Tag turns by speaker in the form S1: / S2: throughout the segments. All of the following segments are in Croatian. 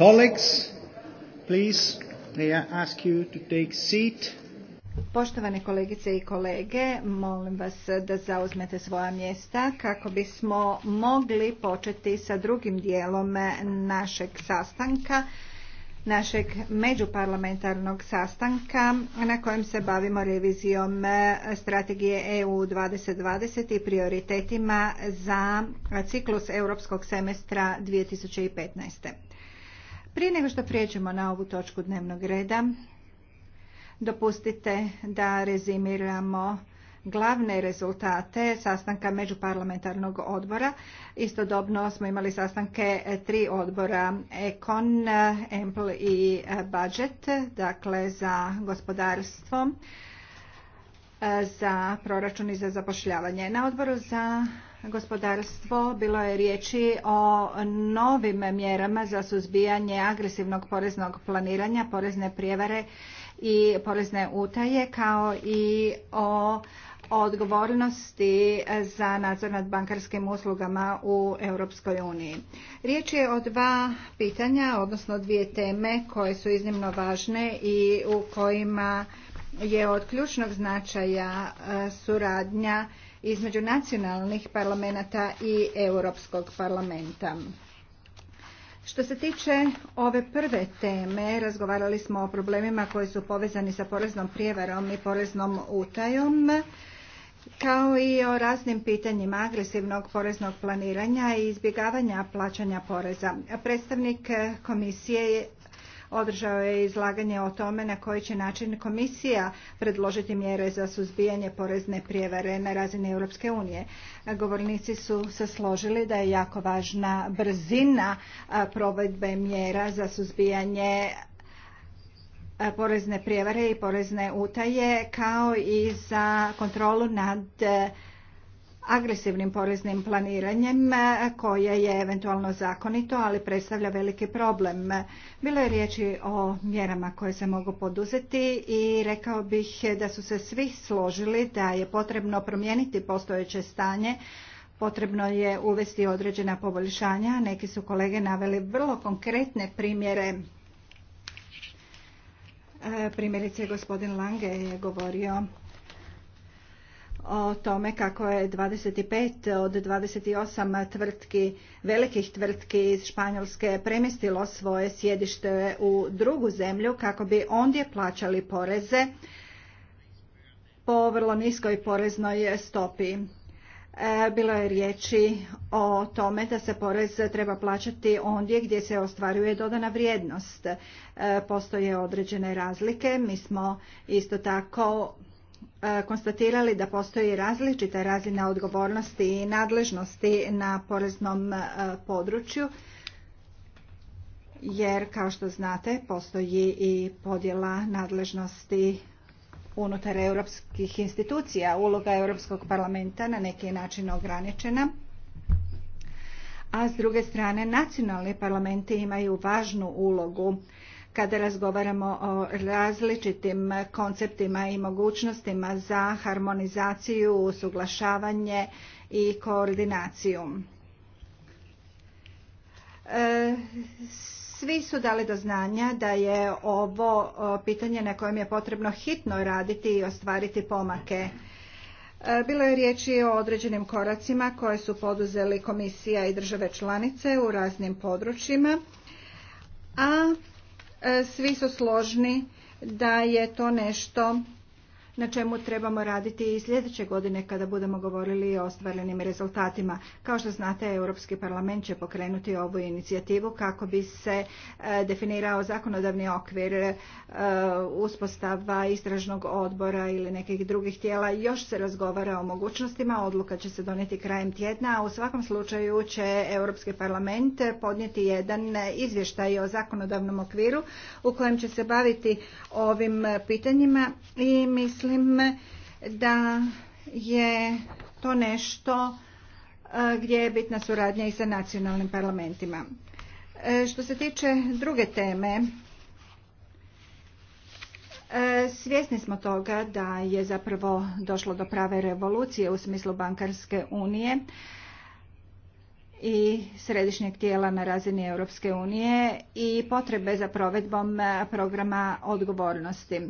S1: Colleagues,
S2: Poštovane kolegice i kolege, molim vas da zauzmete svoja mjesta kako bismo mogli početi sa drugim dijelom našeg sastanka, našeg međuparlamentarnog sastanka na kojem se bavimo revizijom strategije EU 2020 i prioritetima za ciklus europskog semestra 2015. Prije nego što prijeđemo na ovu točku dnevnog reda, dopustite da rezimiramo glavne rezultate sastanka međuparlamentarnog odbora. Istodobno smo imali sastanke tri odbora ECON, Empl i Budget, dakle za gospodarstvo, za proračun i za zapošljavanje. Na odboru za gospodarstvo bilo je riječi o novim mjerama za suzbijanje agresivnog poreznog planiranja, porezne prijevare i porezne utaje kao i o odgovornosti za nadzor nad bankarskim uslugama u Europskoj uniji. Riječ je o dva pitanja, odnosno dvije teme koje su iznimno važne i u kojima je od ključnog značaja e, suradnja između nacionalnih parlamenta i Europskog parlamenta. Što se tiče ove prve teme, razgovarali smo o problemima koji su povezani sa poreznom prijevarom i poreznom utajom, kao i o raznim pitanjima agresivnog poreznog planiranja i izbjegavanja plaćanja poreza. Predstavnik komisije Održao je izlaganje o tome na koji će način komisija predložiti mjere za suzbijanje porezne prijevare na razini Europske unije. Govornici su se složili da je jako važna brzina provedbe mjera za suzbijanje porezne prijevare i porezne utaje kao i za kontrolu nad agresivnim poreznim planiranjem e, koje je eventualno zakonito, ali predstavlja veliki problem. Bilo je riječi o mjerama koje se mogu poduzeti i rekao bih da su se svi složili da je potrebno promijeniti postojeće stanje, potrebno je uvesti određena poboljšanja. Neki su kolege naveli vrlo konkretne primjere e, Primjerice, gospodin Lange je govorio o tome kako je 25 od 28 tvrtki, velikih tvrtki iz Španjolske premjestilo svoje sjedište u drugu zemlju kako bi ondje plaćali poreze po vrlo niskoj poreznoj stopi. E, bilo je riječi o tome da se porez treba plaćati ondje gdje se ostvaruje dodana vrijednost. E, postoje određene razlike. Mi smo isto tako E, konstatirali da postoji različita razina odgovornosti i nadležnosti na poreznom e, području jer kao što znate postoji i podjela nadležnosti unutar europskih institucija. Uloga Europskog parlamenta na neki način ograničena a s druge strane nacionalni parlamenti imaju važnu ulogu kada razgovaramo o različitim konceptima i mogućnostima za harmonizaciju, usuglašavanje i koordinaciju. E, svi su dali do znanja da je ovo pitanje na kojem je potrebno hitno raditi i ostvariti pomake. E, bilo je riječi o određenim koracima koje su poduzeli komisija i države članice u raznim područjima, a E, svi su složni da je to nešto na čemu trebamo raditi i sljedeće godine kada budemo govorili o ostvarenim rezultatima. Kao što znate, Europski parlament će pokrenuti ovu inicijativu kako bi se e, definirao zakonodavni okvir e, uspostava istražnog odbora ili nekih drugih tijela. Još se razgovara o mogućnostima, odluka će se donijeti krajem tjedna, a u svakom slučaju će Europski parlament podnijeti jedan izvještaj o zakonodavnom okviru u kojem će se baviti ovim pitanjima i mislim da je to nešto e, gdje je bitna suradnja i sa nacionalnim parlamentima. E, što se tiče druge teme, e, svjesni smo toga da je zapravo došlo do prave revolucije u smislu bankarske unije i središnjeg tijela na razini Europske unije i potrebe za provedbom programa odgovornosti.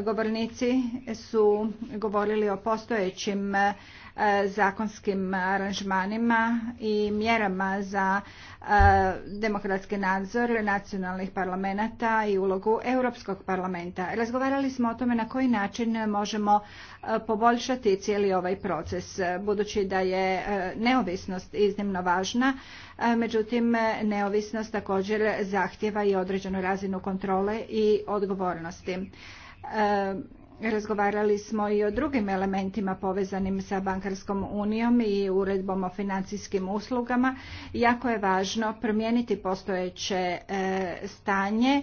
S2: Govornici su govorili o postojećim e, zakonskim aranžmanima i mjerama za e, demokratski nadzor nacionalnih parlamenta i ulogu Europskog parlamenta. Razgovarali smo o tome na koji način možemo e, poboljšati cijeli ovaj proces, budući da je neovisnost iznimno važna, međutim neovisnost također zahtjeva i određenu razinu kontrole i odgovornosti. E, razgovarali smo i o drugim elementima povezanim sa bankarskom unijom i uredbom o financijskim uslugama. Jako je važno promijeniti postojeće e, stanje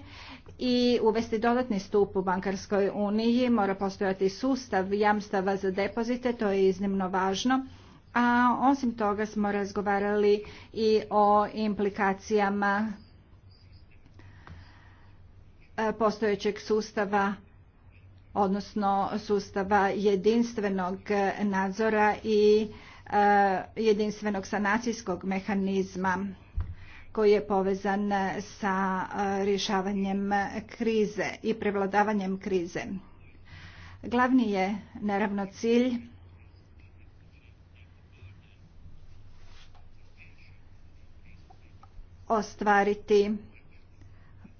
S2: i uvesti dodatni stup u bankarskoj uniji. Mora postojati sustav jamstava za depozite, to je iznimno važno. A osim toga smo razgovarali i o implikacijama e, postojećeg sustava odnosno sustava jedinstvenog nadzora i e, jedinstvenog sanacijskog mehanizma koji je povezan sa e, rješavanjem krize i prevladavanjem krize. Glavni je naravno cilj ostvariti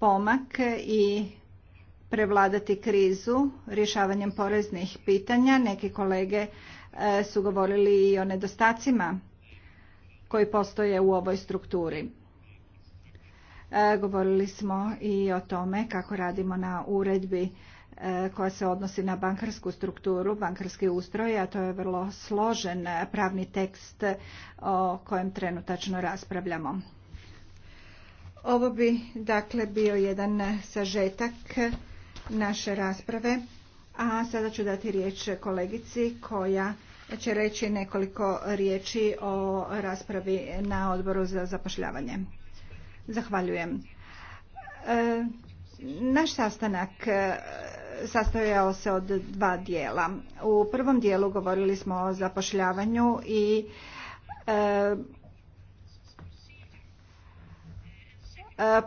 S2: pomak i prevladati krizu rješavanjem poreznih pitanja. Neki kolege e, su govorili i o nedostacima koji postoje u ovoj strukturi. E, govorili smo i o tome kako radimo na uredbi e, koja se odnosi na bankarsku strukturu, bankarski ustroj, a to je vrlo složen pravni tekst o kojem trenutačno raspravljamo. Ovo bi dakle bio jedan sažetak naše rasprave. A sada ću dati riječ kolegici koja će reći nekoliko riječi o raspravi na odboru za zapošljavanje. Zahvaljujem. E, naš sastanak e, sastojao se od dva dijela. U prvom dijelu govorili smo o zapošljavanju i e,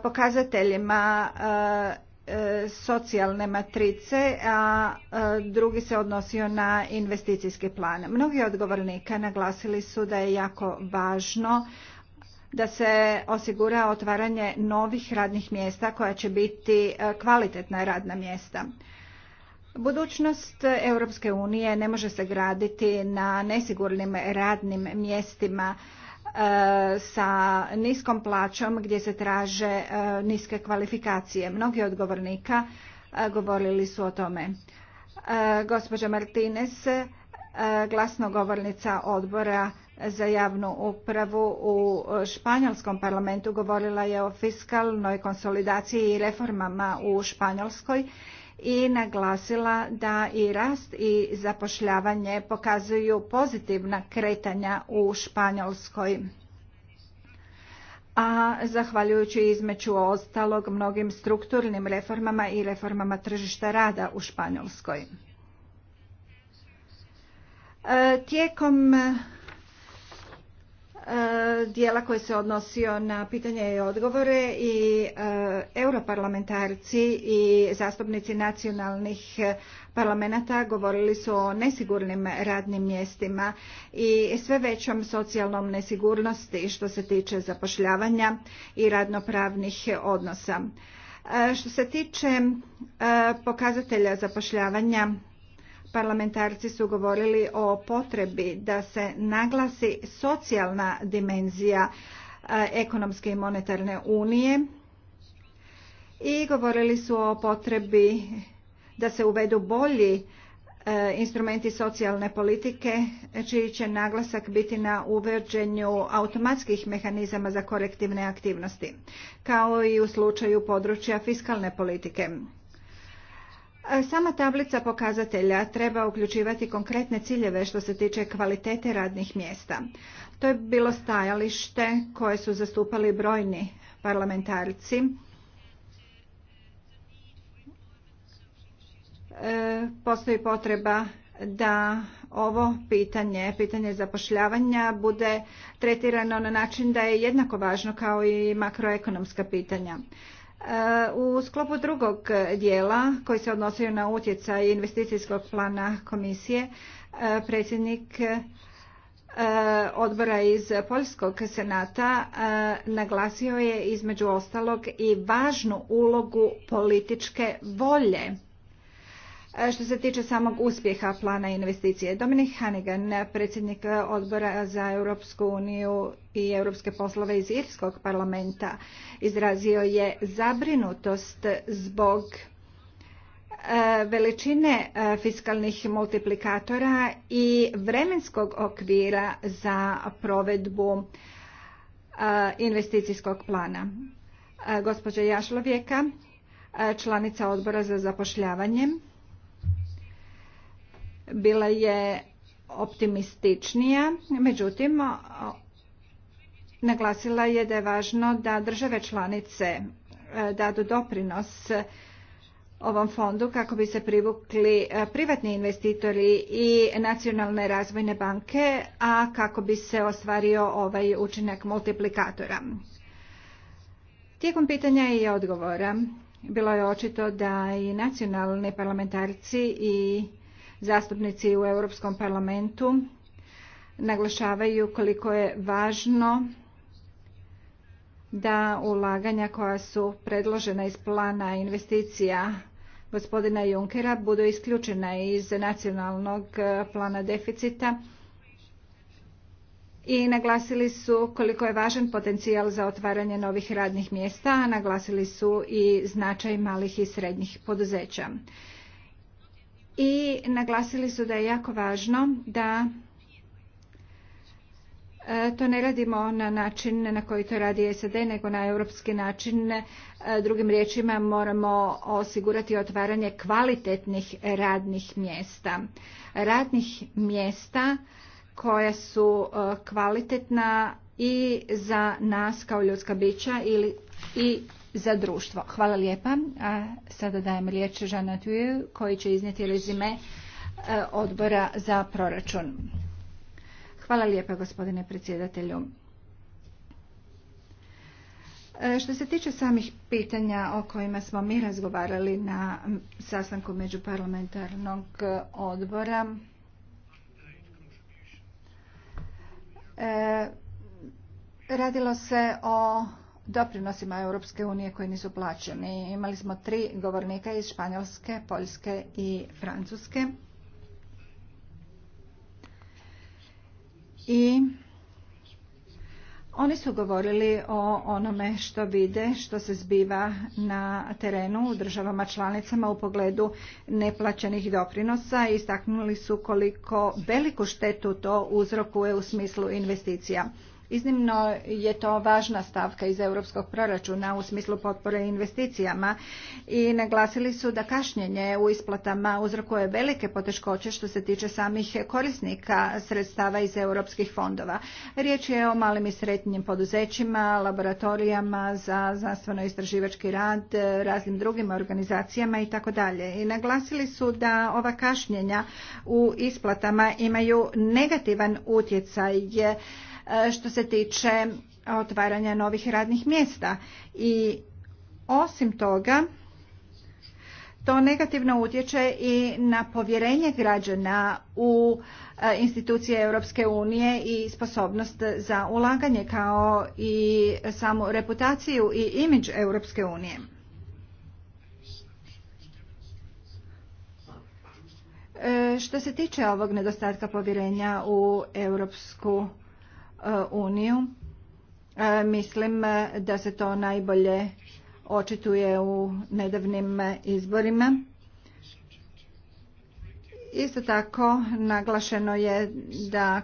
S2: pokazateljima E, socijalne matrice, a e, drugi se odnosio na investicijski plan. Mnogi od naglasili su da je jako važno da se osigura otvaranje novih radnih mjesta koja će biti e, kvalitetna radna mjesta. Budućnost Europske unije ne može se graditi na nesigurnim radnim mjestima sa niskom plaćom gdje se traže e, niske kvalifikacije. Mnogi odgovornika e, govorili su o tome. E, gospođa Martinez, glasnogovornica odbora za javnu upravu u španjolskom parlamentu govorila je o fiskalnoj konsolidaciji i reformama u Španjolskoj i naglasila da i rast i zapošljavanje pokazuju pozitivna kretanja u Španjolskoj. A zahvaljujući između ostalog mnogim strukturnim reformama i reformama tržišta rada u Španjolskoj. E, tijekom E, dijela koji se odnosio na pitanje i odgovore i e, europarlamentarci i zastupnici nacionalnih parlamenta govorili su o nesigurnim radnim mjestima i sve većom socijalnom nesigurnosti što se tiče zapošljavanja i radnopravnih odnosa. E, što se tiče pokazatelja zapošljavanja parlamentarci su govorili o potrebi da se naglasi socijalna dimenzija e, ekonomske i monetarne unije i govorili su o potrebi da se uvedu bolji e, instrumenti socijalne politike čiji će naglasak biti na uvođenju automatskih mehanizama za korektivne aktivnosti kao i u slučaju područja fiskalne politike. E, sama tablica pokazatelja treba uključivati konkretne ciljeve što se tiče kvalitete radnih mjesta. To je bilo stajalište koje su zastupali brojni parlamentarci. E, postoji potreba da ovo pitanje, pitanje zapošljavanja bude tretirano na način da je jednako važno kao i makroekonomska pitanja. E, u sklopu drugog dijela koji se odnosio na utjecaj investicijskog plana komisije, e, predsjednik e, odbora iz Poljskog senata naglasio je između ostalog i važnu ulogu političke volje E, što se tiče samog uspjeha plana investicije, Dominik Hanigan, predsjednik odbora za Europsku uniju i europske poslove iz Irskog parlamenta, izrazio je zabrinutost zbog e, veličine e, fiskalnih multiplikatora i vremenskog okvira za provedbu investicijskog plana. Gospođa Jašlovjeka, članica odbora za zapošljavanje, bila je optimističnija, međutim naglasila je da je važno da države članice e, dadu doprinos ovom fondu kako bi se privukli e, privatni investitori i nacionalne razvojne banke, a kako bi se ostvario ovaj učinak multiplikatora. Tijekom pitanja i odgovora bilo je očito da i nacionalni parlamentarci i zastupnici u Europskom parlamentu naglašavaju koliko je važno da ulaganja koja su predložena iz plana investicija gospodina Junkera budu isključena iz nacionalnog e, plana deficita i naglasili su koliko je važan potencijal za otvaranje novih radnih mjesta, a naglasili su i značaj malih i srednjih poduzeća i naglasili su da je jako važno da e, to ne radimo na način na koji to radi SAD, nego na europski način. E, drugim riječima moramo osigurati otvaranje kvalitetnih radnih mjesta. Radnih mjesta koja su e, kvalitetna i za nas kao ljudska bića ili i za društvo. Hvala lijepa. A sada dajem riječ Žana Tuju koji će iznijeti rezime e, odbora za proračun. Hvala lijepa gospodine predsjedatelju. E, što se tiče samih pitanja o kojima smo mi razgovarali na sastanku međuparlamentarnog odbora, e, radilo se o doprinosima Europske unije koji nisu plaćeni. Imali smo tri govornika iz Španjolske, Poljske i Francuske. I oni su govorili o onome što vide, što se zbiva na terenu u državama članicama u pogledu neplaćenih doprinosa i istaknuli su koliko veliku štetu to uzrokuje u smislu investicija. Iznimno je to važna stavka iz europskog proračuna u smislu potpore investicijama i naglasili su da kašnjenje u isplatama uzrokuje velike poteškoće što se tiče samih korisnika sredstava iz europskih fondova. Riječ je o malim i srednjim poduzećima, laboratorijama za znanstveno istraživački rad, raznim drugim organizacijama i tako dalje. I naglasili su da ova kašnjenja u isplatama imaju negativan utjecaj E, što se tiče otvaranja novih radnih mjesta. I osim toga, to negativno utječe i na povjerenje građana u e, institucije Europske unije i sposobnost za ulaganje kao i samu reputaciju i imidž Europske unije. E, što se tiče ovog nedostatka povjerenja u Europsku uniju. E, mislim e, da se to najbolje očituje u nedavnim e, izborima. Isto tako naglašeno je da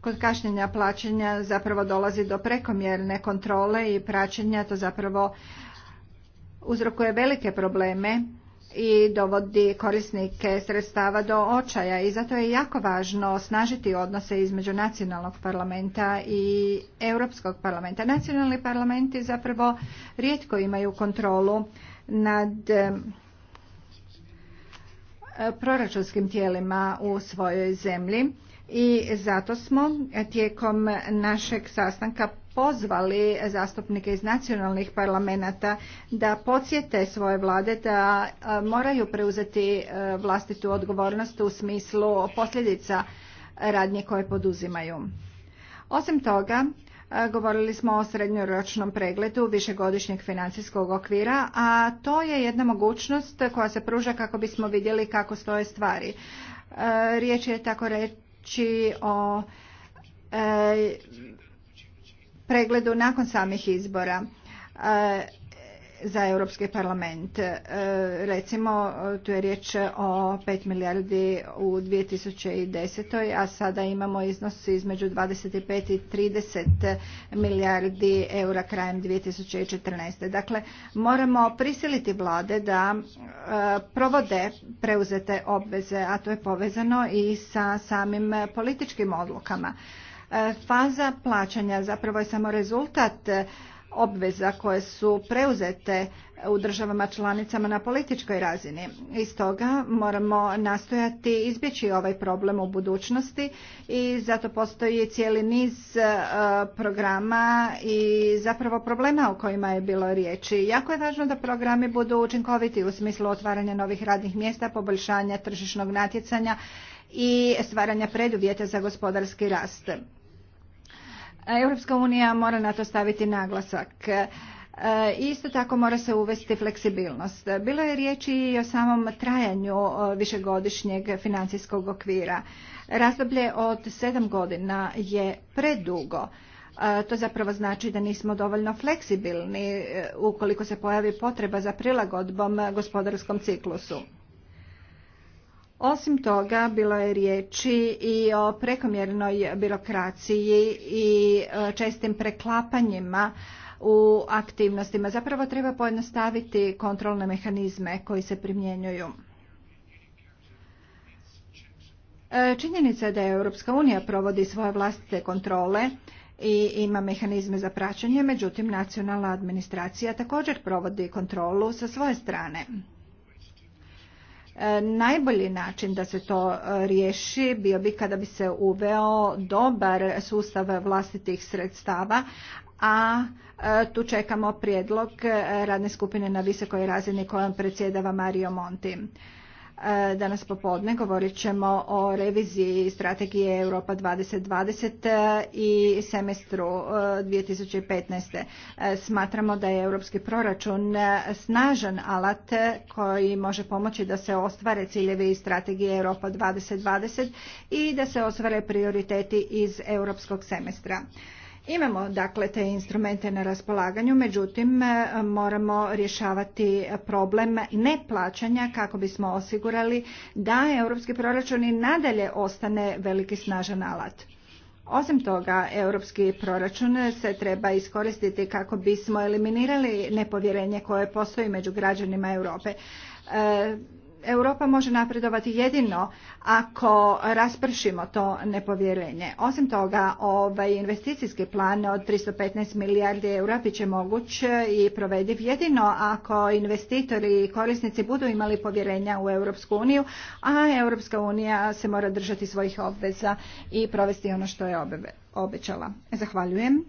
S2: kod kašnjenja plaćanja zapravo dolazi do prekomjerne kontrole i praćenja to zapravo uzrokuje velike probleme i dovodi korisnike sredstava do očaja i zato je jako važno osnažiti odnose između nacionalnog parlamenta i Europskog parlamenta. Nacionalni parlamenti zapravo rijetko imaju kontrolu nad proračunskim tijelima u svojoj zemlji i zato smo e, tijekom našeg sastanka pozvali zastupnike iz nacionalnih parlamenata da podsjete svoje vlade da e, moraju preuzeti e, vlastitu odgovornost u smislu posljedica radnje koje poduzimaju. Osim toga, govorili smo o srednjoročnom pregledu višegodišnjeg financijskog okvira, a to je jedna mogućnost koja se pruža kako bismo vidjeli kako stoje stvari. Riječ je tako reći riječi o e, pregledu nakon samih izbora e, za Europski parlament. E, recimo, tu je riječ o 5 milijardi u 2010. a sada imamo iznos između 25 i 30 milijardi eura krajem 2014. Dakle, moramo prisiliti vlade da e, provode preuzete obveze, a to je povezano i sa samim političkim odlukama. E, faza plaćanja zapravo je samo rezultat obveza koje su preuzete u državama članicama na političkoj razini. I toga moramo nastojati izbjeći ovaj problem u budućnosti i zato postoji cijeli niz e, programa i zapravo problema o kojima je bilo riječi. Jako je važno da programi budu učinkoviti u smislu otvaranja novih radnih mjesta, poboljšanja tržišnog natjecanja i stvaranja preduvjeta za gospodarski rast. Europska unija mora na to staviti naglasak. E, isto tako mora se uvesti fleksibilnost. Bilo je riječi i o samom trajanju e, višegodišnjeg financijskog okvira. Razdoblje od sedam godina je predugo. E, to zapravo znači da nismo dovoljno fleksibilni ukoliko se pojavi potreba za prilagodbom gospodarskom ciklusu. Osim toga, bilo je riječi i o prekomjernoj birokraciji i e, čestim preklapanjima u aktivnostima. Zapravo treba pojednostaviti kontrolne mehanizme koji se primjenjuju. E, činjenica je da je Europska unija provodi svoje vlastite kontrole i ima mehanizme za praćenje, međutim nacionalna administracija također provodi kontrolu sa svoje strane. E, najbolji način da se to e, riješi bio bi kada bi se uveo dobar sustav vlastitih sredstava, a e, tu čekamo prijedlog radne skupine na visokoj razini kojom predsjedava Mario Monti. E, danas popodne govorit ćemo o reviziji strategije Europa 2020 e, i semestru 2015. E, smatramo da je europski proračun snažan alat koji može pomoći da se ostvare ciljevi strategije Europa 2020 i da se ostvare prioriteti iz europskog semestra. Imamo dakle te instrumente na raspolaganju, međutim e, moramo rješavati problem neplaćanja kako bismo osigurali da europski proračun i nadalje ostane veliki snažan alat. Osim toga, europski proračun se treba iskoristiti kako bismo eliminirali nepovjerenje koje postoji među građanima Europe. E, Europa može napredovati jedino ako raspršimo to nepovjerenje. Osim toga, ovaj investicijski plan od 315 milijardi eura bit će moguć i provediv jedino ako investitori i korisnici budu imali povjerenja u Europsku uniju, a Europska unija se mora držati svojih obveza i provesti ono što je obećala. Zahvaljujem.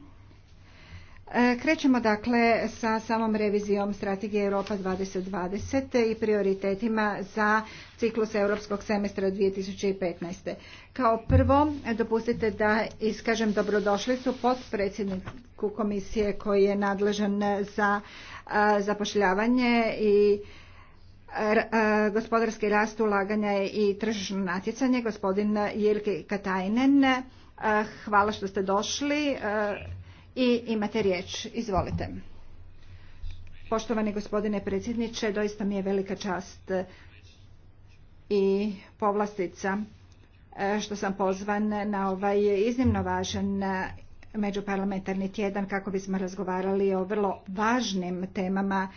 S2: E, krećemo dakle sa samom revizijom strategije Europa 2020 i prioritetima za ciklus europskog semestra 2015. Kao prvo, dopustite da iskažem dobrodošlicu potpredsjedniku komisije koji je nadležan za zapošljavanje i gospodarski rast ulaganja i tržišno natjecanje, gospodin Jelki Katajnen. Hvala što ste došli i imate Izvolite. Poštovani gospodine predsjedniče, doista mi je velika čast e, i povlastica e, što sam pozvan na ovaj iznimno važan e, međuparlamentarni tjedan kako bismo razgovarali o vrlo važnim temama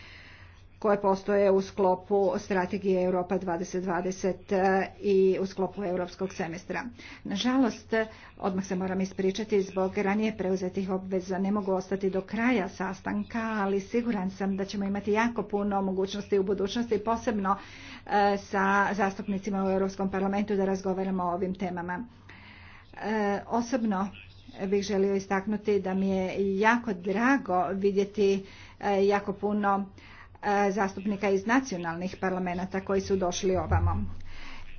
S2: koje postoje u sklopu strategije Europa 2020 e, i u sklopu europskog semestra. Nažalost, odmah se moram ispričati zbog ranije preuzetih obveza. Ne mogu ostati do kraja sastanka, ali siguran sam da ćemo imati jako puno mogućnosti u budućnosti, posebno e, sa zastupnicima u Europskom parlamentu da razgovaramo o ovim temama. E, osobno bih želio istaknuti da mi je jako drago vidjeti jako puno E, zastupnika iz nacionalnih parlamenta koji su došli ovamo.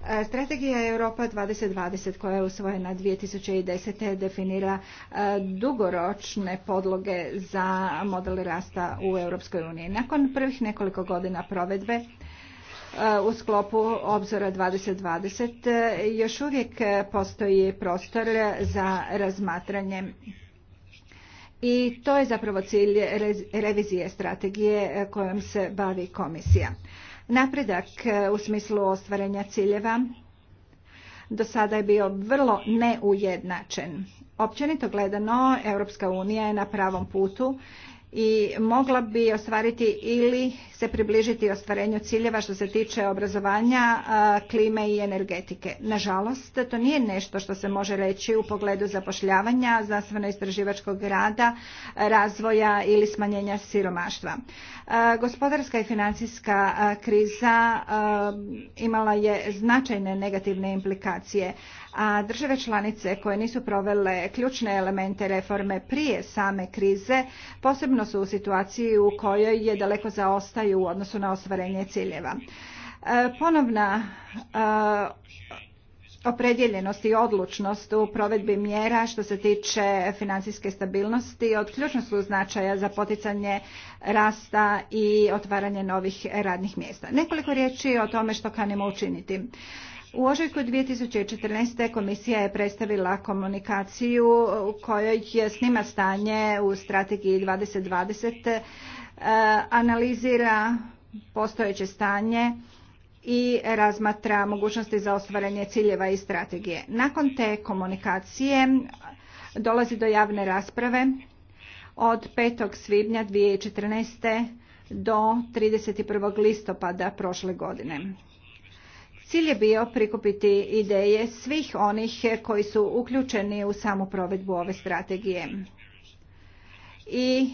S2: E, strategija Europa 2020 koja je usvojena 2010. definira e, dugoročne podloge za model rasta u Europskoj uniji. Nakon prvih nekoliko godina provedbe u sklopu obzora 2020 još uvijek postoji prostor za razmatranje i to je zapravo cilj revizije strategije e, kojom se bavi komisija. Napredak e, u smislu ostvarenja ciljeva do sada je bio vrlo neujednačen. Općenito gledano, Europska unija je na pravom putu i mogla bi ostvariti ili se približiti ostvarenju ciljeva što se tiče obrazovanja, klime i energetike. Nažalost, to nije nešto što se može reći u pogledu zapošljavanja, znanstveno-istraživačkog rada, razvoja ili smanjenja siromaštva. Gospodarska i financijska kriza imala je značajne negativne implikacije a države članice koje nisu provele ključne elemente reforme prije same krize posebno su u situaciji u kojoj je daleko zaostaju u odnosu na ostvarenje ciljeva. E, ponovna e, opredjeljenost i odlučnost u provedbi mjera što se tiče financijske stabilnosti od ključnog su značaja za poticanje rasta i otvaranje novih radnih mjesta. Nekoliko riječi o tome što kanimo učiniti. U ožujku 2014. komisija je predstavila komunikaciju u kojoj je snima stanje u strategiji 2020, e, analizira postojeće stanje i razmatra mogućnosti za ostvarenje ciljeva i strategije. Nakon te komunikacije dolazi do javne rasprave od 5. svibnja 2014. do 31. listopada prošle godine. Cilj je bio prikupiti ideje svih onih koji su uključeni u samu provedbu ove strategije i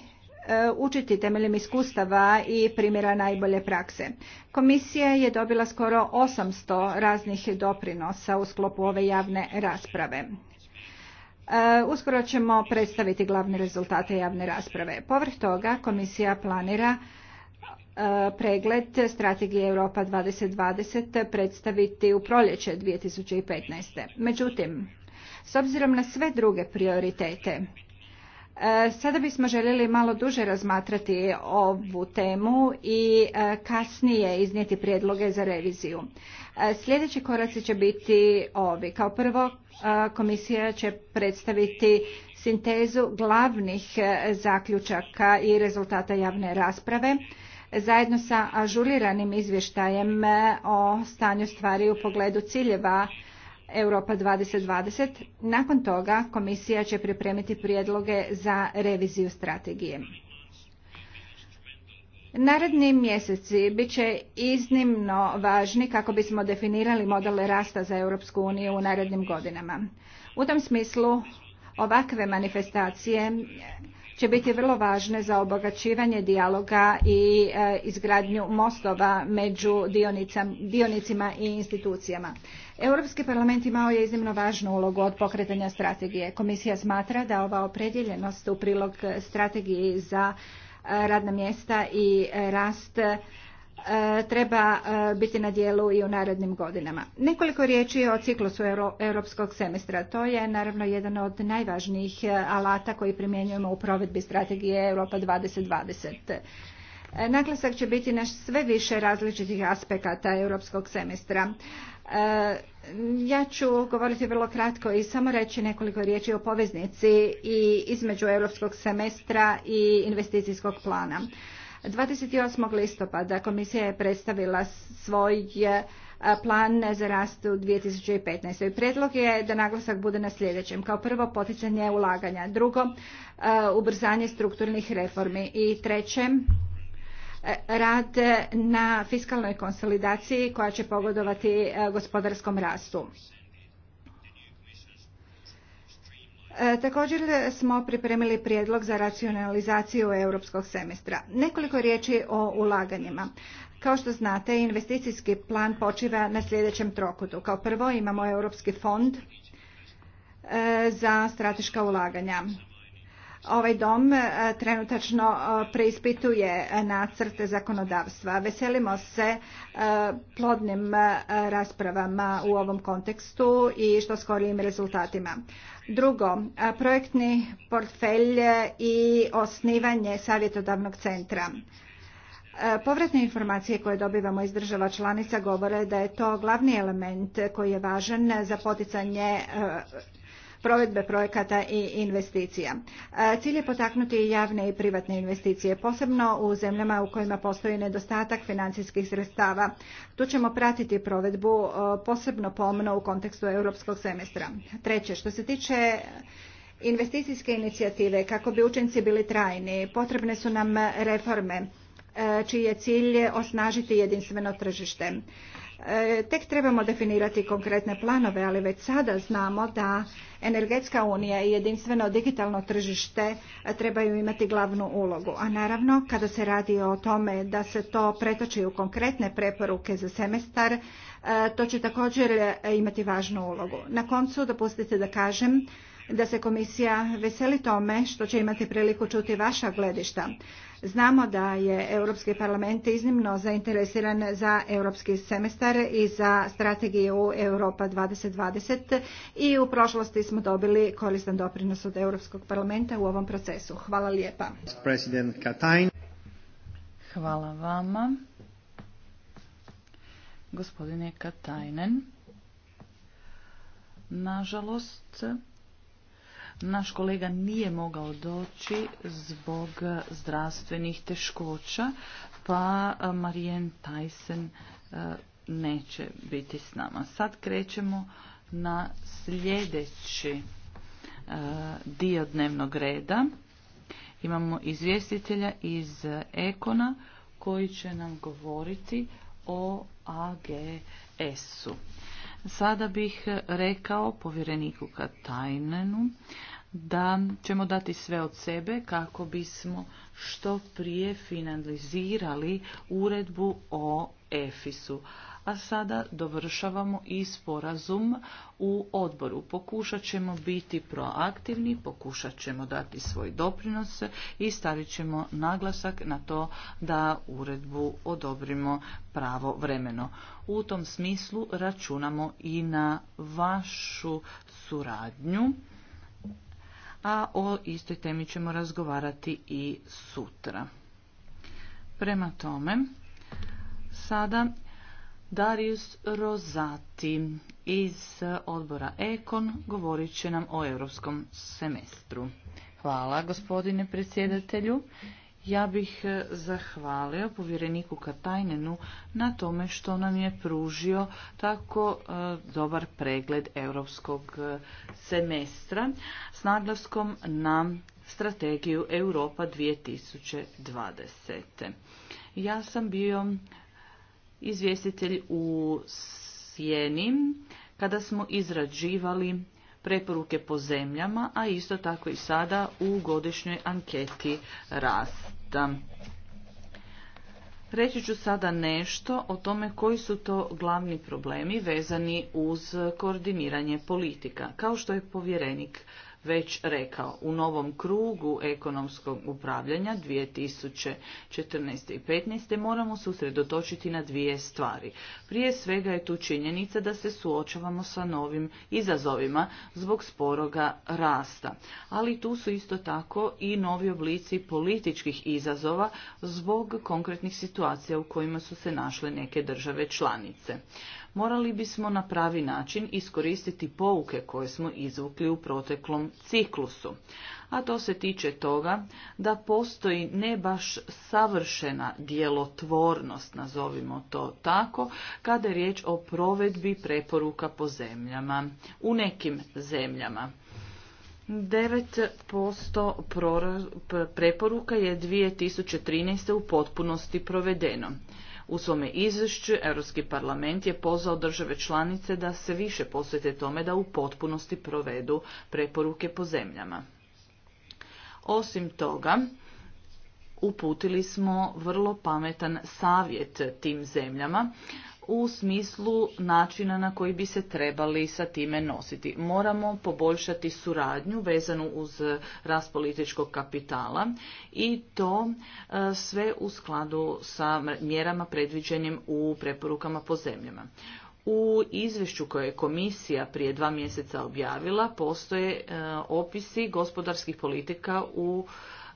S2: e, učiti temeljem iskustava i primjera najbolje prakse. Komisija je dobila skoro 800 raznih doprinosa u sklopu ove javne rasprave. E, uskoro ćemo predstaviti glavne rezultate javne rasprave. Povrh toga komisija planira E, pregled strategije Europa 2020 predstaviti u proljeće 2015. Međutim, s obzirom na sve druge prioritete, e, Sada bismo željeli malo duže razmatrati ovu temu i e, kasnije iznijeti prijedloge za reviziju. Sljedeći koraci će biti ovi. Kao prvo, komisija će predstaviti sintezu glavnih zaključaka i rezultata javne rasprave zajedno sa ažuriranim izvještajem e, o stanju stvari u pogledu ciljeva Europa 2020. Nakon toga komisija će pripremiti prijedloge za reviziju strategije. Naredni mjeseci bit će iznimno važni kako bismo definirali modele rasta za Europsku uniju u narednim godinama. U tom smislu ovakve manifestacije će biti vrlo važne za obogaćivanje dijaloga i e, izgradnju mostova među dionicima i institucijama. Europski parlament imao je iznimno važnu ulogu od pokretanja strategije. Komisija smatra da ova opredjeljenost u prilog strategiji za e, radna mjesta i e, rast E, treba e, biti na dijelu i u narednim godinama. Nekoliko riječi o ciklusu europskog semestra. To je naravno jedan od najvažnijih e, alata koji primjenjujemo u provedbi strategije Europa 2020. Naglasak će biti na sve više različitih aspekata europskog semestra. Ja ću govoriti vrlo kratko i samo reći nekoliko riječi o poveznici i između europskog semestra i investicijskog plana. 28. listopada komisija je predstavila svoj eh, plan za rast u 2015. Ovaj Predlog je da naglasak bude na sljedećem. Kao prvo poticanje ulaganja, drugo eh, ubrzanje strukturnih reformi i treće eh, rad na fiskalnoj konsolidaciji koja će pogodovati gospodarskom rastu. E, također smo pripremili prijedlog za racionalizaciju europskog semestra. Nekoliko riječi o ulaganjima. Kao što znate, investicijski plan počiva na sljedećem trokutu. Kao prvo imamo Europski fond e, za strateška ulaganja. Ovaj dom e, trenutačno e, preispituje nacrte zakonodavstva. Veselimo se e, plodnim raspravama u ovom kontekstu i što skorijim rezultatima. Drugo, projektni portfelj i osnivanje savjetodavnog centra. Povratne informacije koje dobivamo iz država članica govore da je to glavni element koji je važan za poticanje provedbe projekata i investicija. E, cilj je potaknuti javne i privatne investicije, posebno u zemljama u kojima postoji nedostatak financijskih sredstava. Tu ćemo pratiti provedbu e, posebno pomno u kontekstu europskog semestra. Treće, što se tiče investicijske inicijative, kako bi učenci bili trajni, potrebne su nam reforme e, čiji je cilj osnažiti jedinstveno tržište. Tek trebamo definirati konkretne planove, ali već sada znamo da Energetska unija i jedinstveno digitalno tržište e, trebaju imati glavnu ulogu. A naravno, kada se radi o tome da se to pretoči u konkretne preporuke za semestar, e, to će također e, imati važnu ulogu. Na koncu, dopustite da kažem da se komisija veseli tome što će imati priliku čuti vaša gledišta. Znamo da je Europski parlament iznimno zainteresiran za europski semestar i za strategiju Europa 2020 i u prošlosti smo dobili koristan doprinos od Europskog parlamenta u ovom
S3: procesu. Hvala lijepa. Hvala vama. Gospodine Katajnen, nažalost, naš kolega nije mogao doći zbog zdravstvenih teškoća, pa e, Marijen Tyson e, neće biti s nama. Sad krećemo na sljedeći e, dio dnevnog reda. Imamo izvjestitelja iz Ekona koji će nam govoriti o AGS-u. Sada bih rekao povjereniku Katajnenu da ćemo dati sve od sebe kako bismo što prije finalizirali uredbu o EFIS-u a sada dovršavamo i sporazum u odboru. Pokušat ćemo biti proaktivni, pokušat ćemo dati svoj doprinos i stavit ćemo naglasak na to da uredbu odobrimo pravo vremeno. U tom smislu računamo i na vašu suradnju a o istoj temi ćemo razgovarati i sutra. Prema tome, sada Darius Rozati iz odbora Ekon govorit će nam o europskom semestru. Hvala gospodine predsjedatelju. Ja bih e, zahvalio povjereniku Katajnenu na tome što nam je pružio tako e, dobar pregled europskog e, semestra s naglaskom na strategiju Europa 2020. Ja sam bio izvjestitelj u Sjeni kada smo izrađivali preporuke po zemljama, a isto tako i sada u godišnjoj anketi rasta. Reći ću sada nešto o tome koji su to glavni problemi vezani uz koordiniranje politika. Kao što je povjerenik već rekao. U novom krugu ekonomskog upravljanja 2014. i 2015. moramo se usredotočiti na dvije stvari. Prije svega je tu činjenica da se suočavamo sa novim izazovima zbog sporoga rasta. Ali tu su isto tako i novi oblici političkih izazova zbog konkretnih situacija u kojima su se našle neke države članice morali bismo na pravi način iskoristiti pouke koje smo izvukli u proteklom ciklusu. A to se tiče toga da postoji ne baš savršena djelotvornost, nazovimo to tako, kada je riječ o provedbi preporuka po zemljama, u nekim zemljama. 9% preporuka je 2013. u potpunosti provedeno. U svome izvješću Europski parlament je pozvao države članice da se više posvete tome da u potpunosti provedu preporuke po zemljama. Osim toga, uputili smo vrlo pametan savjet tim zemljama u smislu načina na koji bi se trebali sa time nositi. Moramo poboljšati suradnju vezanu uz rast političkog kapitala i to e, sve u skladu sa mjerama predviđenim u preporukama po zemljama. U izvješću koje je komisija prije dva mjeseca objavila postoje e, opisi gospodarskih politika u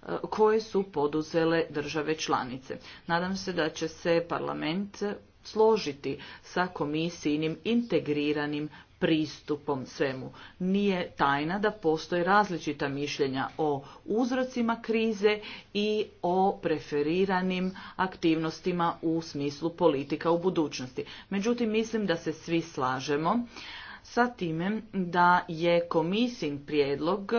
S3: e, koje su poduzele države članice. Nadam se da će se parlament složiti sa komisijnim integriranim pristupom svemu. Nije tajna da postoje različita mišljenja o uzrocima krize i o preferiranim aktivnostima u smislu politika u budućnosti. Međutim, mislim da se svi slažemo sa time da je komisijin prijedlog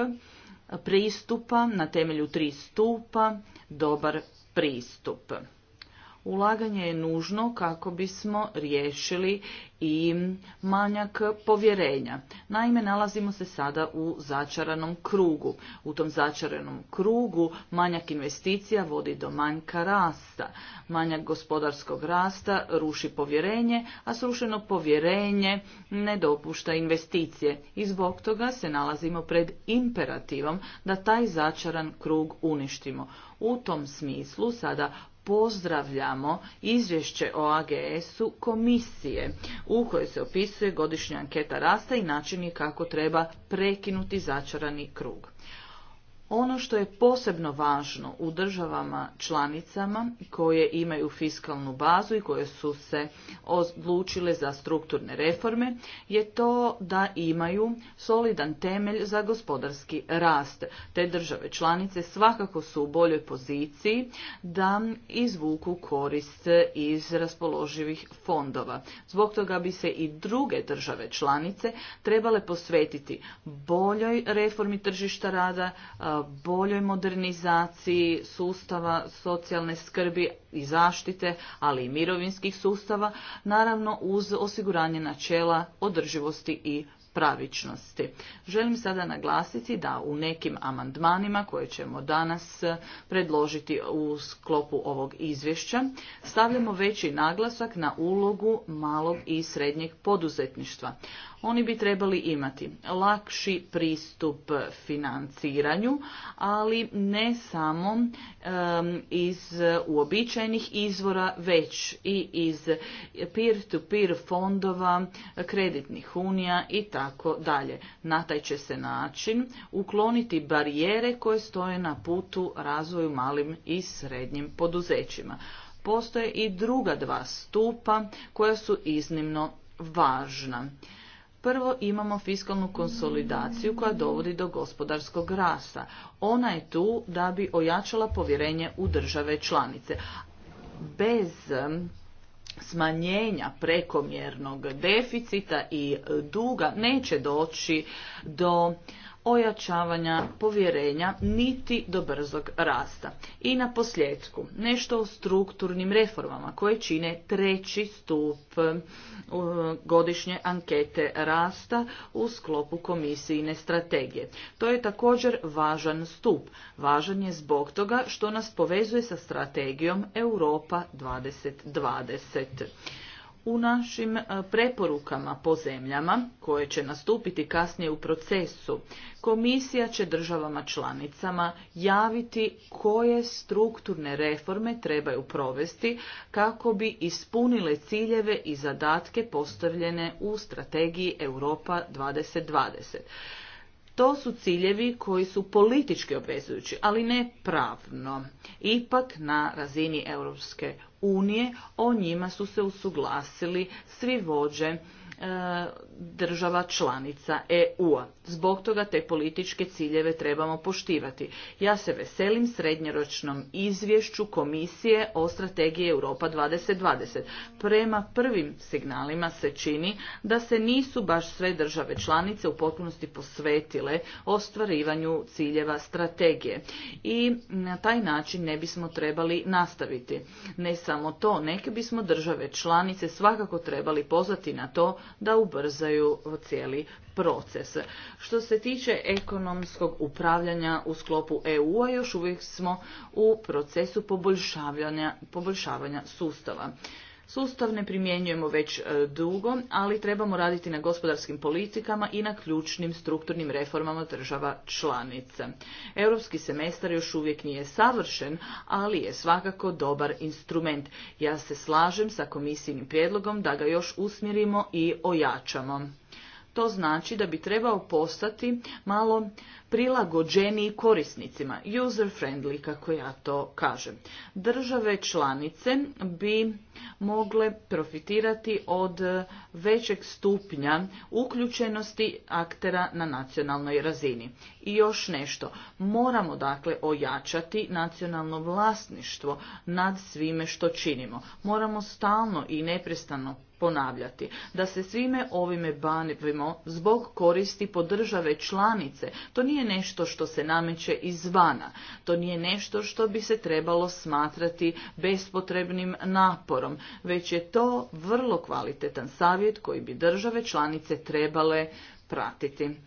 S3: pristupa na temelju tri stupa dobar pristup. Ulaganje je nužno kako bismo riješili i manjak povjerenja. Naime, nalazimo se sada u začaranom krugu. U tom začaranom krugu manjak investicija vodi do manjka rasta. Manjak gospodarskog rasta ruši povjerenje, a srušeno povjerenje ne dopušta investicije. I zbog toga se nalazimo pred imperativom da taj začaran krug uništimo. U tom smislu sada pozdravljamo izvješće o AGS-u komisije u kojoj se opisuje godišnja anketa rasta i načini kako treba prekinuti začarani krug. Ono što je posebno važno u državama članicama koje imaju fiskalnu bazu i koje su se odlučile za strukturne reforme je to da imaju solidan temelj za gospodarski rast. Te države članice svakako su u boljoj poziciji da izvuku korist iz raspoloživih fondova. Zbog toga bi se i druge države članice trebale posvetiti boljoj reformi tržišta rada, boljoj modernizaciji sustava socijalne skrbi i zaštite, ali i mirovinskih sustava, naravno uz osiguranje načela održivosti i pravičnosti. Želim sada naglasiti da u nekim amandmanima koje ćemo danas predložiti u sklopu ovog izvješća stavljamo veći naglasak na ulogu malog i srednjeg poduzetništva. Oni bi trebali imati lakši pristup financiranju, ali ne samo iz uobičajenih izvora, već i iz peer-to-peer fondova, kreditnih unija i tako dalje. Na taj će se način ukloniti barijere koje stoje na putu razvoju malim i srednjim poduzećima. Postoje i druga dva stupa koja su iznimno važna. Prvo imamo fiskalnu konsolidaciju koja dovodi do gospodarskog rasta. Ona je tu da bi ojačala povjerenje u države članice. Bez smanjenja prekomjernog deficita i duga neće doći do ojačavanja povjerenja niti do brzog rasta. I na posljedku, nešto o strukturnim reformama koje čine treći stup e, godišnje ankete rasta u sklopu komisijine strategije. To je također važan stup. Važan je zbog toga što nas povezuje sa strategijom Europa 2020 u našim e, preporukama po zemljama, koje će nastupiti kasnije u procesu, komisija će državama članicama javiti koje strukturne reforme trebaju provesti kako bi ispunile ciljeve i zadatke postavljene u strategiji Europa 2020. To su ciljevi koji su politički obvezujući, ali ne pravno. Ipak na razini Europske unije, o njima su se usuglasili svi vođe E, država članica EU-a. Zbog toga te političke ciljeve trebamo poštivati. Ja se veselim srednjoročnom izvješću Komisije o strategiji Europa 2020. Prema prvim signalima se čini da se nisu baš sve države članice u potpunosti posvetile ostvarivanju ciljeva strategije. I na taj način ne bismo trebali nastaviti. Ne samo to, neke bismo države članice svakako trebali pozvati na to da ubrzaju cijeli proces. Što se tiče ekonomskog upravljanja u sklopu EU-a, još uvijek smo u procesu poboljšavanja, poboljšavanja sustava. Sustav ne primjenjujemo već e, dugo, ali trebamo raditi na gospodarskim politikama i na ključnim strukturnim reformama država članica. Europski semestar još uvijek nije savršen, ali je svakako dobar instrument. Ja se slažem sa komisijnim prijedlogom da ga još usmjerimo i ojačamo. To znači da bi trebao postati malo prilagođeniji korisnicima, user friendly kako ja to kažem. Države članice bi mogle profitirati od većeg stupnja uključenosti aktera na nacionalnoj razini. I još nešto, moramo dakle ojačati nacionalno vlasništvo nad svime što činimo. Moramo stalno i neprestano ponavljati da se svime ovime banimo zbog koristi podržave članice. To nije nešto što se nameće izvana, to nije nešto što bi se trebalo smatrati bespotrebnim naporom, već je to vrlo kvalitetan savjet koji bi države članice trebale pratiti.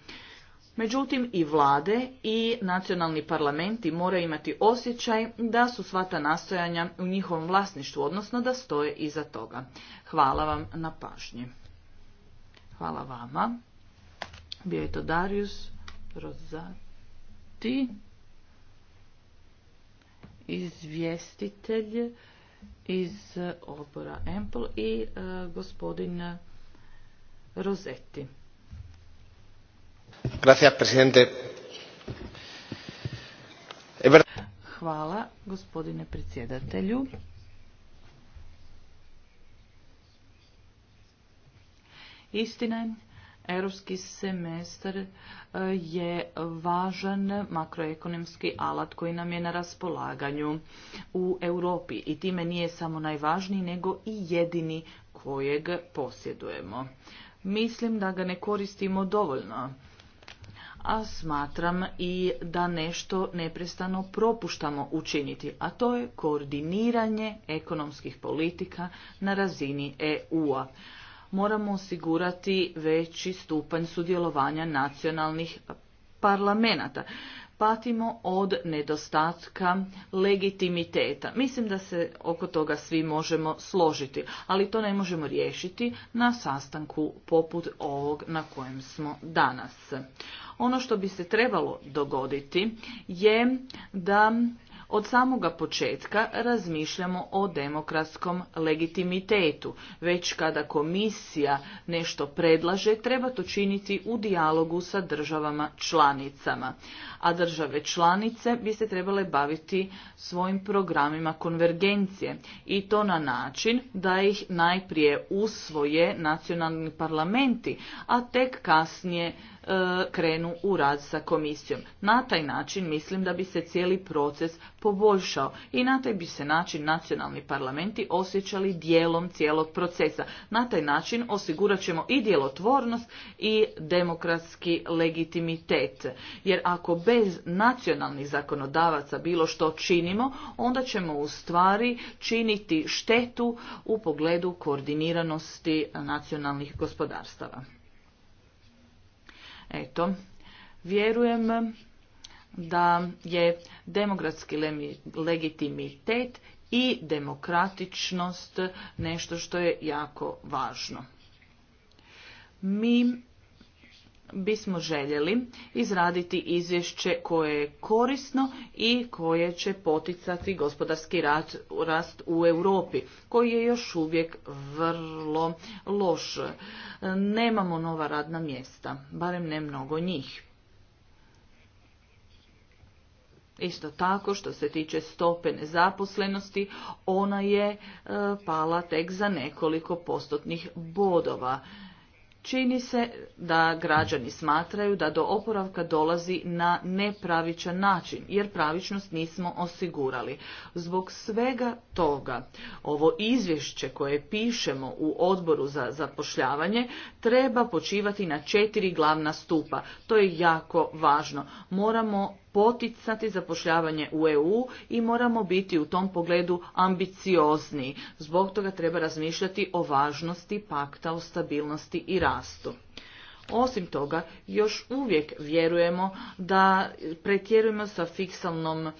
S3: Međutim, i vlade i nacionalni parlamenti moraju imati osjećaj da su sva ta nastojanja u njihovom vlasništvu, odnosno da stoje iza toga. Hvala vam na pažnji. Hvala vama. Bio je to Darius. Rozati, izvjestitelj iz odbora Empol i e, gospodin Rozeti.
S1: Gracias, presidente.
S3: Hvala, gospodine predsjedatelju. Istina je Europski semestar e, je važan makroekonomski alat koji nam je na raspolaganju u Europi i time nije samo najvažniji nego i jedini kojeg posjedujemo. Mislim da ga ne koristimo dovoljno a smatram i da nešto neprestano propuštamo učiniti, a to je koordiniranje ekonomskih politika na razini EU-a moramo osigurati veći stupanj sudjelovanja nacionalnih parlamenta. Patimo od nedostatka legitimiteta. Mislim da se oko toga svi možemo složiti, ali to ne možemo riješiti na sastanku poput ovog na kojem smo danas. Ono što bi se trebalo dogoditi je da od samoga početka razmišljamo o demokratskom legitimitetu. Već kada komisija nešto predlaže, treba to činiti u dijalogu sa državama članicama. A države članice bi se trebale baviti svojim programima konvergencije i to na način da ih najprije usvoje nacionalni parlamenti, a tek kasnije E, krenu u rad sa komisijom. Na taj način mislim da bi se cijeli proces poboljšao i na taj bi se način nacionalni parlamenti osjećali dijelom cijelog procesa. Na taj način osigurat ćemo i djelotvornost i demokratski legitimitet. Jer ako bez nacionalnih zakonodavaca bilo što činimo, onda ćemo u stvari činiti štetu u pogledu koordiniranosti nacionalnih gospodarstava. Eto, vjerujem da je demokratski legitimitet i demokratičnost nešto što je jako važno. Mi bismo željeli izraditi izvješće koje je korisno i koje će poticati gospodarski rast u Europi, koji je još uvijek vrlo loš. Nemamo nova radna mjesta, barem ne mnogo njih. Isto tako što se tiče stope nezaposlenosti, ona je e, pala tek za nekoliko postotnih bodova. Čini se da građani smatraju da do oporavka dolazi na nepravičan način, jer pravičnost nismo osigurali. Zbog svega toga, ovo izvješće koje pišemo u odboru za zapošljavanje treba počivati na četiri glavna stupa. To je jako važno. Moramo poticati zapošljavanje u EU i moramo biti u tom pogledu ambiciozni. Zbog toga treba razmišljati o važnosti pakta o stabilnosti i rastu. Osim toga, još uvijek vjerujemo da pretjerujemo sa fiskalnom,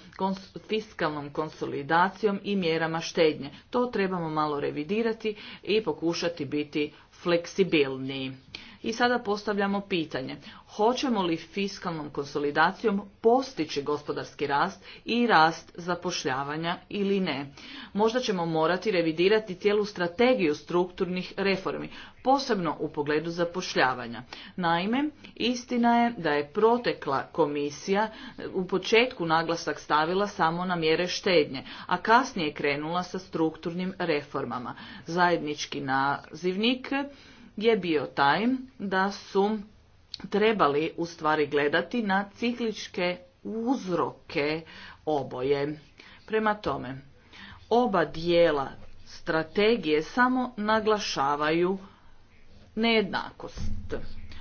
S3: fiskalnom konsolidacijom i mjerama štednje. To trebamo malo revidirati i pokušati biti fleksibilniji. I sada postavljamo pitanje, hoćemo li fiskalnom konsolidacijom postići gospodarski rast i rast zapošljavanja ili ne? Možda ćemo morati revidirati cijelu strategiju strukturnih reformi, posebno u pogledu zapošljavanja. Naime, istina je da je protekla komisija u početku naglasak stavila samo na mjere štednje, a kasnije je krenula sa strukturnim reformama. Zajednički nazivnik je bio taj da su trebali u stvari gledati na cikličke uzroke oboje. Prema tome, oba dijela strategije samo naglašavaju nejednakost.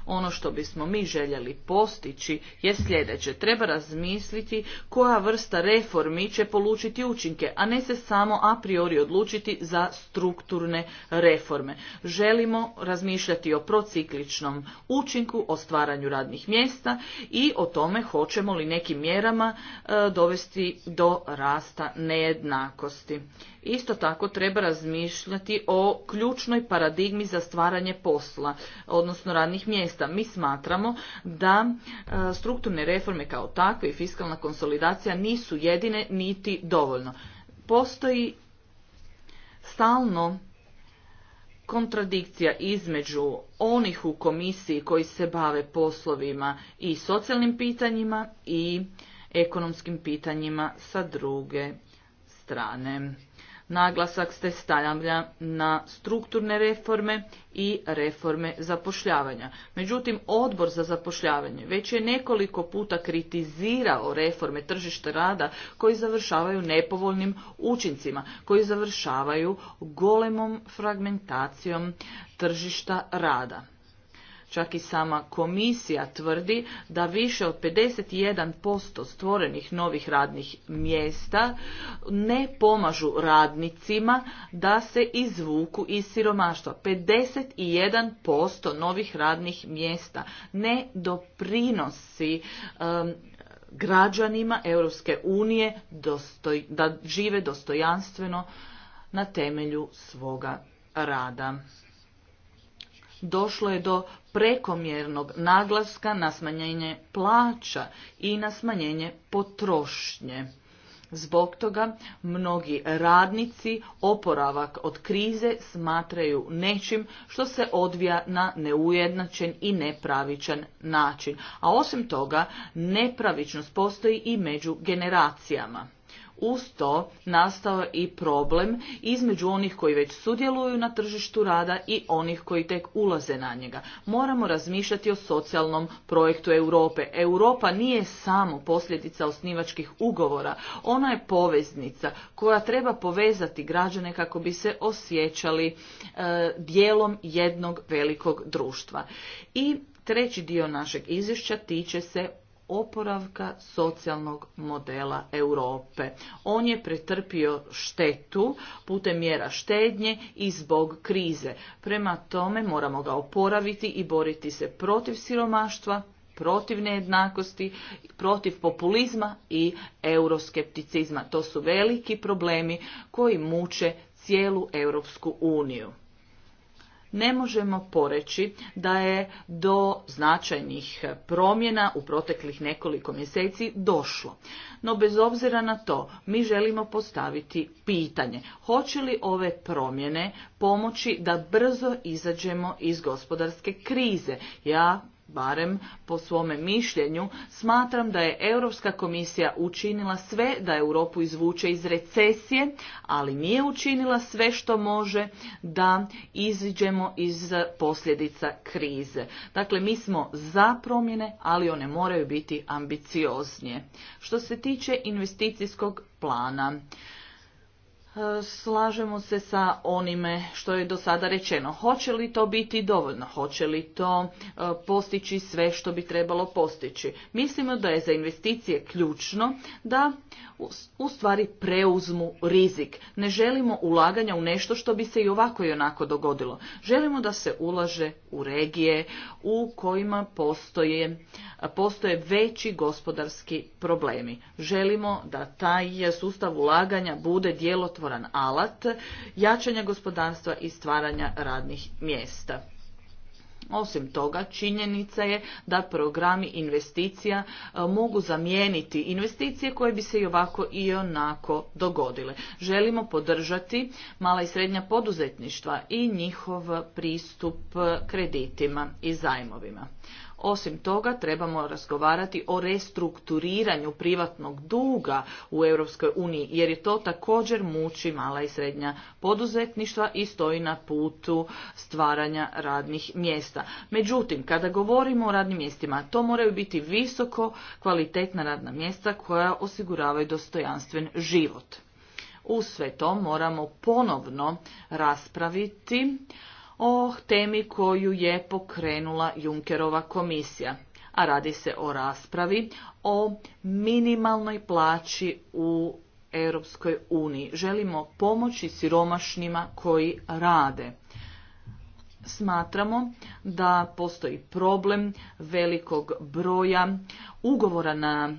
S3: Ono što bismo mi željeli postići je sljedeće. Treba razmisliti koja vrsta reformi će polučiti učinke, a ne se samo a priori odlučiti za strukturne reforme. Želimo razmišljati o procikličnom učinku, o stvaranju radnih mjesta i o tome hoćemo li nekim mjerama e, dovesti do rasta nejednakosti. Isto tako treba razmišljati o ključnoj paradigmi za stvaranje posla, odnosno radnih mjesta. Mi smatramo da e, strukturne reforme kao takve i fiskalna konsolidacija nisu jedine niti dovoljno. Postoji stalno kontradikcija između onih u komisiji koji se bave poslovima i socijalnim pitanjima i ekonomskim pitanjima sa druge strane. Naglasak ste stavlja na strukturne reforme i reforme zapošljavanja. Međutim, odbor za zapošljavanje već je nekoliko puta kritizirao reforme tržišta rada koji završavaju nepovoljnim učincima, koji završavaju golemom fragmentacijom tržišta rada. Čak i sama komisija tvrdi da više od 51% stvorenih novih radnih mjesta ne pomažu radnicima da se izvuku iz siromaštva. 51% novih radnih mjesta ne doprinosi um, građanima Europske unije dostoj, da žive dostojanstveno na temelju svoga rada došlo je do prekomjernog naglaska na smanjenje plaća i na smanjenje potrošnje. Zbog toga mnogi radnici oporavak od krize smatraju nečim što se odvija na neujednačen i nepravičan način. A osim toga, nepravičnost postoji i među generacijama. Uz to nastao i problem između onih koji već sudjeluju na tržištu rada i onih koji tek ulaze na njega. Moramo razmišljati o socijalnom projektu Europe. Europa nije samo posljedica osnivačkih ugovora, ona je poveznica koja treba povezati građane kako bi se osjećali e, dijelom jednog velikog društva. I treći dio našeg izvješća tiče se oporavka socijalnog modela Europe. On je pretrpio štetu putem mjera štednje i zbog krize. Prema tome moramo ga oporaviti i boriti se protiv siromaštva, protiv nejednakosti, protiv populizma i euroskepticizma. To su veliki problemi koji muče cijelu Europsku uniju. Ne možemo poreći da je do značajnih promjena u proteklih nekoliko mjeseci došlo. No bez obzira na to, mi želimo postaviti pitanje. Hoće li ove promjene pomoći da brzo izađemo iz gospodarske krize? Ja barem po svome mišljenju, smatram da je Europska komisija učinila sve da Europu izvuče iz recesije, ali nije učinila sve što može da iziđemo iz posljedica krize. Dakle, mi smo za promjene, ali one moraju biti ambicioznije. Što se tiče investicijskog plana, E, slažemo se sa onime što je do sada rečeno. Hoće li to biti dovoljno? Hoće li to e, postići sve što bi trebalo postići? Mislimo da je za investicije ključno da u stvari preuzmu rizik. Ne želimo ulaganja u nešto što bi se i ovako i onako dogodilo. Želimo da se ulaže u regije u kojima postoje, postoje veći gospodarski problemi. Želimo da taj sustav ulaganja bude djelotvoran alat jačanja gospodarstva i stvaranja radnih mjesta. Osim toga, činjenica je da programi investicija e, mogu zamijeniti investicije koje bi se i ovako i onako dogodile. Želimo podržati mala i srednja poduzetništva i njihov pristup kreditima i zajmovima. Osim toga, trebamo razgovarati o restrukturiranju privatnog duga u Europskoj uniji, jer je to također muči mala i srednja poduzetništva i stoji na putu stvaranja radnih mjesta. Međutim, kada govorimo o radnim mjestima, to moraju biti visoko kvalitetna radna mjesta koja osiguravaju dostojanstven život. U sve to moramo ponovno raspraviti o temi koju je pokrenula Junkerova komisija, a radi se o raspravi o minimalnoj plaći u Europskoj uniji. Želimo pomoći siromašnima koji rade smatramo da postoji problem velikog broja ugovora na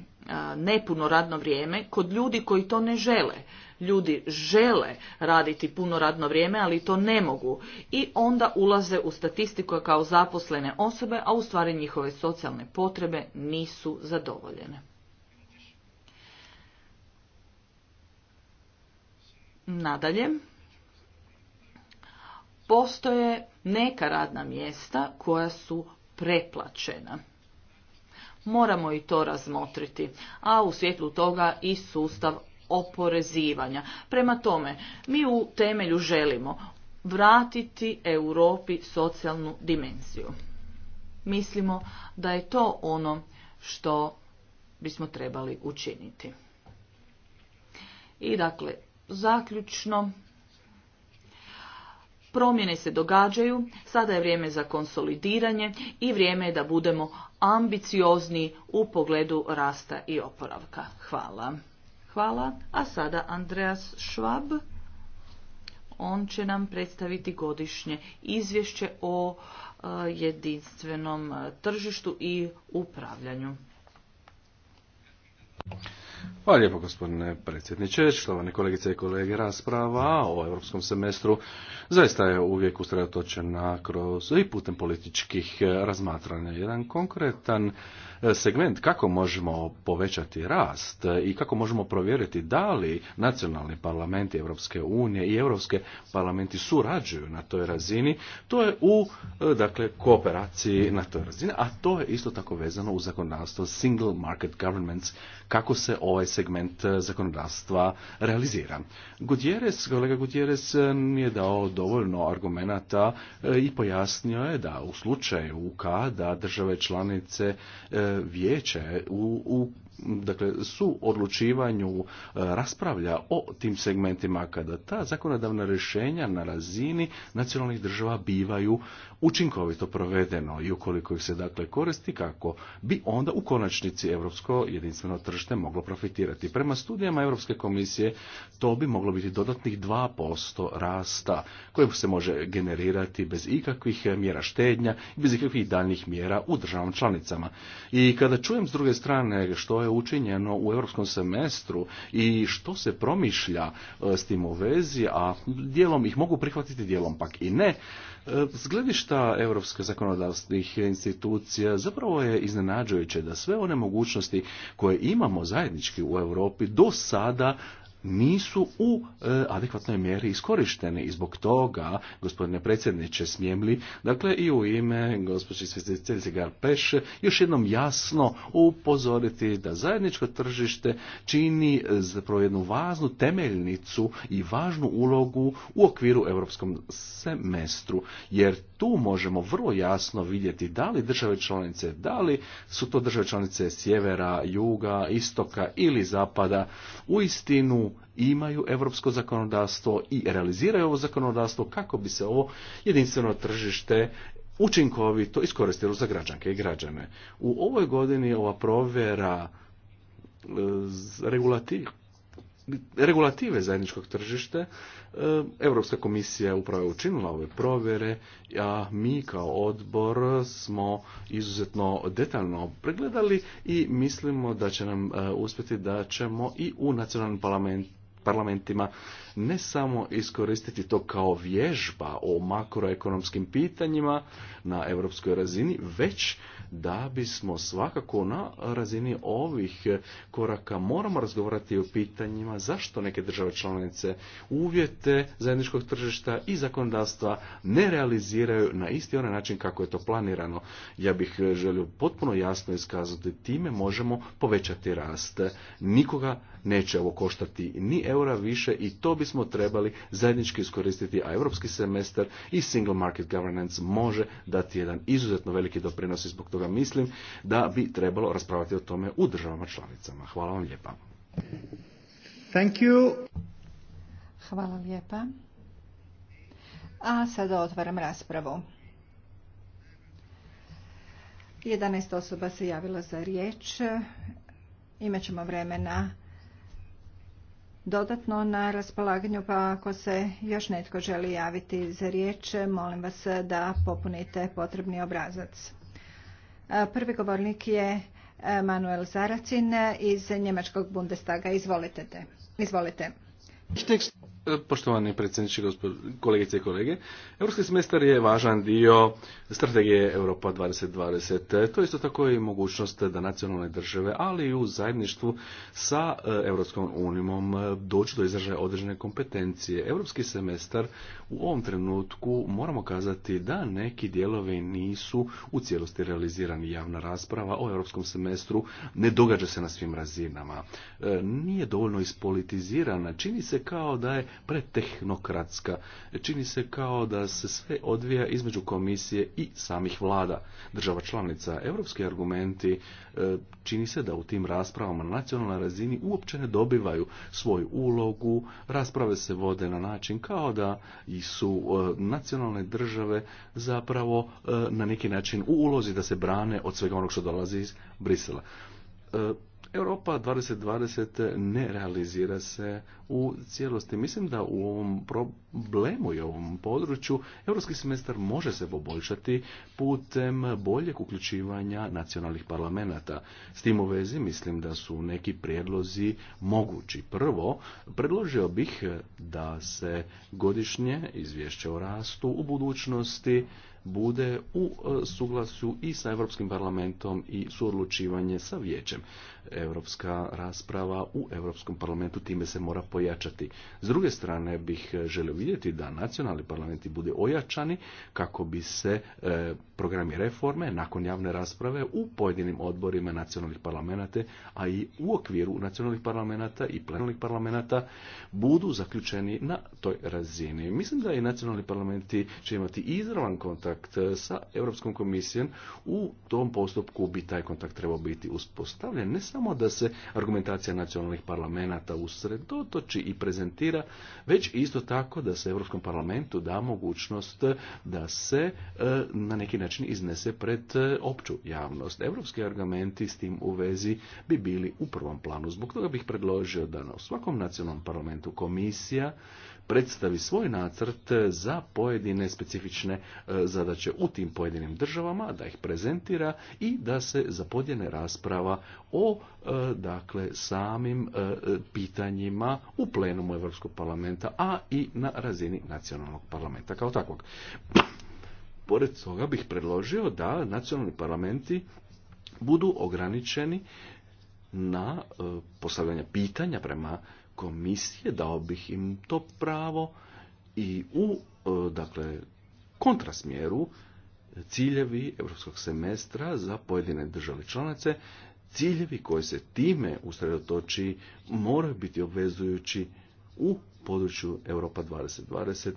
S3: nepuno radno vrijeme kod ljudi koji to ne žele. Ljudi žele raditi puno radno vrijeme, ali to ne mogu i onda ulaze u statistiku kao zaposlene osobe, a u stvari njihove socijalne potrebe nisu zadovoljene. Nadalje postoje neka radna mjesta koja su preplaćena. Moramo i to razmotriti, a u svjetlu toga i sustav oporezivanja. Prema tome, mi u temelju želimo vratiti Europi socijalnu dimenziju. Mislimo da je to ono što bismo trebali učiniti. I dakle, zaključno Promjene se događaju, sada je vrijeme za konsolidiranje i vrijeme je da budemo ambiciozni u pogledu rasta i oporavka. Hvala. Hvala. A sada Andreas Schwab. On će nam predstaviti godišnje izvješće o e, jedinstvenom e, tržištu i upravljanju.
S4: Hvala lijepo gospodine predsjedniče, štovane kolegice i kolege, rasprava o europskom semestru zaista je uvijek usredotočena kroz i putem političkih razmatranja. Jedan konkretan segment kako možemo povećati rast i kako možemo provjeriti da li nacionalni parlamenti Europske unije i europske parlamenti surađuju na toj razini, to je u e, dakle kooperaciji na toj razini, a to je isto tako vezano u zakonodavstvo single market governments kako se ovaj segment e, zakonodavstva realizira. Gutierrez, kolega Gutierrez nije e, dao dovoljno argumenata i pojasnio je da u slučaju kada države članice vijeće u, u dakle, su odlučivanju e, raspravlja o tim segmentima kada ta zakonodavna rješenja na razini nacionalnih država bivaju učinkovito provedeno i ukoliko ih se dakle koristi kako bi onda u konačnici europsko jedinstveno tržište moglo profitirati. Prema studijama Europske komisije to bi moglo biti dodatnih 2% rasta koje se može generirati bez ikakvih mjera štednja i bez ikakvih daljnjih mjera u državama članicama. I kada čujem s druge strane što je je učinjeno u europskom semestru i što se promišlja e, s tim u vezi, a dijelom ih mogu prihvatiti, dijelom pak i ne. E, s gledišta europske zakonodavstvih institucija zapravo je iznenađujuće da sve one mogućnosti koje imamo zajednički u Europi do sada nisu u e, adekvatnoj mjeri iskorišteni. I zbog toga, gospodine predsjedniče, smijem dakle i u ime gospođe Svjetice Garpeš, još jednom jasno upozoriti da zajedničko tržište čini e, zapravo jednu važnu temeljnicu i važnu ulogu u okviru europskom semestru, jer tu možemo vrlo jasno vidjeti da li države članice, da li su to države članice sjevera, juga, istoka ili zapada, u istinu imaju europsko zakonodavstvo i realiziraju ovo zakonodavstvo kako bi se ovo jedinstveno tržište učinkovito iskoristilo za građanke i građane. U ovoj godini ova provjera e, regulativa regulative zajedničkog tržišta, e, Europska komisija upravo je učinila ove provjere, a mi kao odbor smo izuzetno detaljno pregledali i mislimo da će nam e, uspjeti da ćemo i u nacionalnim parlamentima ne samo iskoristiti to kao vježba o makroekonomskim pitanjima na europskoj razini, već da bismo svakako na razini ovih koraka moramo razgovarati o pitanjima zašto neke države članice uvjete zajedničkog tržišta i zakonodavstva ne realiziraju na isti onaj način kako je to planirano. Ja bih e, želio potpuno jasno iskazati time možemo povećati rast. Nikoga neće ovo koštati ni eura više i to bismo trebali zajednički iskoristiti, a europski semestar i single market governance može dati jedan izuzetno veliki doprinos i zbog toga Stoga mislim da bi trebalo raspravati o tome u državama članicama. Hvala vam lijepa.
S5: Thank you. Hvala lijepa. A
S2: sada otvaram raspravu. 11 osoba se javila za riječ. Imaćemo vremena dodatno na raspolaganju, pa ako se još netko želi javiti za riječ, molim vas da popunite potrebni obrazac. Prvi govornik je e, Manuel Zaracin iz Njemačkog Bundestaga. Izvolite. Izvolite.
S4: Poštovani predsjedniče, kolegice i kolege, Europski semestar je važan dio strategije Europa 2020. To je isto tako i mogućnost da nacionalne države, ali i u zajedništvu sa e, Europskom unijom e, dođu do izražaja određene kompetencije. Europski semestar u ovom trenutku moramo kazati da neki dijelovi nisu u cijelosti realizirani. Javna rasprava o europskom semestru ne događa se na svim razinama. E, nije dovoljno ispolitizirana. Čini se kao da je pretehnokratska. Čini se kao da se sve odvija između komisije i samih vlada država članica. Europski argumenti e, čini se da u tim raspravama na nacionalnoj razini uopće ne dobivaju svoju ulogu. Rasprave se vode na način kao da su e, nacionalne države zapravo e, na neki način u ulozi da se brane od svega onog što dolazi iz Brisela Europa 2020 ne realizira se u cijelosti. Mislim da u ovom problemu i ovom području europski semestar može se poboljšati putem boljeg uključivanja nacionalnih parlamenta. S tim u vezi mislim da su neki prijedlozi mogući. Prvo, predložio bih da se godišnje izvješće o rastu u budućnosti bude u e, suglasju i sa Europskim parlamentom i suodlučivanje sa vijećem europska rasprava u Europskom parlamentu time se mora pojačati. S druge strane bih e, želio vidjeti da nacionalni parlamenti bude ojačani kako bi se e, programi reforme nakon javne rasprave u pojedinim odborima nacionalnih parlamenata, a i u okviru nacionalnih parlamenata i plenarnih parlamenata budu zaključeni na toj razini. Mislim da i nacionalni parlamenti će imati izravan kontakt e, sa Europskom komisijom u tom postupku bi taj kontakt trebao biti uspostavljen ne samo samo da se argumentacija nacionalnih parlamenta usredotoči i prezentira, već isto tako da se Europskom parlamentu da mogućnost da se e, na neki način iznese pred e, opću javnost. Europski argumenti s tim u vezi bi bili u prvom planu. Zbog toga bih predložio da u svakom nacionalnom parlamentu komisija predstavi svoj nacrt za pojedine specifične e, zadaće u tim pojedinim državama, da ih prezentira i da se zapodjene rasprava o e, dakle samim e, pitanjima u plenumu Europskog parlamenta, a i na razini nacionalnog parlamenta kao takvog. Pored toga bih predložio da nacionalni parlamenti budu ograničeni na postavljanje pitanja prema komisije, dao bih im to pravo i u e, dakle, kontrasmjeru ciljevi europskog semestra za pojedine države članice, ciljevi koji se time usredotoči moraju biti obvezujući u području Europa 2020.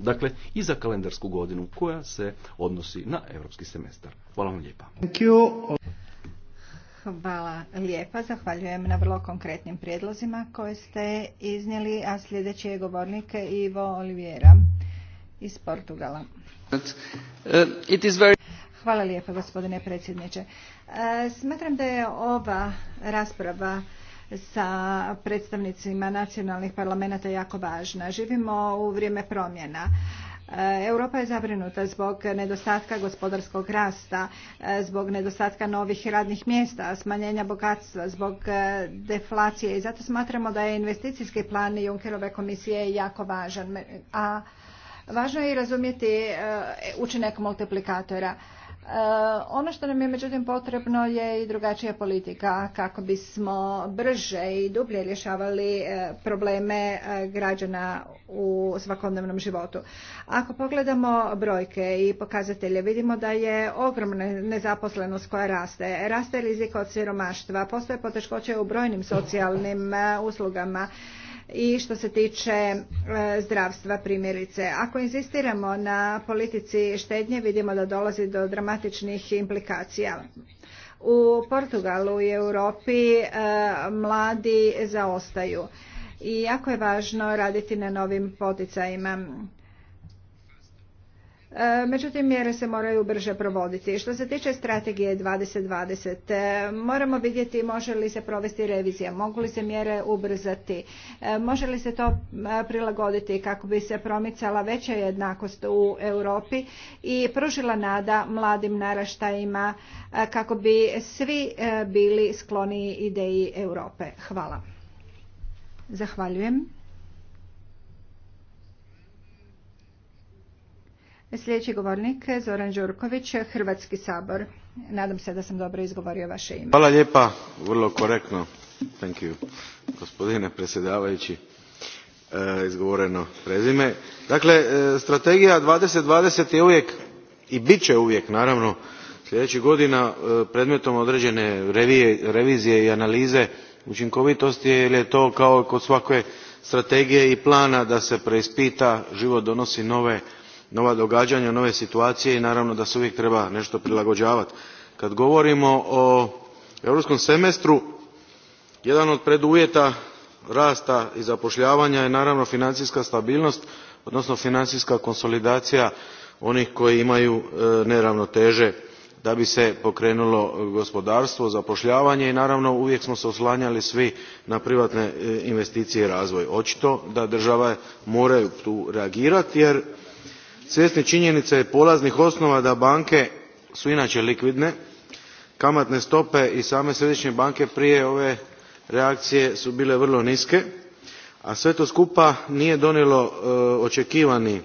S4: Dakle, i za kalendarsku godinu koja se odnosi na europski semestar. Hvala vam lijepa.
S5: Hvala
S2: lijepa. Zahvaljujem na vrlo konkretnim prijedlozima koje ste iznijeli, a sljedeći je govornik Ivo Oliviera iz Portugala.
S5: Uh,
S2: Hvala lijepa gospodine predsjedniče. Uh, smatram da je ova rasprava sa predstavnicima nacionalnih parlamenta jako važna. Živimo u vrijeme promjena. E, Europa je zabrinuta zbog nedostatka gospodarskog rasta, e, zbog nedostatka novih radnih mjesta, smanjenja bogatstva, zbog e, deflacije i zato smatramo da je investicijski plan Junckerove komisije jako važan. A važno je i razumjeti učinak multiplikatora. Eh, ono što nam je međutim potrebno je i drugačija politika kako bismo brže i dublje rješavali eh, probleme eh, građana u svakodnevnom životu. Ako pogledamo brojke i pokazatelje, vidimo da je ogromna nezaposlenost koja raste. Raste rizik od siromaštva, postoje poteškoće u brojnim socijalnim uslugama i što se tiče e, zdravstva primjerice. Ako insistiramo na politici štednje vidimo da dolazi do dramatičnih implikacija. U Portugalu i Europi e, mladi zaostaju i jako je važno raditi na novim poticajima. E, međutim, mjere se moraju brže provoditi. Što se tiče strategije 2020, e, moramo vidjeti može li se provesti revizija, mogu li se mjere ubrzati, e, može li se to prilagoditi kako bi se promicala veća jednakost u Europi i pružila nada mladim naraštajima kako bi svi bili skloni ideji Europe. Hvala. Zahvaljujem. Sljedeći govornik Zoran Đurković, Hrvatski sabor. Nadam se da sam dobro izgovorio vaše ime. Hvala lijepa,
S1: vrlo korektno. Thank you, gospodine predsjedavajući e, izgovoreno prezime. Dakle, e, strategija 2020 je uvijek i bit će uvijek naravno sljedećih godina e, predmetom određene revizije i analize učinkovitosti jer je to kao kod svake strategije i plana da se preispita život donosi nove nova događanja nove situacije i naravno da se uvijek treba nešto prilagođavati. kad govorimo o europskom semestru jedan od preduvjeta rasta i zapošljavanja je naravno financijska stabilnost odnosno financijska konsolidacija onih koji imaju e, neravnoteže da bi se pokrenulo gospodarstvo zapošljavanje i naravno uvijek smo se oslanjali svi na privatne e, investicije i razvoj. očito da države moraju tu reagirati jer svjesni činjenice polaznih osnova da banke su inače likvidne kamatne stope i same središnje banke prije ove reakcije su bile vrlo niske a sve to skupa nije donijelo e, očekivani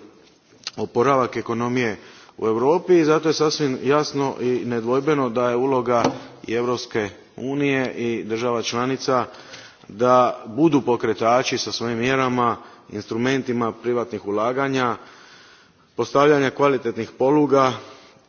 S1: oporavak ekonomije u europi i zato je sasvim jasno i nedvojbeno da je uloga i europske unije i država članica da budu pokretači sa svojim mjerama instrumentima privatnih ulaganja postavljanja kvalitetnih poluga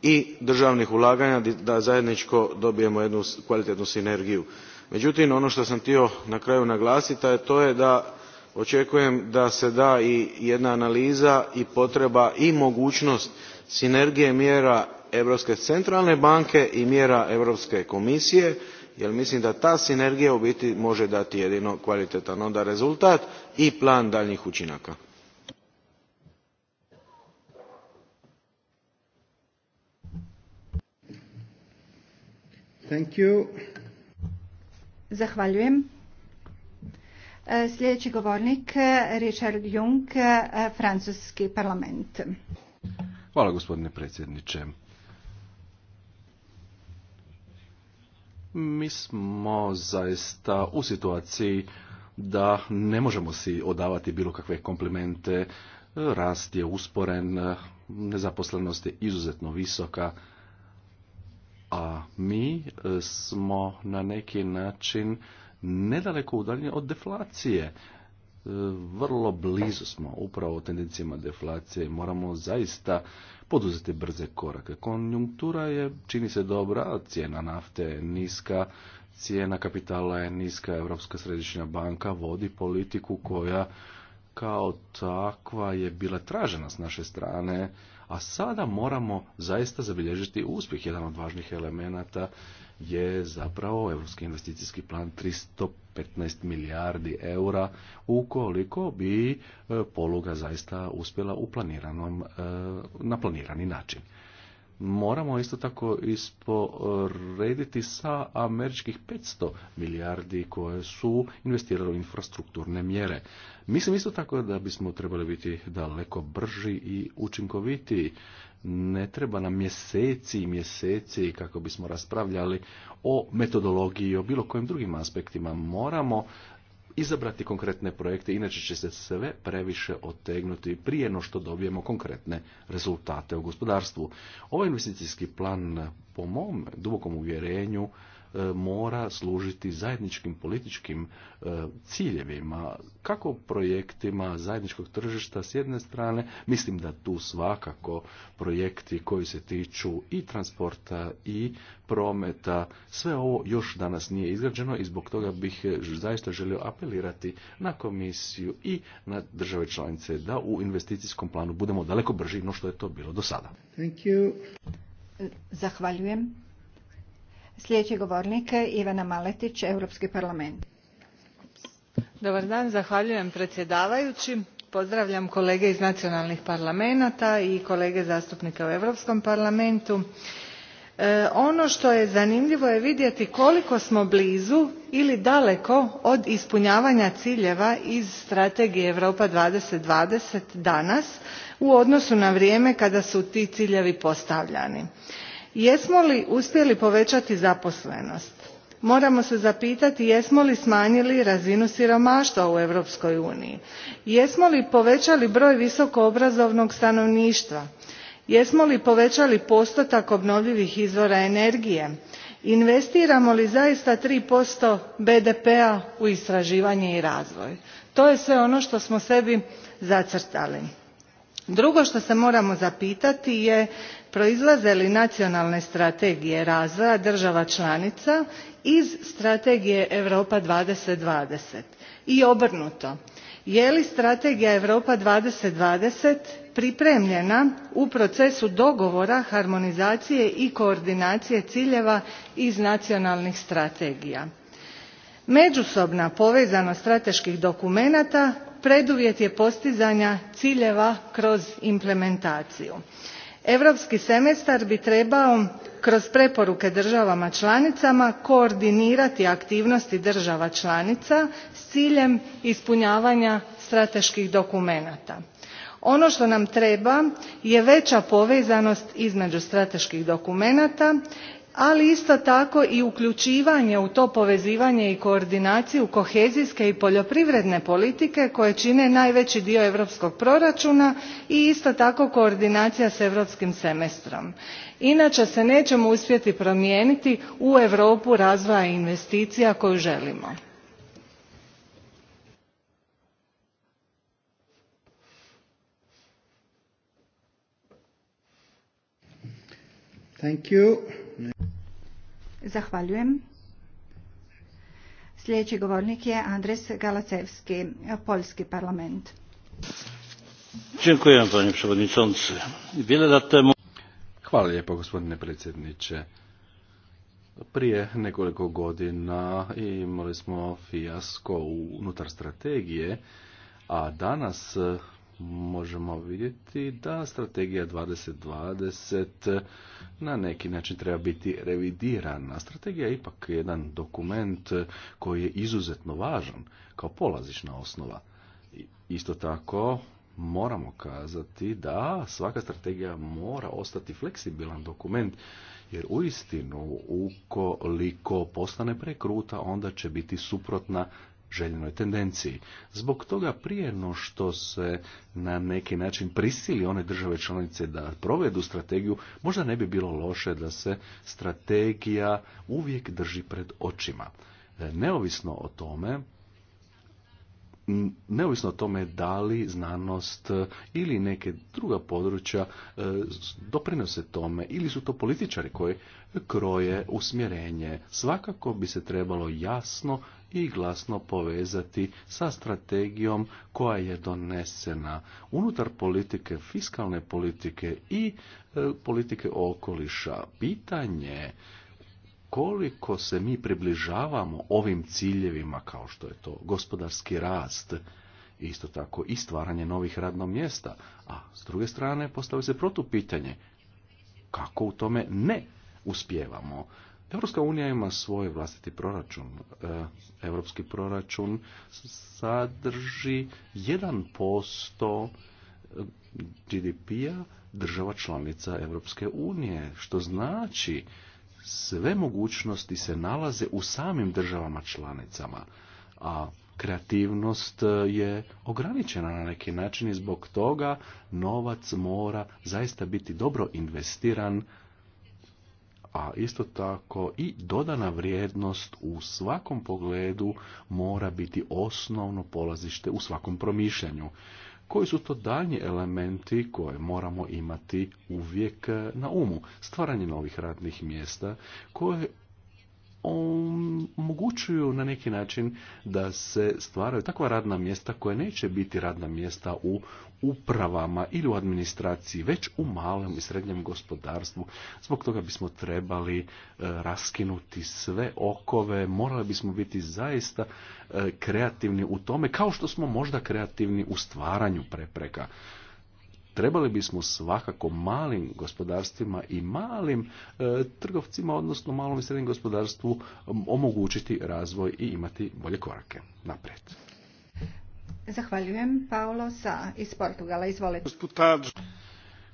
S1: i državnih ulaganja da zajedničko dobijemo jednu kvalitetnu sinergiju. međutim ono što sam htio na kraju naglasiti a to je da očekujem da se da i jedna analiza i potreba i mogućnost sinergije mjera europske centralne banke i mjera europske komisije jer mislim da ta sinergija u biti može dati jedino kvalitetan onda rezultat i plan daljnjih učinaka.
S4: Thank you.
S2: Zahvaljujem. E, sljedeći govornik, e, Richard Jung, e, Francuski parlament.
S4: Hvala gospodine predsjedniče. Mi smo zaista u situaciji da ne možemo si odavati bilo kakve komplimente, rast je usporen, nezaposlenost je izuzetno visoka, a mi e, smo na neki način nedaleko udaljeni od deflacije. E, vrlo blizu smo upravo tendencijama deflacije i moramo zaista poduzeti brze korake. Konjunktura je, čini se dobra, cijena nafte je niska, cijena kapitala je niska, Europska središnja banka vodi politiku koja kao takva je bila tražena s naše strane a sada moramo zaista zabilježiti uspjeh. Jedan od važnih elemenata je zapravo Europski investicijski plan 315 milijardi eura ukoliko bi e, poluga zaista uspjela u planiranom, e, na planirani način moramo isto tako isporediti sa američkih 500 milijardi koje su investirali u infrastrukturne mjere. Mislim isto tako da bismo trebali biti daleko brži i učinkovitiji. Ne treba nam mjeseci i mjeseci kako bismo raspravljali o metodologiji i o bilo kojim drugim aspektima. Moramo izabrati konkretne projekte, inače će se sve previše otegnuti prije no što dobijemo konkretne rezultate u gospodarstvu. Ovaj investicijski plan, po mom dubokom uvjerenju, E, mora služiti zajedničkim političkim e, ciljevima, kako projektima zajedničkog tržišta s jedne strane, mislim da tu svakako projekti koji se tiču i transporta i prometa, sve ovo još danas nije izgrađeno i zbog toga bih e, zaista želio apelirati na komisiju i na države članice da u investicijskom planu budemo daleko brži no što je to bilo do sada.
S1: Thank you.
S2: Zahvaljujem. Sljedeći govornik Ivana Maletić, Europski parlament.
S5: Dobar dan, zahvaljujem predsjedavajući. Pozdravljam kolege iz nacionalnih parlamenata i kolege zastupnike u Europskom parlamentu. E, ono što je zanimljivo je vidjeti koliko smo blizu ili daleko od ispunjavanja ciljeva iz strategije Europa 2020 danas u odnosu na vrijeme kada su ti ciljevi postavljani jesmo li uspjeli povećati zaposlenost moramo se zapitati jesmo li smanjili razinu siromaštva u europskoj uniji jesmo li povećali broj visokoobrazovnog stanovništva jesmo li povećali postotak obnovljivih izvora energije investiramo li zaista three bdp a u istraživanje i razvoj? to je sve ono što smo sebi zacrtali. drugo što se moramo zapitati je proizlaze li nacionalne strategije razvoja država članica iz strategije europa two thousand and twenty i obrnuto je li strategija europa two thousand and twenty pripremljena u procesu dogovora harmonizacije i koordinacije ciljeva iz nacionalnih strategija? međusobna povezanost strateških dokumenata preduvjet je postizanja ciljeva kroz implementaciju europski semestar bi trebao kroz preporuke državama članicama koordinirati aktivnosti država članica s ciljem ispunjavanja strateških dokumenata. ono što nam treba je veća povezanost između strateških dokumenata ali isto tako i uključivanje u to povezivanje i koordinaciju kohezijske i poljoprivredne politike koje čine najveći dio europskog proračuna i isto tako koordinacija s europskim semestrom. inače se nećemo uspjeti promijeniti u europu razvoja i investicija koju želimo.
S2: Zahvaljujem. Sljedeći govornik je Andres Galacevski, Poljski parlament.
S4: Dziękuję, panie przewodniczący. Wiele lat temu... Hvala lijepo, gospodine predsjedniče. Prije nekoliko godina imali smo fijasko unutar strategije, a danas možemo vidjeti da strategija 2020 na neki način treba biti revidirana. Strategija je ipak jedan dokument koji je izuzetno važan kao polazišna osnova. Isto tako moramo kazati da svaka strategija mora ostati fleksibilan dokument jer uistinu ukoliko postane prekruta onda će biti suprotna željenoj tendenciji. Zbog toga prije no što se na neki način prisili one države članice da provedu strategiju, možda ne bi bilo loše da se strategija uvijek drži pred očima. E, neovisno o tome neovisno o tome da li znanost e, ili neke druga područja e, doprinose tome ili su to političari koji kroje usmjerenje. Svakako bi se trebalo jasno i glasno povezati sa strategijom koja je donesena unutar politike, fiskalne politike i e, politike okoliša. Pitanje koliko se mi približavamo ovim ciljevima kao što je to gospodarski rast, isto tako i stvaranje novih radnog mjesta, a s druge strane postavi se protupitanje kako u tome ne uspjevamo. Europska unija ima svoj vlastiti proračun. Europski proračun sadrži 1% GDP-a država članica Europske unije, što znači sve mogućnosti se nalaze u samim državama članicama, a kreativnost e, je ograničena na neki način i zbog toga novac mora zaista biti dobro investiran, a isto tako i dodana vrijednost u svakom pogledu mora biti osnovno polazište u svakom promišljanju koji su to daljnji elementi koje moramo imati uvijek e, na umu. Stvaranje novih radnih mjesta koje omogućuju na neki način da se stvaraju takva radna mjesta koja neće biti radna mjesta u upravama ili u administraciji, već u malom i srednjem gospodarstvu. Zbog toga bismo trebali e, raskinuti sve okove, morali bismo biti zaista e, kreativni u tome, kao što smo možda kreativni u stvaranju prepreka trebali bismo svakako malim gospodarstvima i malim e, trgovcima, odnosno malom i srednjem gospodarstvu omogućiti razvoj i imati bolje korake naprijed.
S2: Zahvaljujem. Paolo Sa iz Portugala, izvolite.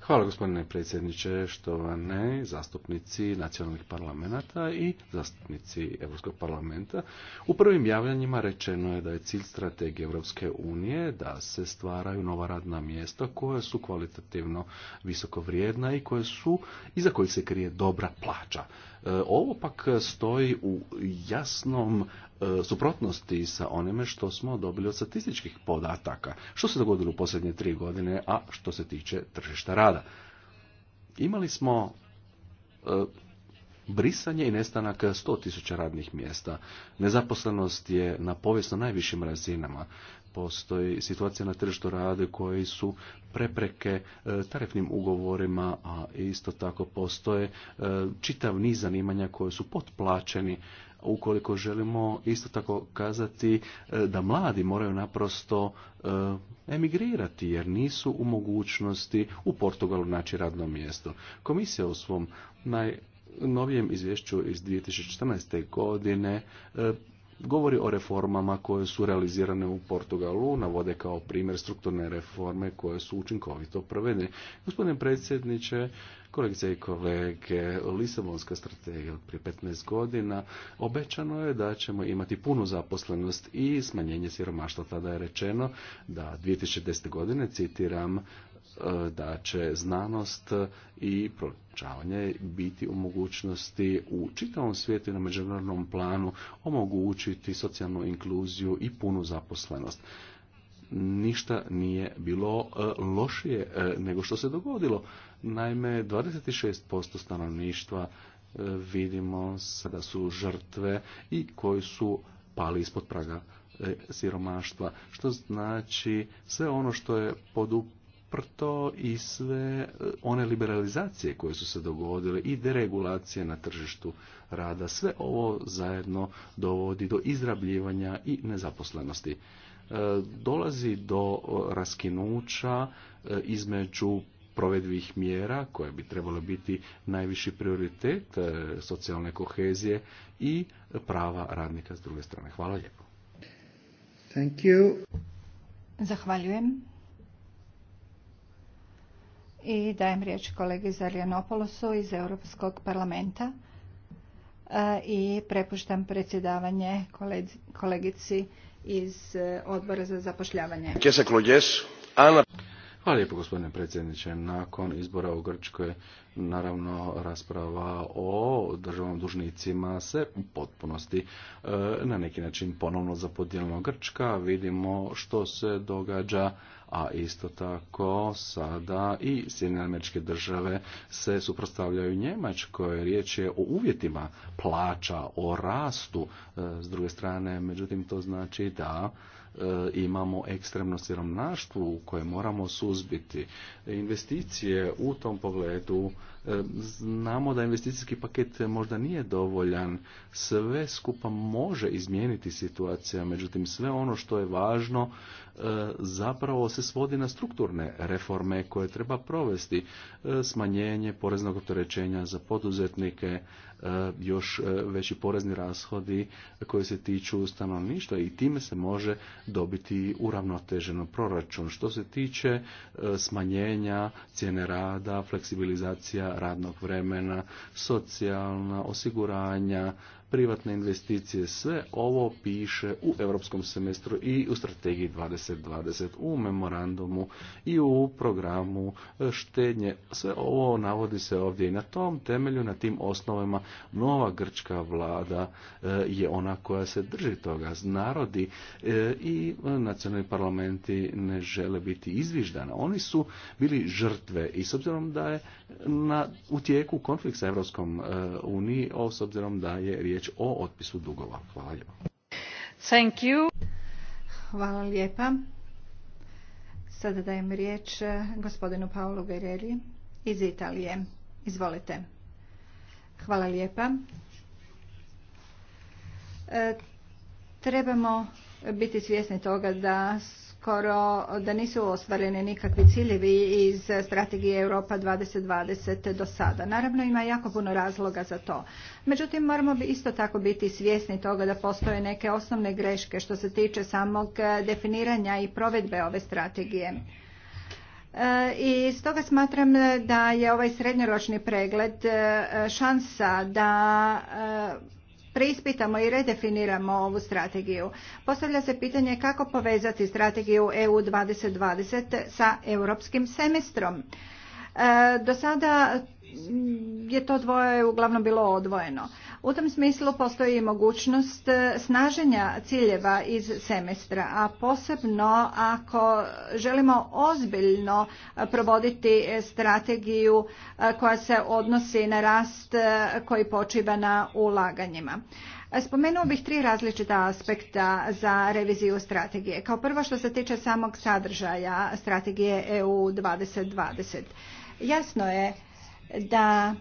S4: Hvala gospodine predsjedniče, štovane zastupnici nacionalnih parlamenta i zastupnici Europskog parlamenta. U prvim javljanjima rečeno je da je cilj strategije Europske unije da se stvaraju nova radna mjesta koja su kvalitativno visoko vrijedna i koje su, iza kojih se krije dobra plaća. E, ovo pak stoji u jasnom e, suprotnosti sa onime što smo dobili od statističkih podataka. Što se dogodilo u posljednje tri godine, a što se tiče tržišta rada. Imali smo e, brisanje i nestanak 100.000 radnih mjesta. Nezaposlenost je na povijesno najvišim razinama postoji situacija na tržištu rade koje su prepreke e, tarifnim ugovorima, a isto tako postoje e, čitav niz zanimanja koje su potplaćeni ukoliko želimo isto tako kazati e, da mladi moraju naprosto emigrirati jer nisu u mogućnosti u Portugalu naći radno mjesto. Komisija u svom najnovijem izvješću iz 2014. godine govori o reformama koje su realizirane u Portugalu, navode kao primjer strukturne reforme koje su učinkovito provedene. Gospodine predsjedniče, kolegice i kolege, Lisabonska strategija prije 15 godina obećano je da ćemo imati punu zaposlenost i smanjenje siromaštva. Tada je rečeno da 2010. godine, citiram, da će znanost i proučavanje biti u mogućnosti u čitavom svijetu i na međunarodnom planu omogućiti socijalnu inkluziju i punu zaposlenost ništa nije bilo e, lošije e, nego što se dogodilo. Naime, 26% stanovništva e, vidimo sada su žrtve i koji su pali ispod praga siromaštva, što znači sve ono što je podup Prto i sve eh, one liberalizacije koje su se dogodile i deregulacije na tržištu rada, sve ovo zajedno dovodi do izrabljivanja i nezaposlenosti. Eh, dolazi do eh, raskinuća između provedivih mjera koje bi trebalo biti najviši prioritet socijalne kohezije i prava radnika s druge strane. Hvala lijepo. Thank you.
S2: Zahvaljujem i dajem riječ kolegi Zarjanopolosu iz Europskog parlamenta e, i prepuštam predsjedavanje kolegici iz e, odbora za zapošljavanje.
S4: Hvala lijepo gospodine predsjedniče. Nakon izbora u Grčkoj naravno rasprava o državnom dužnicima se u potpunosti e, na neki način ponovno zapodijelimo Grčka. Vidimo što se događa a isto tako sada i Sjedinjene američke države se suprotstavljaju Njemačkoj. Riječ je o uvjetima plaća, o rastu e, s druge strane, međutim to znači da E, imamo ekstremno siromaštvo u koje moramo suzbiti. E, investicije u tom pogledu e, znamo da investicijski paket možda nije dovoljan, sve skupa može izmijeniti situacija, međutim sve ono što je važno zapravo se svodi na strukturne reforme koje treba provesti, smanjenje poreznog opterećenja za poduzetnike, Eh, još eh, veći porezni rashodi koji se tiču stanovništva i time se može dobiti uravnoteženo proračun. Što se tiče eh, smanjenja cijene rada, fleksibilizacija radnog vremena, socijalna osiguranja, privatne investicije, sve ovo piše u europskom semestru i u strategiji 2020, u memorandumu i u programu e, štednje. Sve ovo navodi se ovdje i na tom temelju, na tim osnovama nova grčka vlada e, je ona koja se drži toga. Narodi e, i nacionalni parlamenti ne žele biti izviždana. Oni su bili žrtve i s obzirom da je na, u tijeku konflikt sa Evropskom e, uniji, s obzirom da je riječ o otpisu dugova. Hvala lijepa.
S2: Thank you. Hvala lijepa. Sada dajem riječ e, gospodinu Paolo Guerrieri iz Italije. Izvolite. Hvala lijepa. E, trebamo biti svjesni toga da skoro da nisu ostvareni nikakvi ciljevi iz strategije Europa 2020 do sada. Naravno ima jako puno razloga za to. Međutim, moramo isto tako biti svjesni toga da postoje neke osnovne greške što se tiče samog definiranja i provedbe ove strategije. E, I stoga smatram da je ovaj srednjoročni pregled e, šansa da e, preispitamo i redefiniramo ovu strategiju. Postavlja se pitanje kako povezati strategiju EU 2020 sa europskim semestrom. E, do sada je to dvoje uglavnom bilo odvojeno. U tom smislu postoji mogućnost e, snaženja ciljeva iz semestra, a posebno ako želimo ozbiljno e, provoditi strategiju e, koja se odnosi na rast koji počiva na ulaganjima. Spomenuo bih tri različita aspekta za reviziju strategije. Kao prvo što se tiče samog sadržaja strategije EU 2020. Jasno je da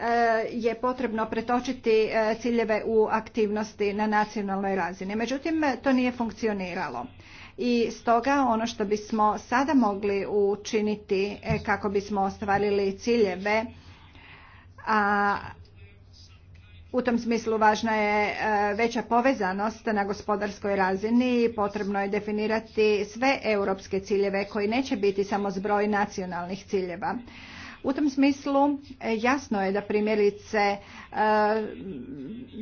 S2: Eh, je potrebno pretočiti eh, ciljeve u aktivnosti na nacionalnoj razini. Međutim, to nije funkcioniralo. I stoga ono što bismo sada mogli učiniti eh, kako bismo ostvarili ciljeve, a u tom smislu važna je veća povezanost na gospodarskoj razini i potrebno je definirati sve europske ciljeve koji neće biti samo zbroj nacionalnih ciljeva. U tom smislu e, jasno je da primjerice e,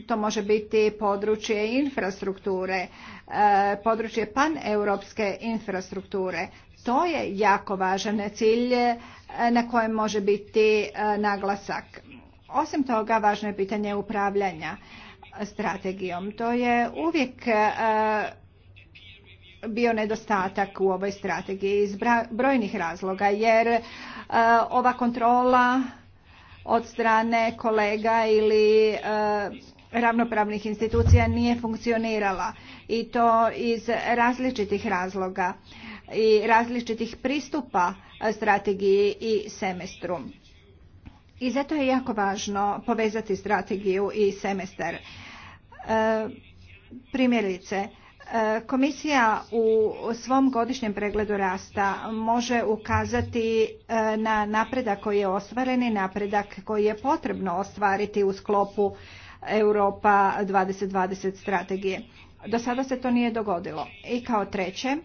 S2: to može biti područje infrastrukture, e, područje paneuropske infrastrukture. To je jako važan cilj na kojem može biti naglasak. Osim toga, važno je pitanje upravljanja strategijom. To je uvijek bio nedostatak u ovoj strategiji iz brojnih razloga, jer E, ova kontrola od strane kolega ili e, ravnopravnih institucija nije funkcionirala i to iz različitih razloga i različitih pristupa strategiji i semestru. I zato je jako važno povezati strategiju i semestar. E, primjerice, E, komisija u svom godišnjem pregledu rasta može ukazati e, na napredak koji je ostvaren i napredak koji je potrebno ostvariti u sklopu Europa 2020 strategije. Do sada se to nije dogodilo. I kao treće,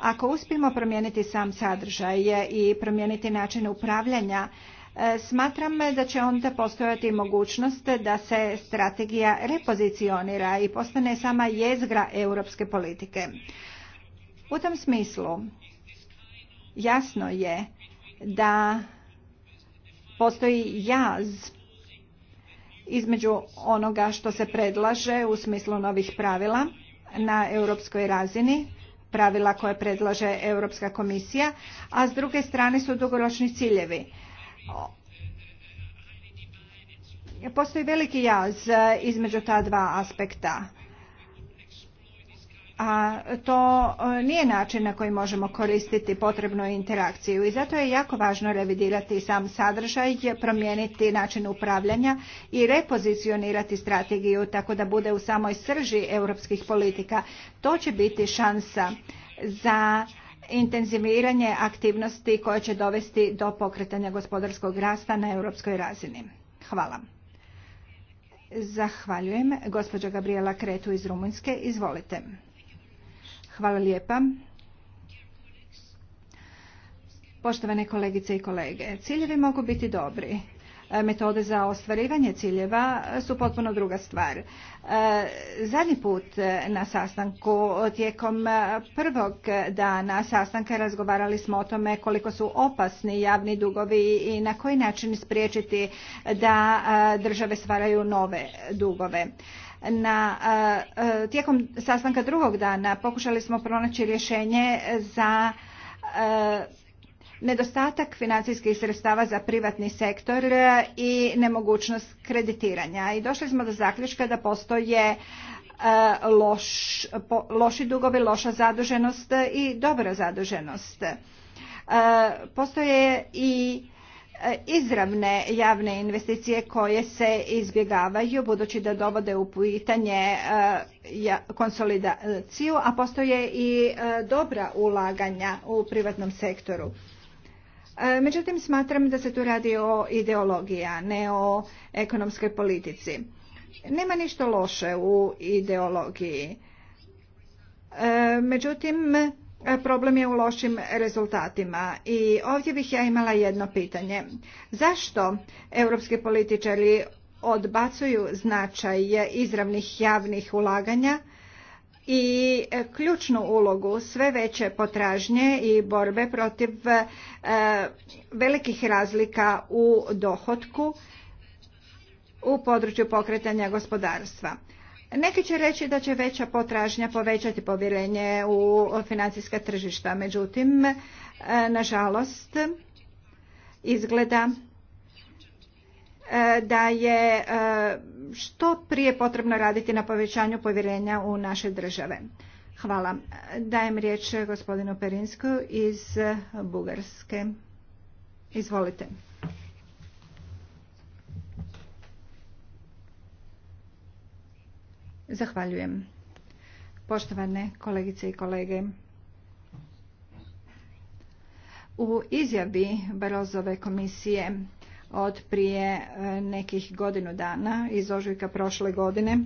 S2: ako uspijemo promijeniti sam sadržaj i promijeniti način upravljanja E, smatram da će onda postojati mogućnost da se strategija repozicionira i postane sama jezgra europske politike. U tom smislu jasno je da postoji jaz između onoga što se predlaže u smislu novih pravila na europskoj razini, pravila koje predlaže Europska komisija, a s druge strane su dugoročni ciljevi. Postoji veliki jaz e, između ta dva aspekta. A to e, nije način na koji možemo koristiti potrebnu interakciju i zato je jako važno revidirati sam sadržaj, promijeniti način upravljanja i repozicionirati strategiju tako da bude u samoj srži europskih politika. To će biti šansa za intenziviranje aktivnosti koje će dovesti do pokretanja gospodarskog rasta na europskoj razini. Hvala. Zahvaljujem. Gospođa Gabriela Kretu iz Rumunjske, izvolite. Hvala lijepa. Poštovane kolegice i kolege, ciljevi mogu biti dobri, E, metode za ostvarivanje ciljeva su potpuno druga stvar. E, zadnji put e, na sastanku tijekom prvog dana sastanka razgovarali smo o tome koliko su opasni javni dugovi i na koji način spriječiti da države stvaraju nove dugove. Na, tijekom sastanka drugog dana pokušali smo pronaći rješenje za nedostatak financijskih sredstava za privatni sektor i nemogućnost kreditiranja. I došli smo do zaključka da postoje e, loši dugovi, loša zaduženost i dobra zaduženost. E, postoje i e, izravne javne investicije koje se izbjegavaju budući da dovode u pitanje konsolidaciju, a postoje i dobra ulaganja u privatnom sektoru. E, međutim, smatram da se tu radi o ideologiji, a ne o ekonomskoj politici. Nema ništa loše u ideologiji. E, međutim, problem je u lošim rezultatima. I ovdje bih ja imala jedno pitanje. Zašto europski političari odbacuju značaj izravnih javnih ulaganja i e, ključnu ulogu sve veće potražnje i borbe protiv e, velikih razlika u dohotku u području pokretanja gospodarstva. Neki će reći da će veća potražnja povećati povjerenje u financijska tržišta, međutim, e, nažalost, izgleda E, da je e, što prije potrebno raditi na povećanju povjerenja u naše države. Hvala. Dajem riječ gospodinu Perinsku iz Bugarske. Izvolite. Zahvaljujem. Poštovane kolegice i kolege. U izjavi Barozove komisije od prije e, nekih godinu dana iz ožujka prošle godine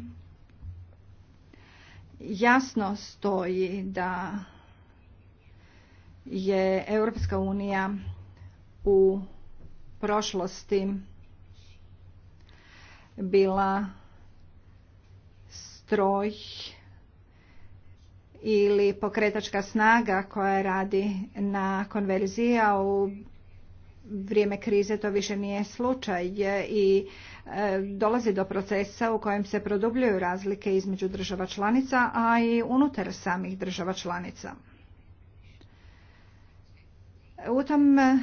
S2: jasno stoji da je Europska unija u prošlosti bila stroj ili pokretačka snaga koja radi na konverziji, a u vrijeme krize to više nije slučaj i e, dolazi do procesa u kojem se produbljuju razlike između država članica, a i unutar samih država članica. U tom e,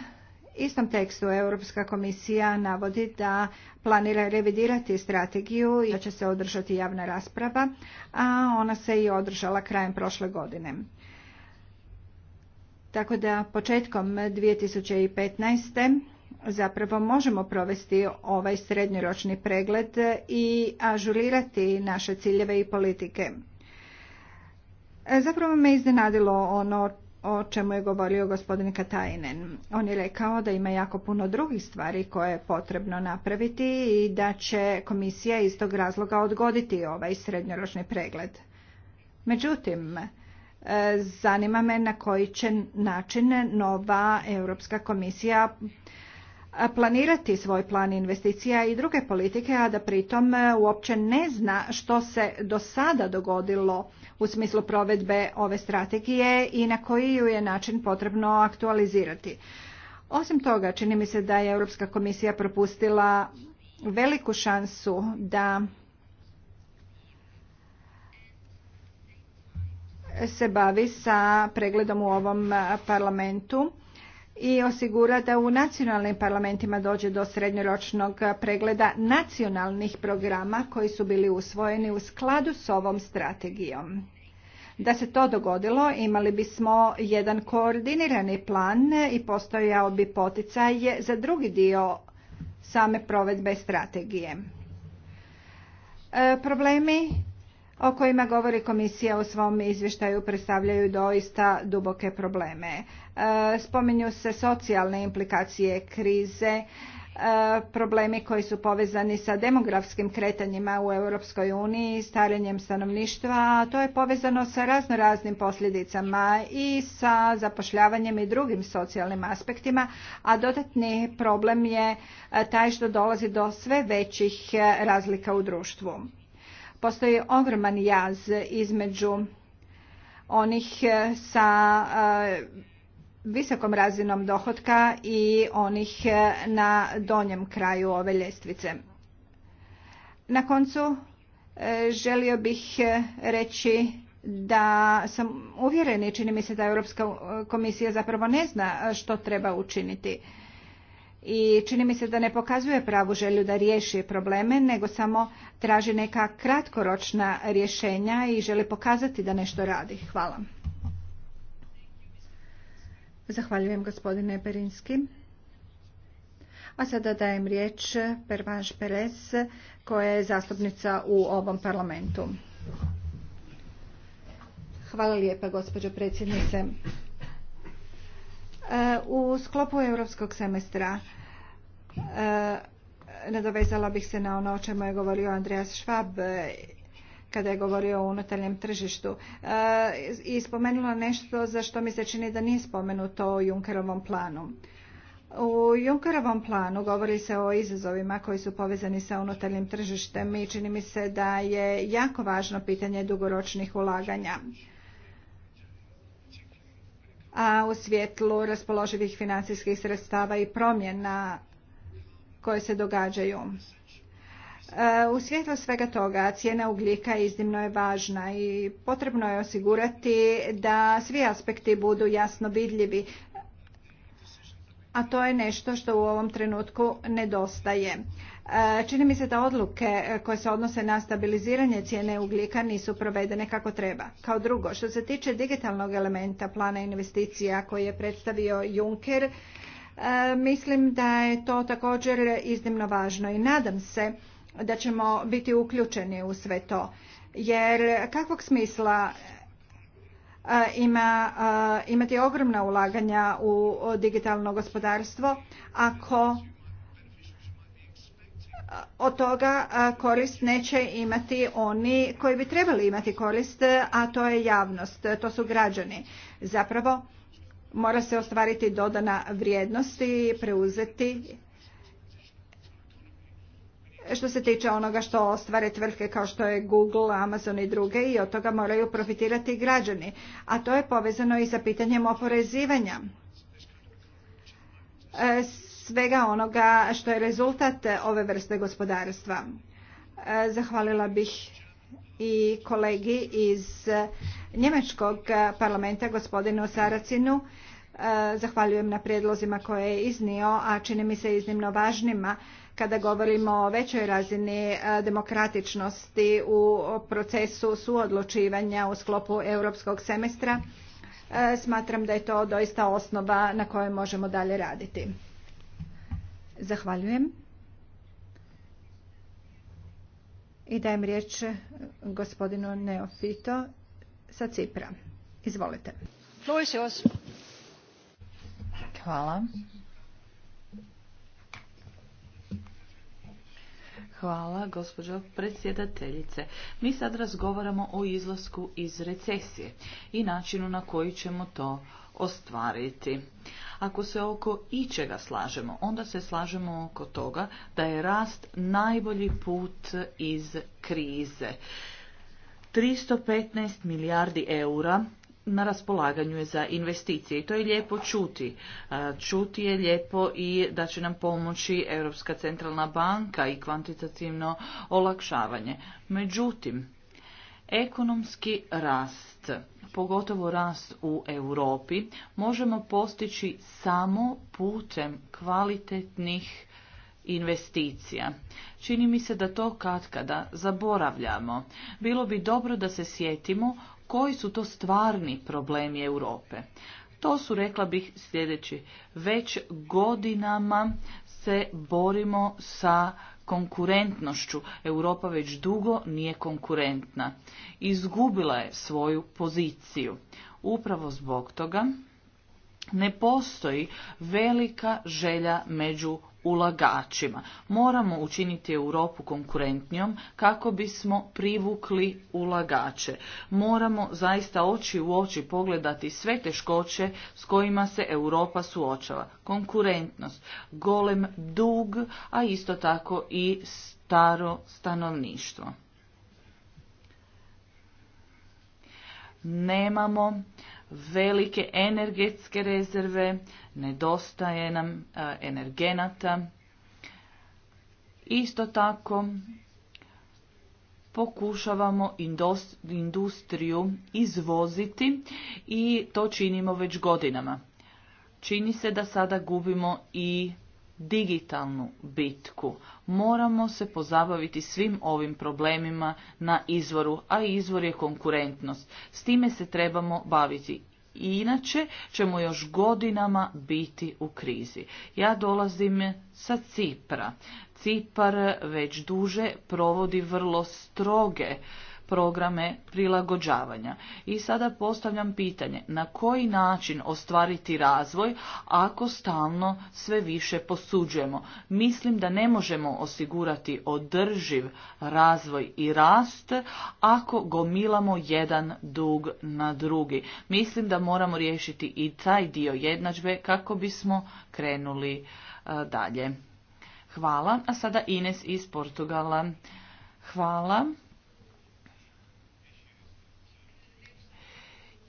S2: istom tekstu Europska komisija navodi da planira revidirati strategiju i da će se održati javna rasprava, a ona se i održala krajem prošle godine. Tako da početkom 2015. zapravo možemo provesti ovaj srednjoročni pregled i ažurirati naše ciljeve i politike. E, zapravo me iznenadilo ono o čemu je govorio gospodin Katajnen. On je rekao da ima jako puno drugih stvari koje je potrebno napraviti i da će komisija iz tog razloga odgoditi ovaj srednjoročni pregled. Međutim, E, zanima me na koji će način nova Europska komisija planirati svoj plan investicija i druge politike, a da pritom e, uopće ne zna što se do sada dogodilo u smislu provedbe ove strategije i na koji ju je način potrebno aktualizirati. Osim toga, čini mi se da je Europska komisija propustila veliku šansu da se bavi sa pregledom u ovom parlamentu i osigura da u nacionalnim parlamentima dođe do srednjoročnog pregleda nacionalnih programa koji su bili usvojeni u skladu s ovom strategijom. Da se to dogodilo, imali bismo jedan koordinirani plan i postojao bi poticaj za drugi dio same provedbe strategije. E, problemi o kojima govori komisija u svom izvještaju predstavljaju doista duboke probleme. E, spominju se socijalne implikacije krize, e, problemi koji su povezani sa demografskim kretanjima u Europskoj uniji, starenjem stanovništva, to je povezano sa raznoraznim posljedicama i sa zapošljavanjem i drugim socijalnim aspektima, a dodatni problem je e, taj što dolazi do sve većih razlika u društvu. Postoji ogroman jaz između onih e, sa e, visokom razinom dohotka i onih e, na donjem kraju ove ljestvice. Na koncu želio bih reći da sam uvjeren i čini mi se da Europska komisija zapravo ne zna što treba učiniti i čini mi se da ne pokazuje pravu želju da riješi probleme, nego samo traži neka kratkoročna rješenja i želi pokazati da nešto radi. Hvala. Zahvaljujem gospodine Perinski. A sada dajem riječ Pervanš Perez koja je zastupnica u ovom parlamentu. Hvala lijepa gospođo predsjednice. U sklopu europskog semestra e, nadovezala bih se na ono o čemu je govorio Andreas Schwab e, kada je govorio o unutarnjem tržištu e, i spomenula nešto za što mi se čini da nije spomenuto o Junkerovom planu. U Junkerovom planu govori se o izazovima koji su povezani sa unutarnjim tržištem i čini mi se da je jako važno pitanje dugoročnih ulaganja a u svjetlu raspoloživih financijskih sredstava i promjena koje se događaju. E, u svjetlu svega toga cijena ugljika iznimno je važna i potrebno je osigurati da svi aspekti budu jasno vidljivi a to je nešto što u ovom trenutku nedostaje. E, čini mi se da odluke koje se odnose na stabiliziranje cijene ugljika nisu provedene kako treba. Kao drugo, što se tiče digitalnog elementa plana investicija koji je predstavio Juncker, e, mislim da je to također iznimno važno i nadam se da ćemo biti uključeni u sve to. Jer kakvog smisla ima, imati ogromna ulaganja u digitalno gospodarstvo ako od toga korist neće imati oni koji bi trebali imati korist, a to je javnost, to su građani. Zapravo mora se ostvariti dodana vrijednost i preuzeti što se tiče onoga što ostvare tvrtke kao što je Google, Amazon i druge i od toga moraju profitirati građani. A to je povezano i sa pitanjem oporezivanja e, svega onoga što je rezultat ove vrste gospodarstva. E, zahvalila bih i kolegi iz Njemačkog parlamenta, gospodinu Saracinu. E, zahvaljujem na prijedlozima koje je iznio, a čini mi se iznimno važnima kada govorimo o većoj razini e, demokratičnosti u procesu suodlučivanja u sklopu europskog semestra, e, smatram da je to doista osnova na kojoj možemo dalje raditi. Zahvaljujem. I dajem riječ gospodinu Neofito sa Cipra. Izvolite.
S3: Hvala. Hvala, gospođo predsjedateljice. Mi sad razgovaramo o izlasku iz recesije i načinu na koji ćemo to ostvariti. Ako se oko ičega slažemo, onda se slažemo oko toga da je rast najbolji put iz krize. 315 milijardi eura na raspolaganju je za investicije i to je lijepo čuti. E, čuti je lijepo i da će nam pomoći Europska centralna banka i kvantitativno olakšavanje. Međutim, ekonomski rast, pogotovo rast u Europi, možemo postići samo putem kvalitetnih investicija. Čini mi se da to katkada zaboravljamo. Bilo bi dobro da se sjetimo koji su to stvarni problemi Europe. To su, rekla bih, sljedeći. Već godinama se borimo sa konkurentnošću. Europa već dugo nije konkurentna. Izgubila je svoju poziciju. Upravo zbog toga ne postoji velika želja među ulagačima. Moramo učiniti Europu konkurentnijom kako bismo privukli ulagače. Moramo zaista oči u oči pogledati sve teškoće s kojima se Europa suočava. Konkurentnost, golem dug, a isto tako i staro stanovništvo. Nemamo velike energetske rezerve, nedostaje nam energenata. Isto tako pokušavamo industriju izvoziti i to činimo već godinama. Čini se da sada gubimo i digitalnu bitku. Moramo se pozabaviti svim ovim problemima na izvoru, a izvor je konkurentnost. S time se trebamo baviti. inače ćemo još godinama biti u krizi. Ja dolazim sa Cipra. Cipar već duže provodi vrlo stroge programe prilagođavanja. I sada postavljam pitanje, na koji način ostvariti razvoj ako stalno sve više posuđujemo? Mislim da ne možemo osigurati održiv razvoj i rast ako gomilamo jedan dug na drugi. Mislim da moramo riješiti i taj dio jednadžbe kako bismo krenuli e, dalje. Hvala. A sada Ines iz Portugala. Hvala.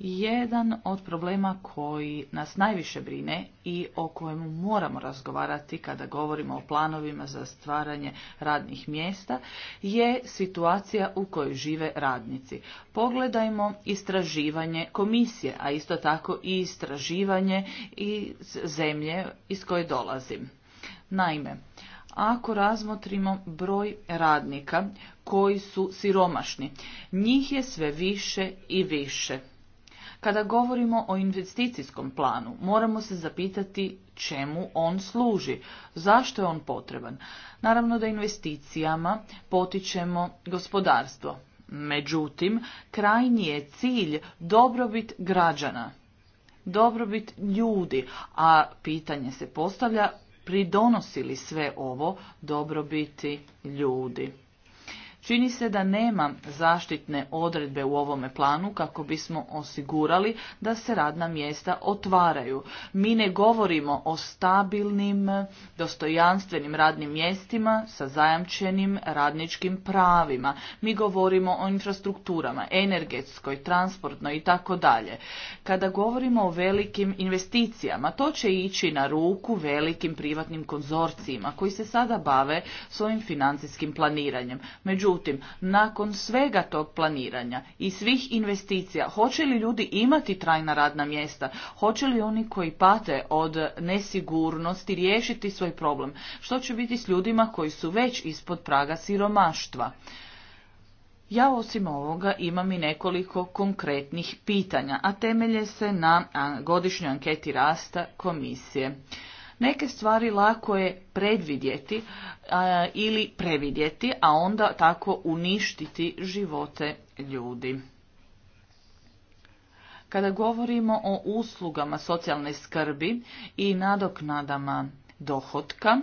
S3: jedan od problema koji nas najviše brine i o kojemu moramo razgovarati kada govorimo o planovima za stvaranje radnih mjesta je situacija u kojoj žive radnici. Pogledajmo istraživanje komisije, a isto tako i istraživanje iz zemlje iz koje dolazim. Naime, ako razmotrimo broj radnika koji su siromašni, njih je sve više i više kada govorimo o investicijskom planu, moramo se zapitati čemu on služi, zašto je on potreban. Naravno da investicijama potičemo gospodarstvo. Međutim, krajnji je cilj dobrobit građana, dobrobit ljudi, a pitanje se postavlja pridonosi li sve ovo dobrobiti ljudi. Čini se da nema zaštitne odredbe u ovome planu kako bismo osigurali da se radna mjesta otvaraju. Mi ne govorimo o stabilnim, dostojanstvenim radnim mjestima sa zajamčenim radničkim pravima. Mi govorimo o infrastrukturama, energetskoj, transportnoj i tako dalje. Kada govorimo o velikim investicijama, to će ići na ruku velikim privatnim konzorcijima koji se sada bave svojim financijskim planiranjem. Međutim, Međutim, nakon svega tog planiranja i svih investicija, hoće li ljudi imati trajna radna mjesta? Hoće li oni koji pate od nesigurnosti riješiti svoj problem? Što će biti s ljudima koji su već ispod praga siromaštva? Ja osim ovoga imam i nekoliko konkretnih pitanja, a temelje se na godišnjoj anketi rasta komisije. Neke stvari lako je predvidjeti ili previdjeti, a onda tako uništiti živote ljudi. Kada govorimo o uslugama socijalne skrbi i nadoknadama dohotka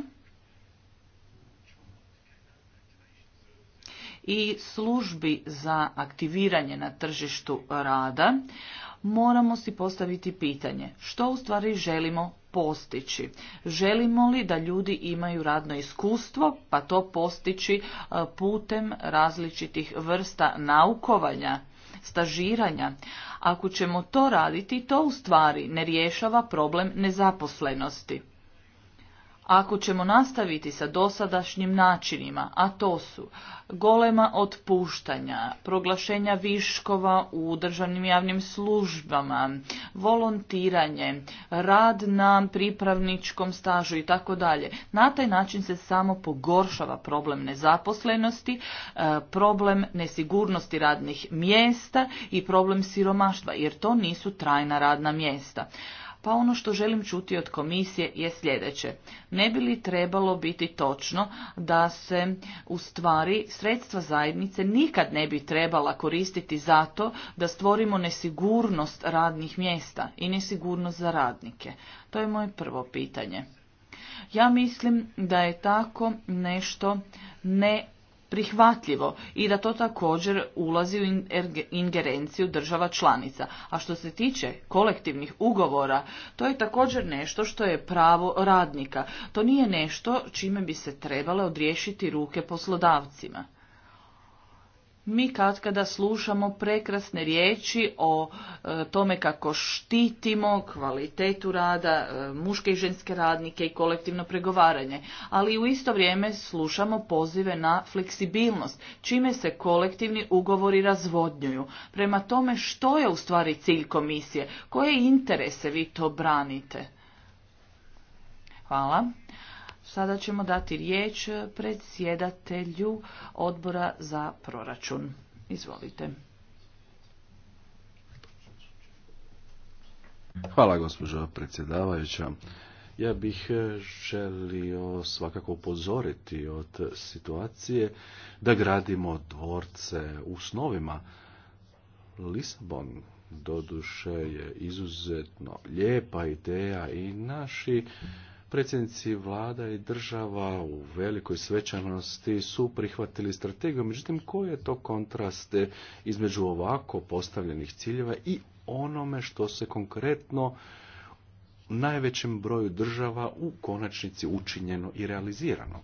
S3: i službi za aktiviranje na tržištu rada, moramo si postaviti pitanje što u stvari želimo postići? Želimo li da ljudi imaju radno iskustvo, pa to postići e, putem različitih vrsta naukovanja, stažiranja? Ako ćemo to raditi, to u stvari ne rješava problem nezaposlenosti. Ako ćemo nastaviti sa dosadašnjim načinima, a to su golema otpuštanja, proglašenja viškova u državnim javnim službama, volontiranje, rad na pripravničkom stažu i tako dalje. Na taj način se samo pogoršava problem nezaposlenosti, e, problem nesigurnosti radnih mjesta i problem siromaštva, jer to nisu trajna radna mjesta. Pa ono što želim čuti od komisije je sljedeće. Ne bi li trebalo biti točno da se u stvari sredstva zajednice nikad ne bi trebala koristiti zato da stvorimo nesigurnost radnih mjesta i nesigurnost za radnike? To je moje prvo pitanje. Ja mislim da je tako nešto ne prihvatljivo i da to također ulazi u ingerenciju država članica. A što se tiče kolektivnih ugovora, to je također nešto što je pravo radnika. To nije nešto čime bi se trebale odriješiti ruke poslodavcima. Mi kad kada slušamo prekrasne riječi o e, tome kako štitimo kvalitetu rada, e, muške i ženske radnike i kolektivno pregovaranje, ali u isto vrijeme slušamo pozive na fleksibilnost, čime se kolektivni ugovori razvodnjuju. Prema tome što je u stvari cilj komisije, koje interese vi to branite? Hvala. Sada ćemo dati riječ predsjedatelju odbora za proračun. Izvolite.
S4: Hvala gospođo predsjedavajuća. Ja bih e, želio svakako upozoriti od situacije da gradimo dvorce u snovima. Lisabon doduše je izuzetno lijepa ideja i naši Predsjednici vlada i država u velikoj svećanosti su prihvatili strategiju, međutim koji je to kontraste između ovako postavljenih ciljeva i onome što se konkretno najvećem broju država u konačnici učinjeno i realizirano.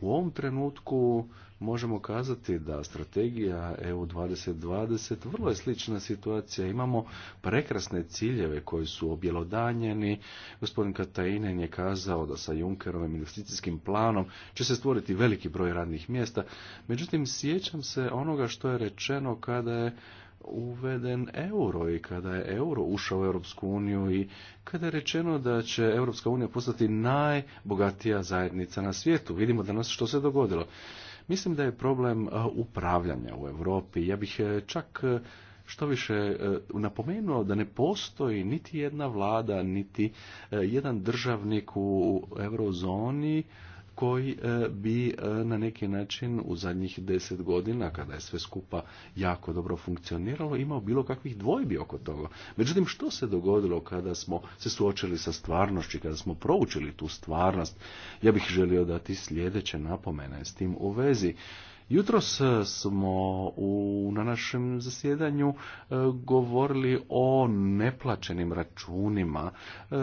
S4: U ovom trenutku možemo kazati da strategija EU 2020 vrlo je slična situacija. Imamo prekrasne ciljeve koji su objelodanjeni. Gospodin Katajinen je kazao da sa Junkerovim investicijskim planom će se stvoriti veliki broj radnih mjesta. Međutim, sjećam se onoga što je rečeno kada je uveden euro i kada je euro ušao u Europsku uniju i kada je rečeno da će Europska unija postati najbogatija zajednica na svijetu. Vidimo danas što se dogodilo. Mislim da je problem e, upravljanja u Europi. Ja bih e, čak e, što više napomenuo da ne postoji niti jedna vlada, niti jedan državnik u eurozoni koji e, bi e, na neki način u zadnjih deset godina, kada je sve skupa jako dobro funkcioniralo, imao bilo kakvih dvojbi oko toga. Međutim, što se dogodilo kada smo se suočili sa stvarnošću, kada smo proučili tu stvarnost, ja bih želio dati sljedeće napomene s tim u vezi. Jutros e, smo u, na našem zasjedanju govorili o neplaćenim računima, e,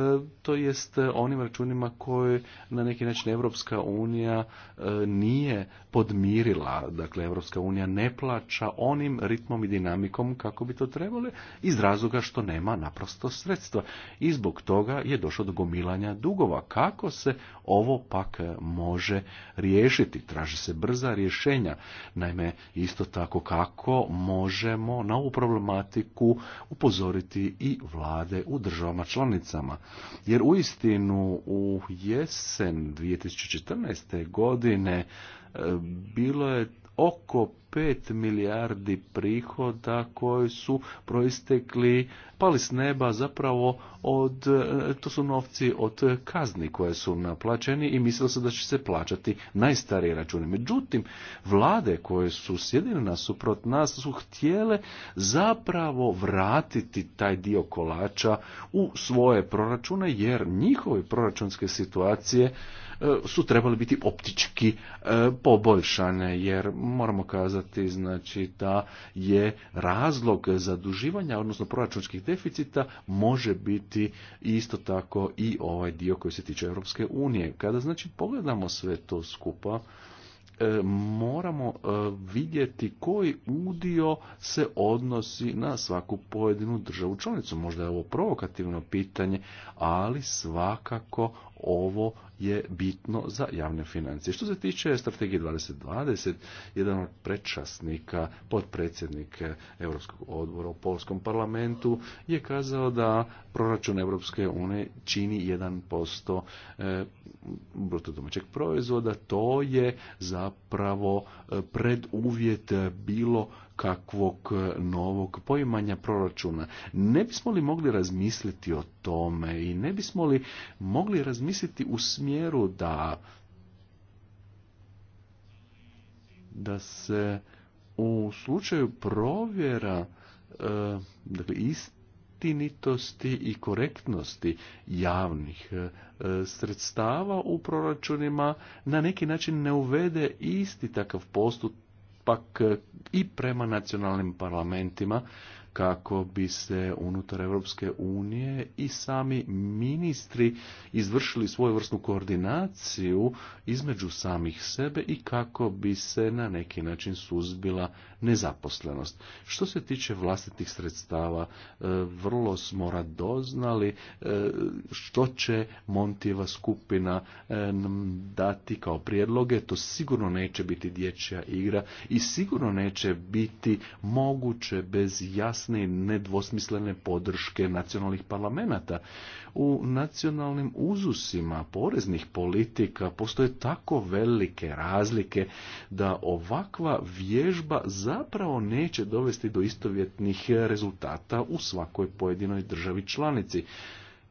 S4: to jest onim računima koje na neki način Evropska unija e, nije podmirila, dakle Europska unija ne plaća onim ritmom i dinamikom kako bi to trebalo iz razloga što nema naprosto sredstva. I zbog toga je došlo do gomilanja dugova. Kako se ovo pak može riješiti? Traže se brza rješenja. Naime, isto tako kako možemo na ovu problematiku upozoriti i vlade u državama članicama. Jer u istinu, u jesen 2014 2014. godine e, bilo je oko 5 milijardi prihoda koji su proistekli pali s neba zapravo od, e, to su novci od kazni koje su naplaćeni i mislilo se da će se plaćati najstariji računi. Međutim, vlade koje su sjedine nasuprot nas su htjele zapravo vratiti taj dio kolača u svoje proračune jer njihove proračunske situacije E, su trebali biti optički e, poboljšane jer moramo kazati znači da je razlog zaduživanja odnosno proračunskih deficita može biti isto tako i ovaj dio koji se tiče Europske unije. Kada znači pogledamo sve to skupa e, moramo vidjeti koji udio se odnosi na svaku pojedinu državu članicu. Možda je ovo provokativno pitanje, ali svakako ovo je bitno za javne financije. Što se tiče strategije 2020, jedan od predčasnika podpredsjednik Europskog odbora u Polskom parlamentu je kazao da proračun Europske unije čini 1% e, bruto domaćeg proizvoda. To je zapravo e, preduvjet bilo kakvog eh, novog poimanja proračuna. Ne bismo li mogli razmisliti o tome i ne bismo li mogli razmisliti u smjeru da da se u slučaju provjera eh, dakle istinitosti i korektnosti javnih eh, sredstava u proračunima na neki način ne uvede isti takav postup pak e, i prema nacionalnim parlamentima kako bi se unutar Europske unije i sami ministri izvršili svoju vrstnu koordinaciju između samih sebe i kako bi se na neki način suzbila nezaposlenost. Što se tiče vlastitih sredstava, e, vrlo smo radoznali e, što će Montijeva skupina e, dati kao prijedloge. To sigurno neće biti dječja igra i sigurno neće biti moguće bez jasne i nedvosmislene podrške nacionalnih parlamenta u nacionalnim uzusima poreznih politika postoje tako velike razlike da ovakva vježba zapravo neće dovesti do istovjetnih rezultata u svakoj pojedinoj državi članici.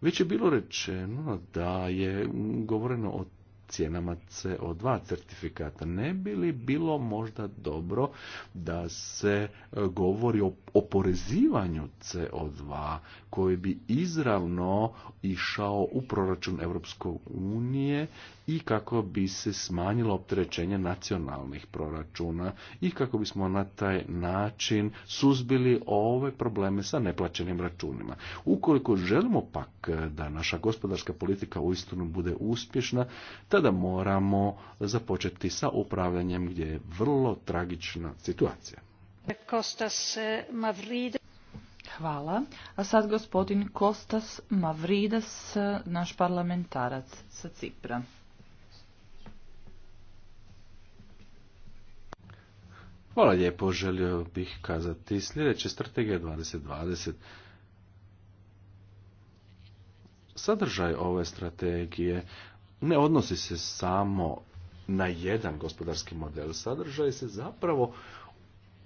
S4: Već je bilo rečeno da je govoreno o cijenama CO2 certifikata. Ne bi li bilo možda dobro da se e, govori o oporezivanju CO2 koji bi izravno išao u proračun Europske unije i kako bi se smanjilo opterećenje nacionalnih proračuna i kako bismo na taj način suzbili ove probleme sa neplaćenim računima. Ukoliko želimo pak e, da naša gospodarska politika uistinu bude uspješna, ta moramo započeti sa upravljanjem gdje je vrlo tragična situacija.
S3: Kostas eh, Mavrides. Hvala. A sad gospodin Kostas Mavrides, eh, naš parlamentarac sa Cipra.
S4: Hvala lijepo, želio bih kazati sljedeće strategije 2020. Sadržaj ove strategije ne odnosi se samo na jedan gospodarski model, sadržaj se zapravo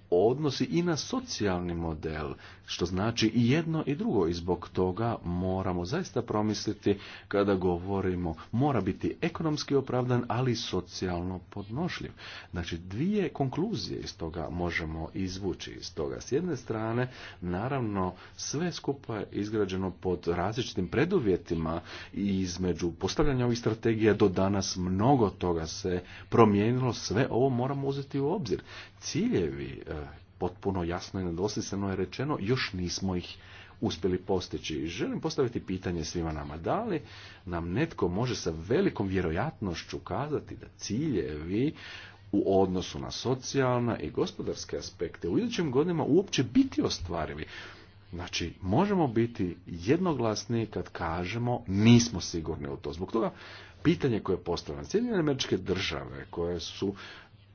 S4: odnosi i na socijalni model, što znači i jedno i drugo i zbog toga moramo zaista promisliti kada govorimo mora biti ekonomski opravdan, ali socijalno podnošljiv. Znači dvije konkluzije iz toga možemo izvući iz toga. S jedne strane, naravno, sve skupa je izgrađeno pod različitim preduvjetima i između postavljanja ovih strategija do danas mnogo toga se promijenilo, sve ovo moramo uzeti u obzir ciljevi e, potpuno jasno i nedvosmisleno je rečeno, još nismo ih uspjeli postići. Želim postaviti pitanje svima nama. Da li nam netko može sa velikom vjerojatnošću kazati da ciljevi u odnosu na socijalna i gospodarske aspekte u idućim godinama uopće biti ostvarivi? Znači, možemo biti jednoglasni kad kažemo nismo sigurni u to. Zbog toga pitanje koje je postavljeno Sjedinjene američke države koje su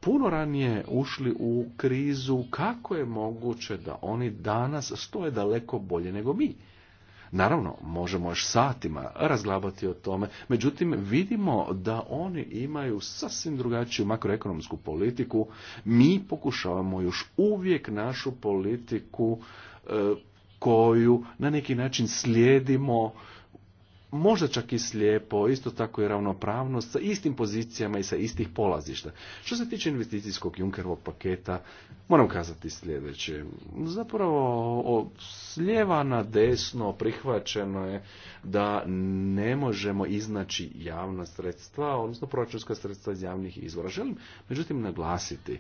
S4: puno ranije ušli u krizu, kako je moguće da oni danas stoje daleko bolje nego mi? Naravno, možemo još satima razglabati o tome, međutim vidimo da oni imaju sasvim drugačiju makroekonomsku politiku. Mi pokušavamo još uvijek našu politiku e, koju na neki način slijedimo možda čak i slijepo, isto tako i ravnopravnost sa istim pozicijama i sa istih polazišta. Što se tiče investicijskog Junkerovog paketa, moram kazati sljedeće. Zapravo, od slijeva na desno prihvaćeno je da ne možemo iznaći javna sredstva, odnosno proračunska sredstva iz javnih izvora. Želim, međutim, naglasiti,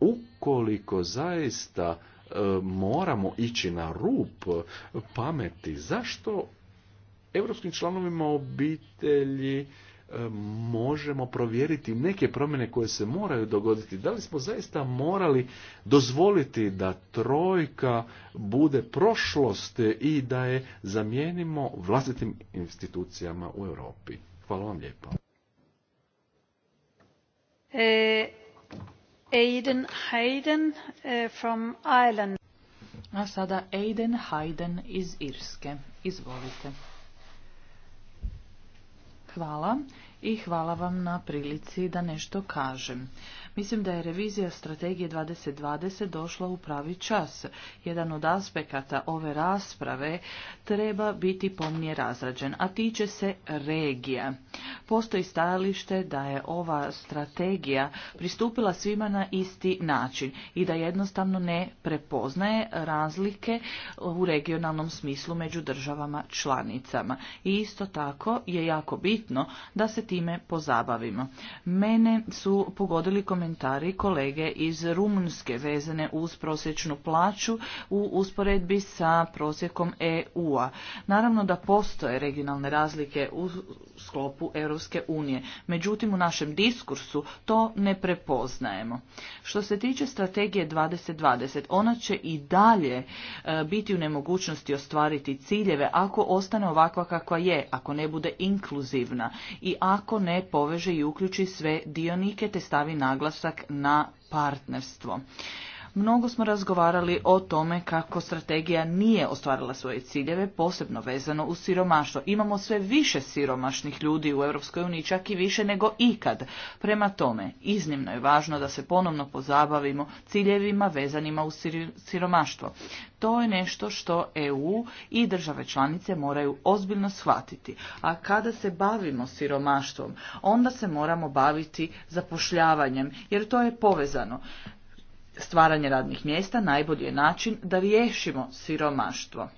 S4: ukoliko zaista e, moramo ići na rup pameti. Zašto europskim članovima obitelji e, možemo provjeriti neke promjene koje se moraju dogoditi. Da li smo zaista morali dozvoliti da trojka bude prošlost i da je zamijenimo vlastitim institucijama u Europi? Hvala vam lijepo.
S5: E,
S3: Aiden Hayden e, from Ireland. A sada Aiden Hayden iz Irske. Izvolite. Hvala i hvala vam na prilici da nešto kažem. Mislim da je revizija strategije 2020 došla u pravi čas. Jedan od aspekata ove rasprave treba biti pomnije razrađen, a tiče se regija. Postoji stajalište da je ova strategija pristupila svima na isti način i da jednostavno ne prepoznaje razlike u regionalnom smislu među državama članicama. I isto tako je jako bitno da se time pozabavimo. Mene su pogodili komentari kolege iz Rumunjske vezane uz prosječnu plaću u usporedbi sa prosjekom EU-a. Naravno da postoje regionalne razlike u sklopu Europske unije, međutim u našem diskursu to ne prepoznajemo. Što se tiče strategije 2020, ona će i dalje e, biti u nemogućnosti ostvariti ciljeve ako ostane ovakva kakva je, ako ne bude inkluzivna i ako ne poveže i uključi sve dionike te stavi naglas naglasak na partnerstvo. Mnogo smo razgovarali o tome kako strategija nije ostvarila svoje ciljeve, posebno vezano u siromaštvo. Imamo sve više siromašnih ljudi u EU, čak i više nego ikad. Prema tome, iznimno je važno da se ponovno pozabavimo ciljevima vezanima u siromaštvo. To je nešto što EU i države članice moraju ozbiljno shvatiti. A kada se bavimo siromaštvom, onda se moramo baviti zapošljavanjem, jer to je povezano. Stvaranje radnih mjesta najbolji je način da riješimo siromaštvo.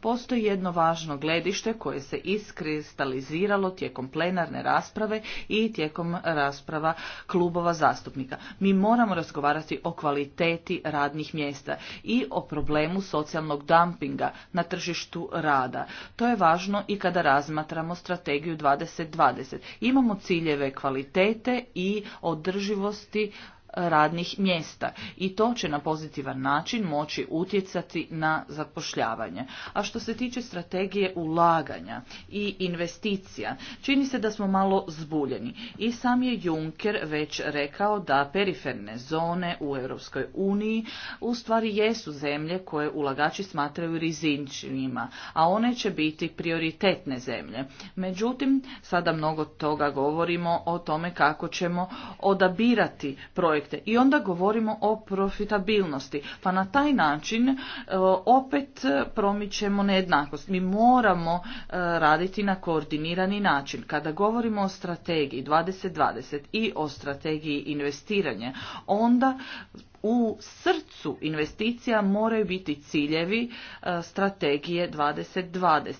S3: Postoji jedno važno gledište koje se iskristaliziralo tijekom plenarne rasprave i tijekom rasprava klubova zastupnika. Mi moramo razgovarati o kvaliteti radnih mjesta i o problemu socijalnog dumpinga na tržištu rada. To je važno i kada razmatramo strategiju 2020. Imamo ciljeve kvalitete i održivosti radnih mjesta i to će na pozitivan način moći utjecati na zapošljavanje. A što se tiče strategije ulaganja i investicija, čini se da smo malo zbuljeni i sam je Juncker već rekao da periferne zone u Europskoj uniji u stvari jesu zemlje koje ulagači smatraju rizičnima, a one će biti prioritetne zemlje. Međutim, sada mnogo toga govorimo o tome kako ćemo odabirati projekt i onda govorimo o profitabilnosti. Pa na taj način e, opet e, promičemo nejednakost. Mi moramo e, raditi na koordinirani način. Kada govorimo o strategiji 2020 i o strategiji investiranja, onda u srcu investicija moraju biti ciljevi e, strategije 2020,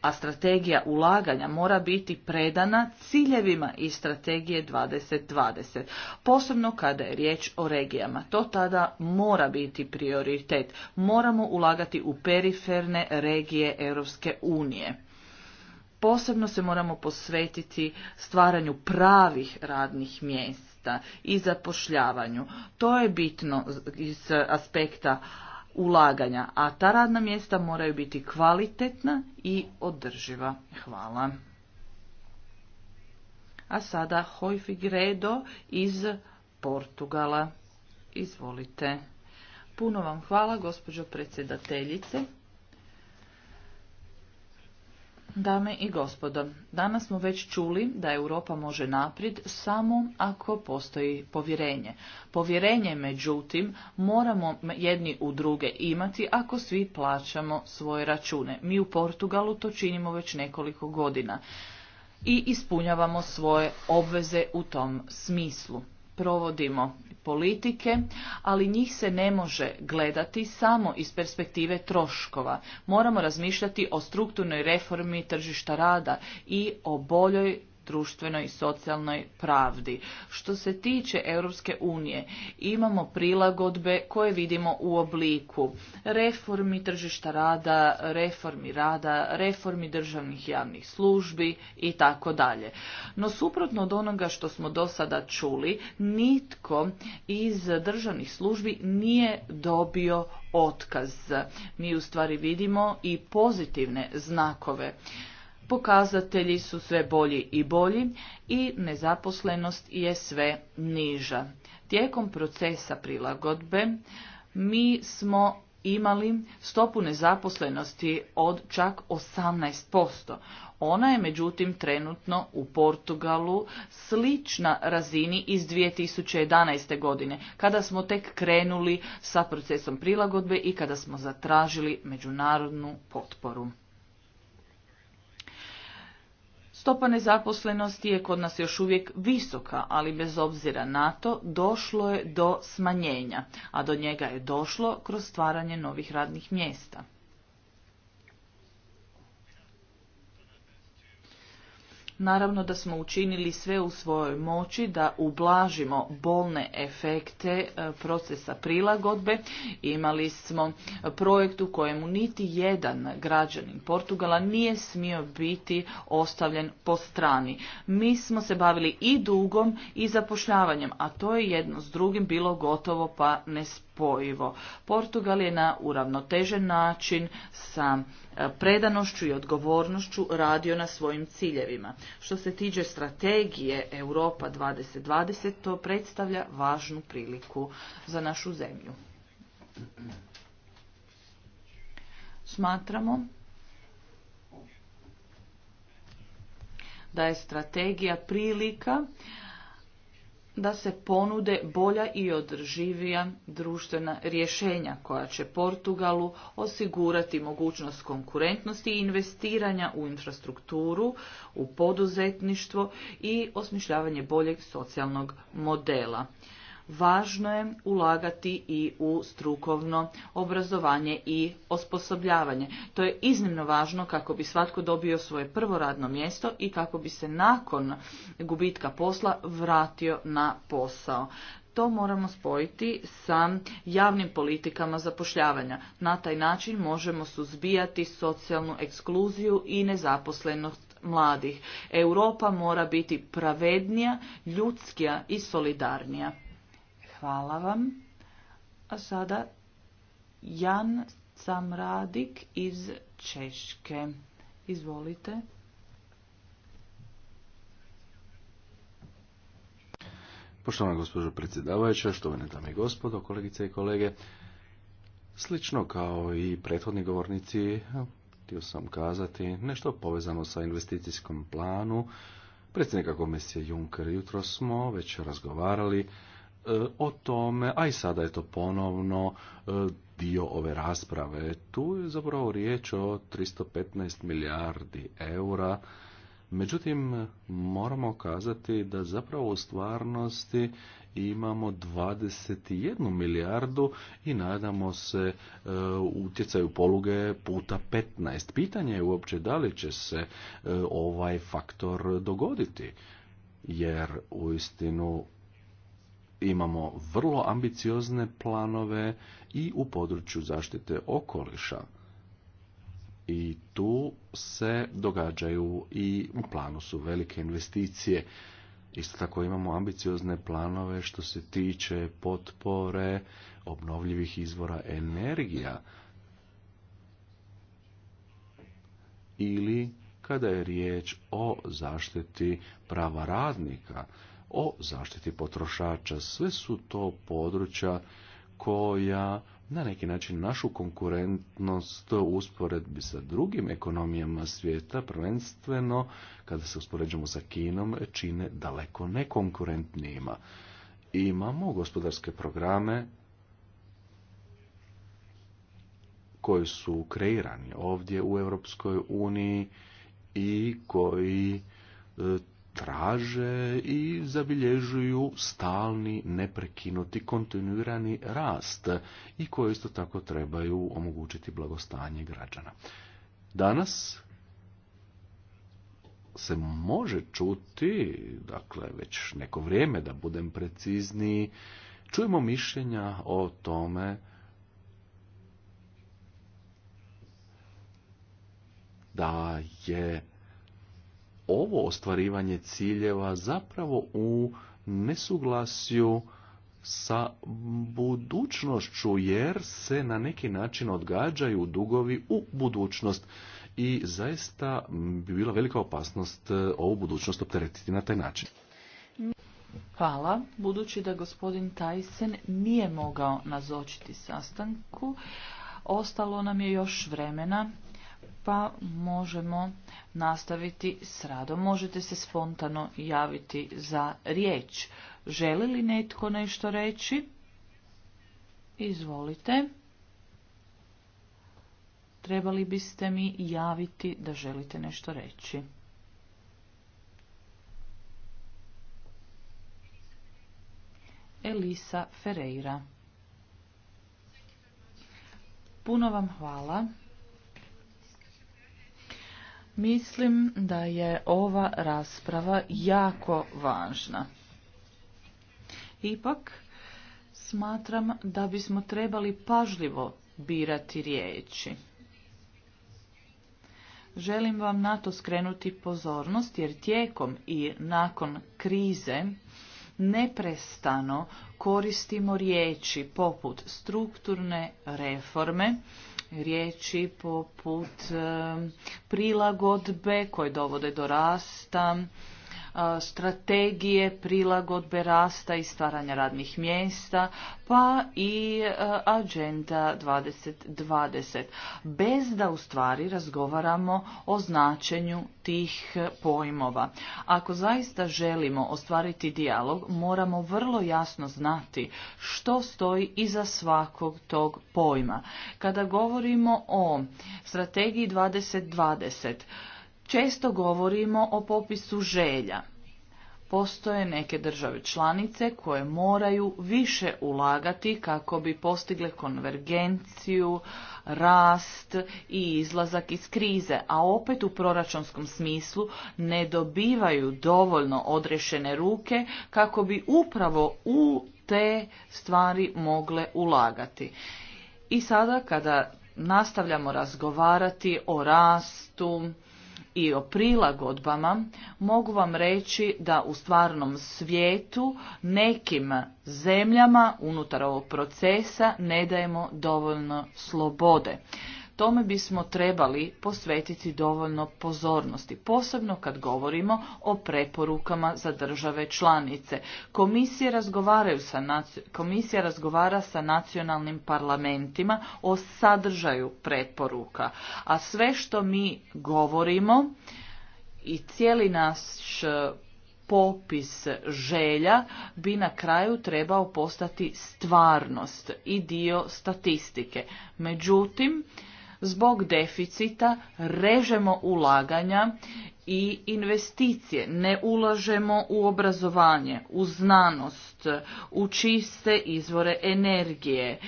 S3: a strategija ulaganja mora biti predana ciljevima iz strategije 2020, posebno kada je riječ o regijama. To tada mora biti prioritet. Moramo ulagati u periferne regije Europske unije posebno se moramo posvetiti stvaranju pravih radnih mjesta mjesta i zapošljavanju. To je bitno iz aspekta ulaganja, a ta radna mjesta moraju biti kvalitetna i održiva. Hvala. A sada Hojfigredo iz Portugala. Izvolite. Puno vam hvala, gospođo predsjedateljice. Dame i gospodo, danas smo već čuli da Europa može naprijed samo ako postoji povjerenje. Povjerenje, međutim, moramo jedni u druge imati ako svi plaćamo svoje račune. Mi u Portugalu to činimo već nekoliko godina i ispunjavamo svoje obveze u tom smislu provodimo politike, ali njih se ne može gledati samo iz perspektive troškova. Moramo razmišljati o strukturnoj reformi tržišta rada i o boljoj društvenoj i socijalnoj pravdi. Što se tiče Europske unije, imamo prilagodbe koje vidimo u obliku reformi tržišta rada, reformi rada, reformi državnih javnih službi i tako dalje. No suprotno od onoga što smo do sada čuli, nitko iz državnih službi nije dobio otkaz. Mi u stvari vidimo i pozitivne znakove. Pokazatelji su sve bolji i bolji i nezaposlenost je sve niža. Tijekom procesa prilagodbe mi smo imali stopu nezaposlenosti od čak 18%. Ona je međutim trenutno u Portugalu slična razini iz 2011. godine, kada smo tek krenuli sa procesom prilagodbe i kada smo zatražili međunarodnu potporu. Stopa nezaposlenosti je kod nas još uvijek visoka, ali bez obzira na to došlo je do smanjenja, a do njega je došlo kroz stvaranje novih radnih mjesta. Naravno da smo učinili sve u svojoj moći da ublažimo bolne efekte e, procesa prilagodbe. Imali smo projekt u kojemu niti jedan građanin Portugala nije smio biti ostavljen po strani. Mi smo se bavili i dugom i zapošljavanjem, a to je jedno s drugim bilo gotovo pa ne spojivo. Portugal je na uravnotežen način sa e, predanošću i odgovornošću radio na svojim ciljevima. Što se tiđe strategije Europa 2020, to predstavlja važnu priliku za našu zemlju. Smatramo da je strategija prilika da se ponude bolja i održivija društvena rješenja koja će Portugalu osigurati mogućnost konkurentnosti i investiranja u infrastrukturu, u poduzetništvo i osmišljavanje boljeg socijalnog modela. Važno je ulagati i u strukovno obrazovanje i osposobljavanje. To je iznimno važno kako bi svatko dobio svoje prvo radno mjesto i kako bi se nakon gubitka posla vratio na posao to moramo spojiti sa javnim politikama zapošljavanja. Na taj način možemo suzbijati socijalnu ekskluziju i nezaposlenost mladih. Europa mora biti pravednija, ljudskija i solidarnija. Hvala vam. A sada Jan Samradik iz Češke. Izvolite.
S4: Poštovana gospođo predsjedavajuća, štovene dame i gospodo, kolegice i kolege, slično kao i prethodni govornici, htio sam kazati nešto povezano sa investicijskom planu predsjednika komisije Juncker. Jutro smo već razgovarali E, o tome, a i sada je to ponovno e, dio ove rasprave. Tu je zapravo riječ o 315 milijardi eura. Međutim, moramo kazati da zapravo u stvarnosti imamo 21 milijardu i nadamo se e, utjecaju poluge puta 15. Pitanje je uopće da li će se ovaj faktor dogoditi jer uistinu imamo vrlo ambiciozne planove i u području zaštite okoliša. I tu se događaju i u planu su velike investicije. Isto tako imamo ambiciozne planove što se tiče potpore obnovljivih izvora energija ili kada je riječ o zaštiti prava radnika o zaštiti potrošača. Sve su to područja koja na neki način našu konkurentnost u usporedbi sa drugim ekonomijama svijeta, prvenstveno kada se uspoređujemo sa Kinom, čine daleko nekonkurentnijima. Imamo gospodarske programe koji su kreirani ovdje u Europskoj uniji i koji e, traže i zabilježuju stalni, neprekinuti, kontinuirani rast i koje isto tako trebaju omogućiti blagostanje građana. Danas se može čuti, dakle već neko vrijeme da budem precizniji, čujemo mišljenja o tome da je ovo ostvarivanje ciljeva zapravo u nesuglasju sa budućnošću jer se na neki način odgađaju dugovi u budućnost i zaista bi bila velika opasnost e, ovu budućnost opteretiti na taj način.
S3: Hvala. Budući da gospodin Tajsen nije mogao nazočiti sastanku, ostalo nam je još vremena pa možemo nastaviti s radom. Možete se spontano javiti za riječ. Želi li netko nešto reći? Izvolite. Trebali biste mi javiti da želite nešto reći. Elisa Ferreira. Puno vam hvala. Mislim da je ova rasprava jako važna. Ipak, smatram da bismo trebali pažljivo birati riječi. Želim vam na to skrenuti pozornost jer tijekom i nakon krize neprestano koristimo riječi poput strukturne reforme riječi poput prilagodbe koje dovode do rasta strategije prilagodbe rasta i stvaranja radnih mjesta, pa i Agenda 2020, bez da u stvari razgovaramo o značenju tih pojmova. Ako zaista želimo ostvariti dijalog, moramo vrlo jasno znati što stoji iza svakog tog pojma. Kada govorimo o strategiji 2020, Često govorimo o popisu želja. Postoje neke države članice koje moraju više ulagati kako bi postigle konvergenciju, rast i izlazak iz krize, a opet u proračunskom smislu ne dobivaju dovoljno odrešene ruke kako bi upravo u te stvari mogle ulagati. I sada kada nastavljamo razgovarati o rastu, i o prilagodbama mogu vam reći da u stvarnom svijetu nekim zemljama unutar ovog procesa ne dajemo dovoljno slobode. Tome bismo trebali posvetiti dovoljno pozornosti, posebno kad govorimo o preporukama za države članice. Komisije razgovaraju sa, komisija razgovara sa nacionalnim parlamentima o sadržaju preporuka, a sve što mi govorimo i cijeli naš e, popis želja bi na kraju trebao postati stvarnost i dio statistike. Međutim, zbog deficita režemo ulaganja i investicije, ne ulažemo u obrazovanje, u znanost, u čiste izvore energije,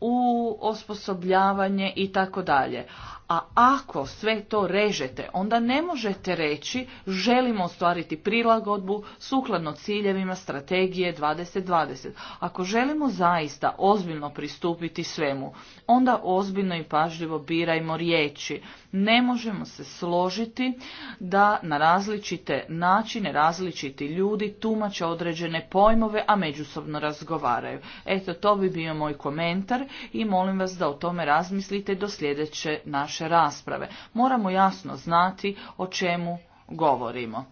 S3: u osposobljavanje i tako dalje. A ako sve to režete, onda ne možete reći želimo ostvariti prilagodbu sukladno ciljevima strategije 2020. Ako želimo zaista ozbiljno pristupiti svemu, onda ozbiljno i pažljivo birajmo riječi. Ne možemo se složiti da na različite načine različiti ljudi tumače određene pojmove, a međusobno razgovaraju. Eto, to bi bio moj komentar i molim vas da o tome razmislite do sljedeće naše naše rasprave. Moramo jasno znati o čemu govorimo.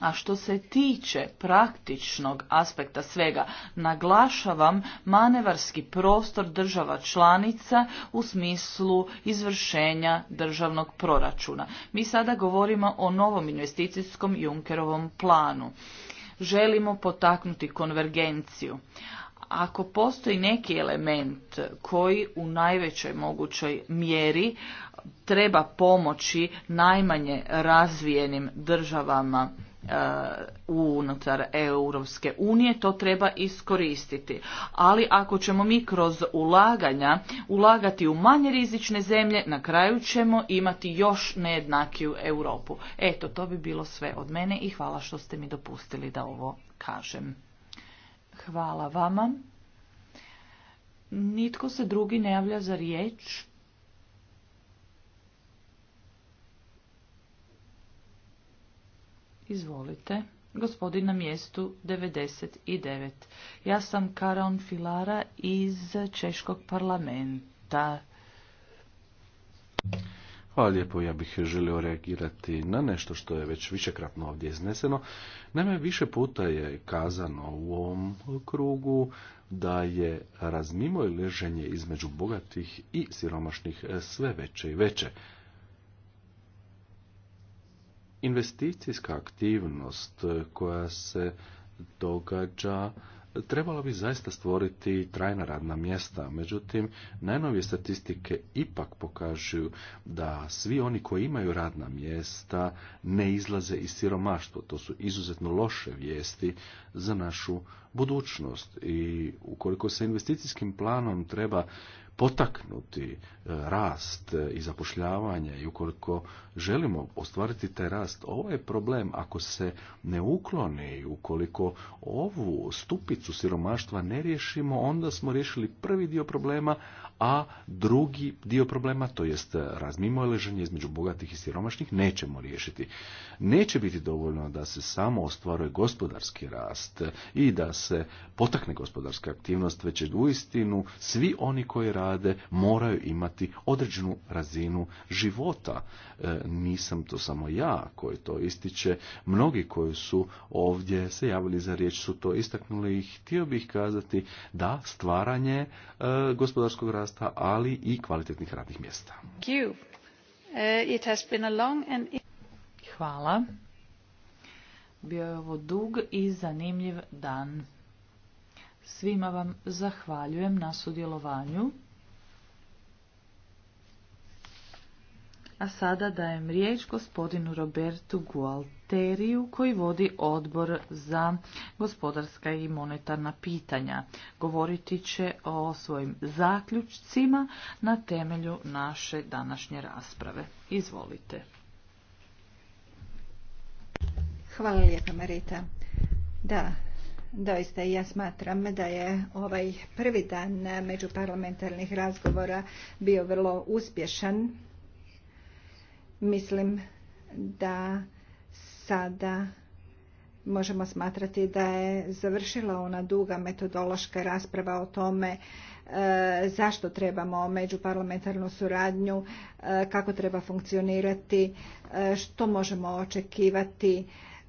S3: A što se tiče praktičnog aspekta svega, naglašavam manevarski prostor država članica u smislu izvršenja državnog proračuna. Mi sada govorimo o novom investicijskom Junkerovom planu. Želimo potaknuti konvergenciju, ako postoji neki element koji u najvećoj mogućoj mjeri treba pomoći najmanje razvijenim državama e, unutar Europske unije, to treba iskoristiti. Ali ako ćemo mi kroz ulaganja ulagati u manje rizične zemlje, na kraju ćemo imati još nejednakiju Europu. Eto, to bi bilo sve od mene i hvala što ste mi dopustili da ovo kažem. Hvala vama. Nitko se drugi ne javlja za riječ. Izvolite. Gospodin na mjestu 99. Ja sam Karon Filara iz Češkog parlamenta.
S4: Hvala lijepo, ja bih želio reagirati na nešto što je već višekratno ovdje izneseno. Naime, više puta je kazano u ovom krugu da je razmimo leženje između bogatih i siromašnih sve veće i veće. Investicijska aktivnost koja se događa trebalo bi zaista stvoriti trajna radna mjesta. Međutim, najnovije statistike ipak pokažu da svi oni koji imaju radna mjesta ne izlaze iz siromaštva. To su izuzetno loše vijesti za našu budućnost i ukoliko se investicijskim planom treba potaknuti e, rast e, i zapošljavanje i ukoliko želimo ostvariti taj rast, ovo je problem ako se ne ukloni, ukoliko ovu stupicu siromaštva ne riješimo, onda smo riješili prvi dio problema, a drugi dio problema, to jest razmimo između bogatih i siromašnih, nećemo riješiti neće biti dovoljno da se samo ostvaruje gospodarski rast i da se potakne gospodarska aktivnost, već je uistinu svi oni koji rade moraju imati određenu razinu života. E, nisam to samo ja koji to ističe, mnogi koji su ovdje se javili za riječ su to istaknuli i htio bih kazati da stvaranje e, gospodarskog rasta, ali i kvalitetnih radnih mjesta.
S3: E, it has been a long and... Hvala. Bio je ovo dug i zanimljiv dan. Svima vam zahvaljujem na sudjelovanju. A sada dajem riječ gospodinu Robertu Gualteriju koji vodi odbor za gospodarska i monetarna pitanja. Govoriti će o svojim zaključcima na temelju naše današnje rasprave. Izvolite.
S2: Hvala lijepa Marita. Da, doista i ja smatram da je ovaj prvi dan međuparlamentarnih razgovora bio vrlo uspješan. Mislim da sada možemo smatrati da je završila ona duga metodološka rasprava o tome e, zašto trebamo međuparlamentarnu suradnju, e, kako treba funkcionirati, e, što možemo očekivati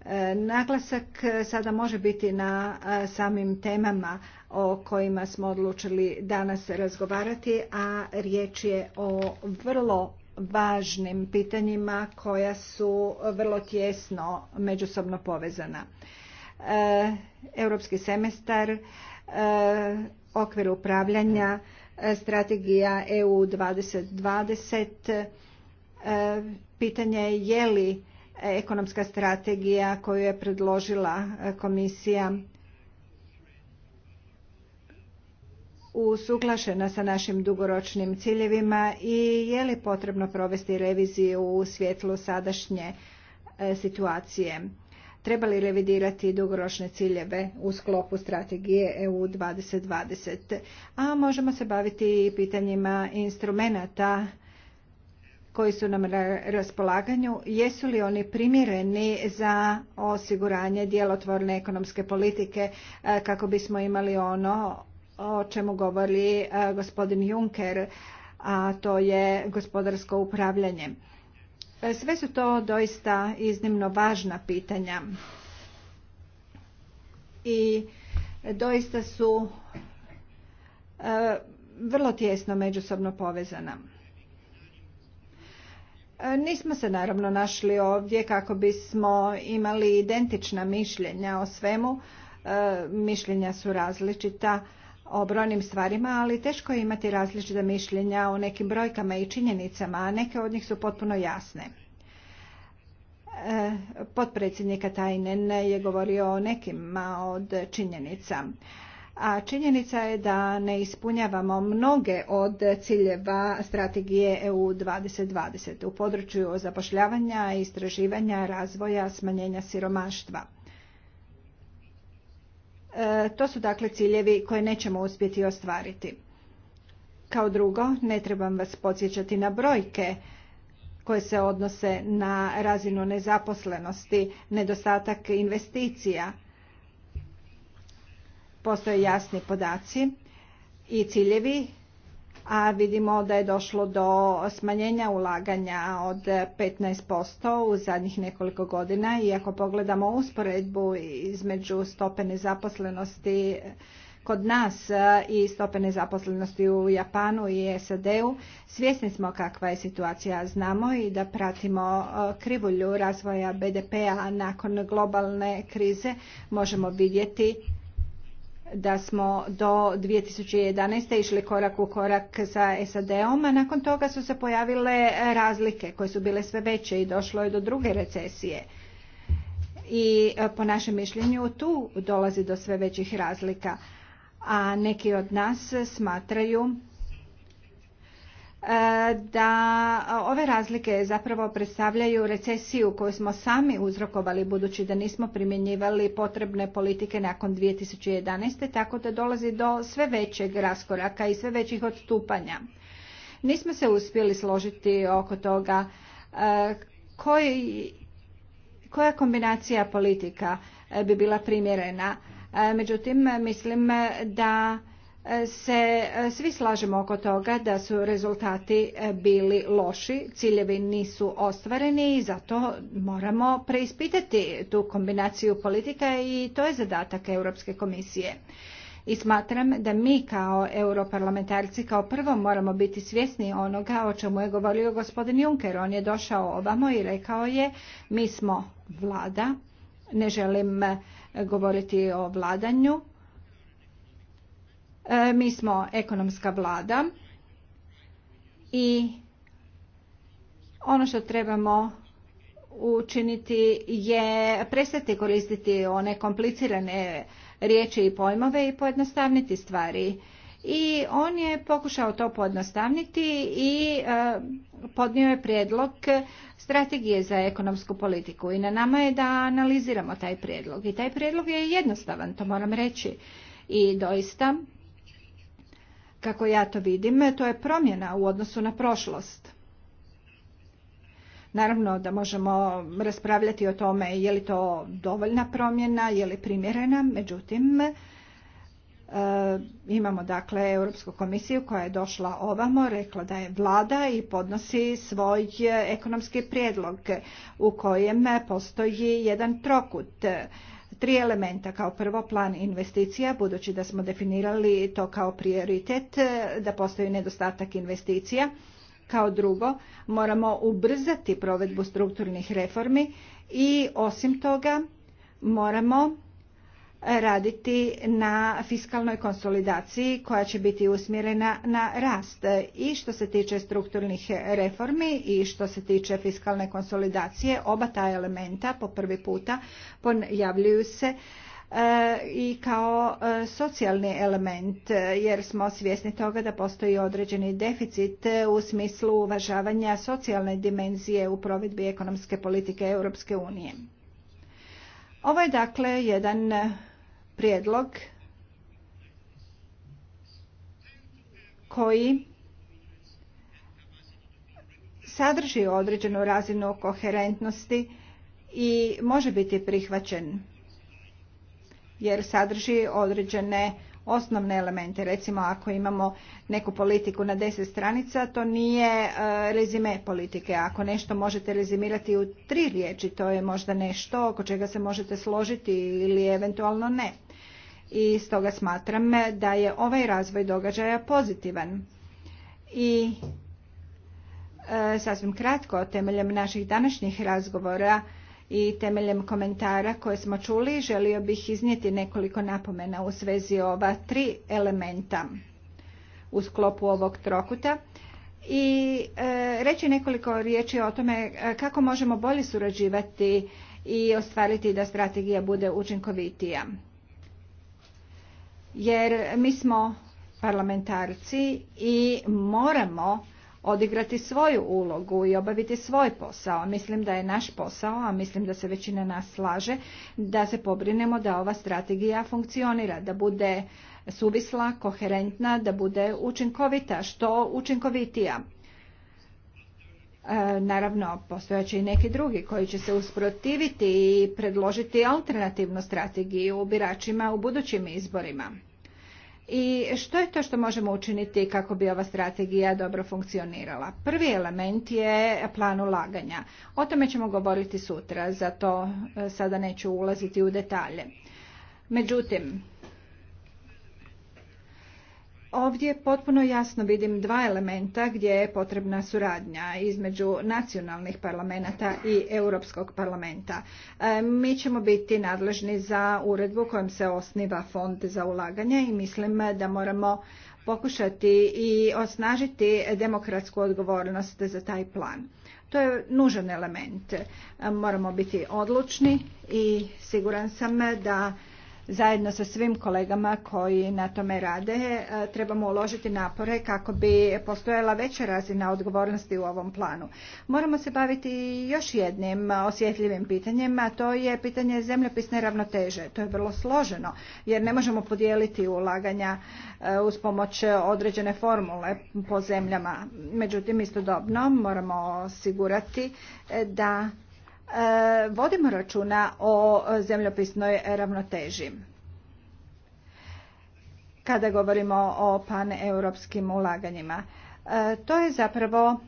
S2: E, naglasak e, sada može biti na e, samim temama o kojima smo odlučili danas razgovarati, a riječ je o vrlo važnim pitanjima koja su vrlo tjesno međusobno povezana. Europski semestar, okvir upravljanja, strategija EU 2020, pitanje je li ekonomska strategija koju je predložila e, komisija usuglašena sa našim dugoročnim ciljevima i je li potrebno provesti reviziju u svjetlu sadašnje e, situacije? Treba li revidirati dugoročne ciljeve u sklopu strategije EU 2020? A možemo se baviti i pitanjima instrumenata koji su nam na raspolaganju, jesu li oni primjereni za osiguranje djelotvorne ekonomske politike e, kako bismo imali ono o čemu govori e, gospodin Juncker, a to je gospodarsko upravljanje. E, sve su to doista iznimno važna pitanja i doista su vrlo tjesno međusobno povezana. E, nismo se naravno našli ovdje kako bismo imali identična mišljenja o svemu. E, mišljenja su različita o brojnim stvarima, ali teško je imati različita mišljenja o nekim brojkama i činjenicama, a neke od njih su potpuno jasne. E, Potpredsjednika Tajnen je govorio o nekima od činjenica a činjenica je da ne ispunjavamo mnoge od ciljeva strategije EU 2020 u području zapošljavanja, istraživanja, razvoja, smanjenja siromaštva. E, to su dakle ciljevi koje nećemo uspjeti ostvariti. Kao drugo, ne trebam vas podsjećati na brojke koje se odnose na razinu nezaposlenosti, nedostatak investicija, postoje jasni podaci i ciljevi, a vidimo da je došlo do smanjenja ulaganja od 15% u zadnjih nekoliko godina i ako pogledamo usporedbu između stope nezaposlenosti kod nas i stope nezaposlenosti u Japanu i SAD-u, svjesni smo kakva je situacija, znamo i da pratimo e, krivulju razvoja BDP-a nakon globalne krize, možemo vidjeti da smo do 2011. išli korak u korak sa SAD-om, a nakon toga su se pojavile e, razlike koje su bile sve veće i došlo je do druge recesije. I e, po našem mišljenju tu dolazi do sve većih razlika, a neki od nas smatraju E, da ove razlike zapravo predstavljaju recesiju koju smo sami uzrokovali budući da nismo primjenjivali potrebne politike nakon 2011. tako da dolazi do sve većeg raskoraka i sve većih odstupanja. Nismo se uspjeli složiti oko toga e, koji, koja kombinacija politika e, bi bila primjerena. Međutim, mislim da se e, svi slažemo oko toga da su rezultati e, bili loši, ciljevi nisu ostvareni i zato moramo preispitati tu kombinaciju politika i to je zadatak Europske komisije. I smatram da mi kao europarlamentarci kao prvo moramo biti svjesni onoga o čemu je govorio gospodin Juncker. On je došao ovamo i rekao je mi smo vlada, ne želim e, govoriti o vladanju, E, mi smo ekonomska vlada i ono što trebamo učiniti je prestati koristiti one komplicirane riječi i pojmove i pojednostavniti stvari. I on je pokušao to pojednostavniti i e, podnio je prijedlog strategije za ekonomsku politiku i na nama je da analiziramo taj prijedlog. I taj prijedlog je jednostavan, to moram reći. I doista kako ja to vidim, to je promjena u odnosu na prošlost. Naravno da možemo raspravljati o tome je li to dovoljna promjena, je li primjerena, međutim e, imamo dakle Europsku komisiju koja je došla ovamo, rekla da je vlada i podnosi svoj ekonomski prijedlog u kojem postoji jedan trokut tri elementa. Kao prvo plan investicija, budući da smo definirali to kao prioritet, e, da postoji nedostatak investicija. Kao drugo, moramo ubrzati provedbu strukturnih reformi i osim toga moramo raditi na fiskalnoj konsolidaciji koja će biti usmjerena na rast i što se tiče strukturnih reformi i što se tiče fiskalne konsolidacije oba ta elementa po prvi puta pojavljuju se e, i kao e, socijalni element e, jer smo svjesni toga da postoji određeni deficit u smislu uvažavanja socijalne dimenzije u provedbi ekonomske politike Europske unije. Ovo je dakle jedan prijedlog koji sadrži određenu razinu koherentnosti i može biti prihvaćen jer sadrži određene osnovne elemente. Recimo ako imamo neku politiku na deset stranica, to nije e, rezime politike. Ako nešto možete rezimirati u tri riječi, to je možda nešto oko čega se možete složiti ili eventualno ne i stoga smatram da je ovaj razvoj događaja pozitivan. I e, sasvim kratko, temeljem naših današnjih razgovora i temeljem komentara koje smo čuli, želio bih iznijeti nekoliko napomena u svezi ova tri elementa u sklopu ovog trokuta i e, reći nekoliko riječi o tome e, kako možemo bolje surađivati i ostvariti da strategija bude učinkovitija jer mi smo parlamentarci i moramo odigrati svoju ulogu i obaviti svoj posao. Mislim da je naš posao, a mislim da se većina nas slaže, da se pobrinemo da ova strategija funkcionira, da bude suvisla, koherentna, da bude učinkovita, što učinkovitija. E, naravno, postojeći i neki drugi koji će se usprotiviti i predložiti alternativnu strategiju biračima u budućim izborima. I što je to što možemo učiniti kako bi ova strategija dobro funkcionirala? Prvi element je plan ulaganja. O tome ćemo govoriti sutra, zato e, sada neću ulaziti u detalje. Međutim, Ovdje potpuno jasno vidim dva elementa gdje je potrebna suradnja između nacionalnih parlamenta i Europskog parlamenta. E, mi ćemo biti nadležni za uredbu kojom se osniva fond za ulaganje i mislim da moramo pokušati i osnažiti demokratsku odgovornost za taj plan. To je nužan element. E, moramo biti odlučni i siguran sam da zajedno sa svim kolegama koji na tome rade e, trebamo uložiti napore kako bi postojala veća razina odgovornosti u ovom planu. Moramo se baviti još jednim osjetljivim pitanjem, a to je pitanje zemljopisne ravnoteže. To je vrlo složeno jer ne možemo podijeliti ulaganja e, uz pomoć određene formule po zemljama. Međutim, istodobno moramo osigurati e, da E, vodimo računa o zemljopisnoj ravnoteži. Kada govorimo o paneuropskim ulaganjima, e, to je zapravo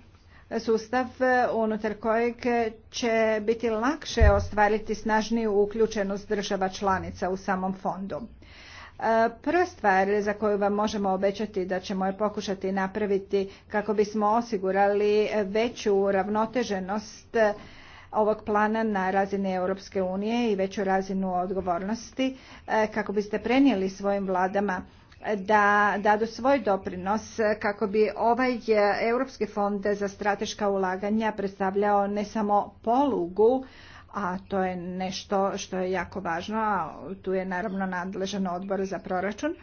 S2: sustav unutar kojeg će biti lakše ostvariti snažniju uključenost država članica u samom fondu. E, prva stvar za koju vam možemo obećati da ćemo je pokušati napraviti kako bismo osigurali veću ravnoteženost ovog plana na razini Europske unije i veću razinu odgovornosti e, kako biste prenijeli svojim vladama da dadu svoj doprinos kako bi ovaj Europski fond za strateška ulaganja predstavljao ne samo polugu, a to je nešto što je jako važno, a tu je naravno nadležan odbor za proračun,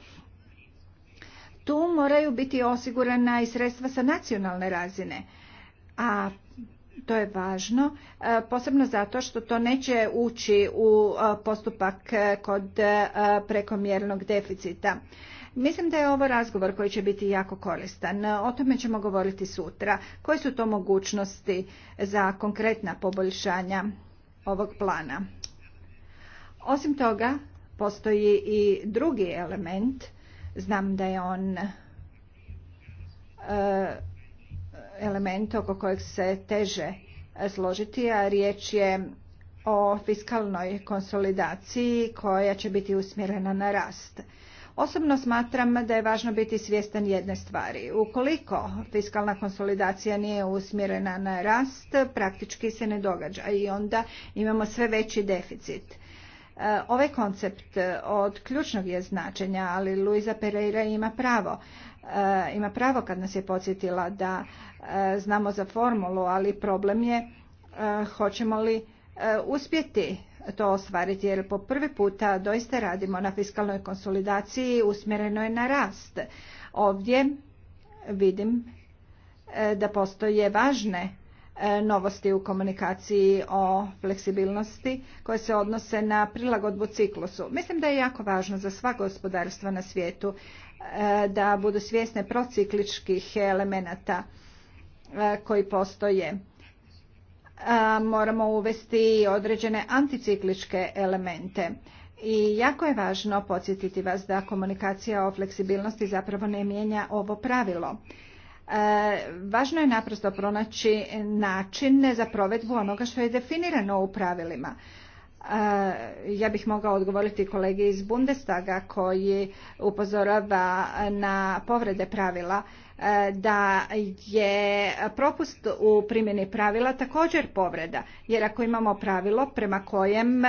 S2: tu moraju biti osigurana i sredstva sa nacionalne razine. A to je važno, e, posebno zato što to neće ući u e, postupak e, kod prekomjernog deficita. Mislim da je ovo razgovor koji će biti jako koristan. O tome ćemo govoriti sutra. Koje su to mogućnosti za konkretna poboljšanja ovog plana? Osim toga, postoji i drugi element. Znam da je on element oko kojeg se teže složiti, a riječ je o fiskalnoj konsolidaciji koja će biti usmjerena na rast. Osobno smatram da je važno biti svjestan jedne stvari. Ukoliko fiskalna konsolidacija nije usmjerena na rast, praktički se ne događa i onda imamo sve veći deficit. E, ovaj koncept od ključnog je značenja, ali Luisa Pereira ima pravo. E, ima pravo kad nas je podsjetila da e, znamo za formulu, ali problem je e, hoćemo li uspjeti to ostvariti jer po prvi puta doista radimo na fiskalnoj konsolidaciji usmjerenoj na rast. Ovdje vidim da postoje važne novosti u komunikaciji o fleksibilnosti koje se odnose na prilagodbu ciklusu. Mislim da je jako važno za sva gospodarstva na svijetu Eh, da budu svjesne procikličkih elemenata eh, koji postoje. Moramo uvesti određene anticikličke elemente. I jako je važno podsjetiti vas da komunikacija o fleksibilnosti zapravo ne mijenja ovo pravilo. Eh, važno je naprosto pronaći način za provedbu onoga što je definirano u pravilima ja bih mogao odgovoriti kolegi iz Bundestaga koji upozorava na povrede pravila da je propust u primjeni pravila također povreda jer ako imamo pravilo prema kojem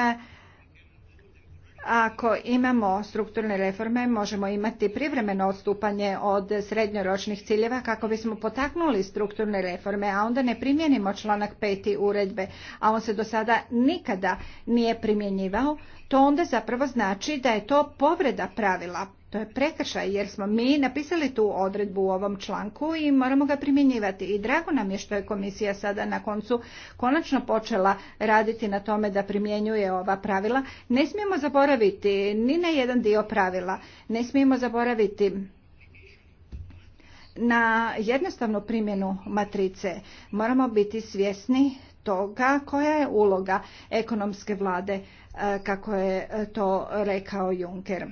S2: ako imamo strukturne reforme, možemo imati privremeno odstupanje od srednjoročnih ciljeva kako bismo potaknuli strukturne reforme, a onda ne primjenimo članak pet uredbe, a on se do sada nikada nije primjenjivao, to onda zapravo znači da je to povreda pravila to je prekršaj jer smo mi napisali tu odredbu u ovom članku i moramo ga primjenjivati. I drago nam je što je komisija sada na koncu konačno počela raditi na tome da primjenjuje ova pravila. Ne smijemo zaboraviti ni na jedan dio pravila. Ne smijemo zaboraviti na jednostavnu primjenu matrice. Moramo biti svjesni toga koja je uloga ekonomske vlade, e, kako je to rekao Juncker.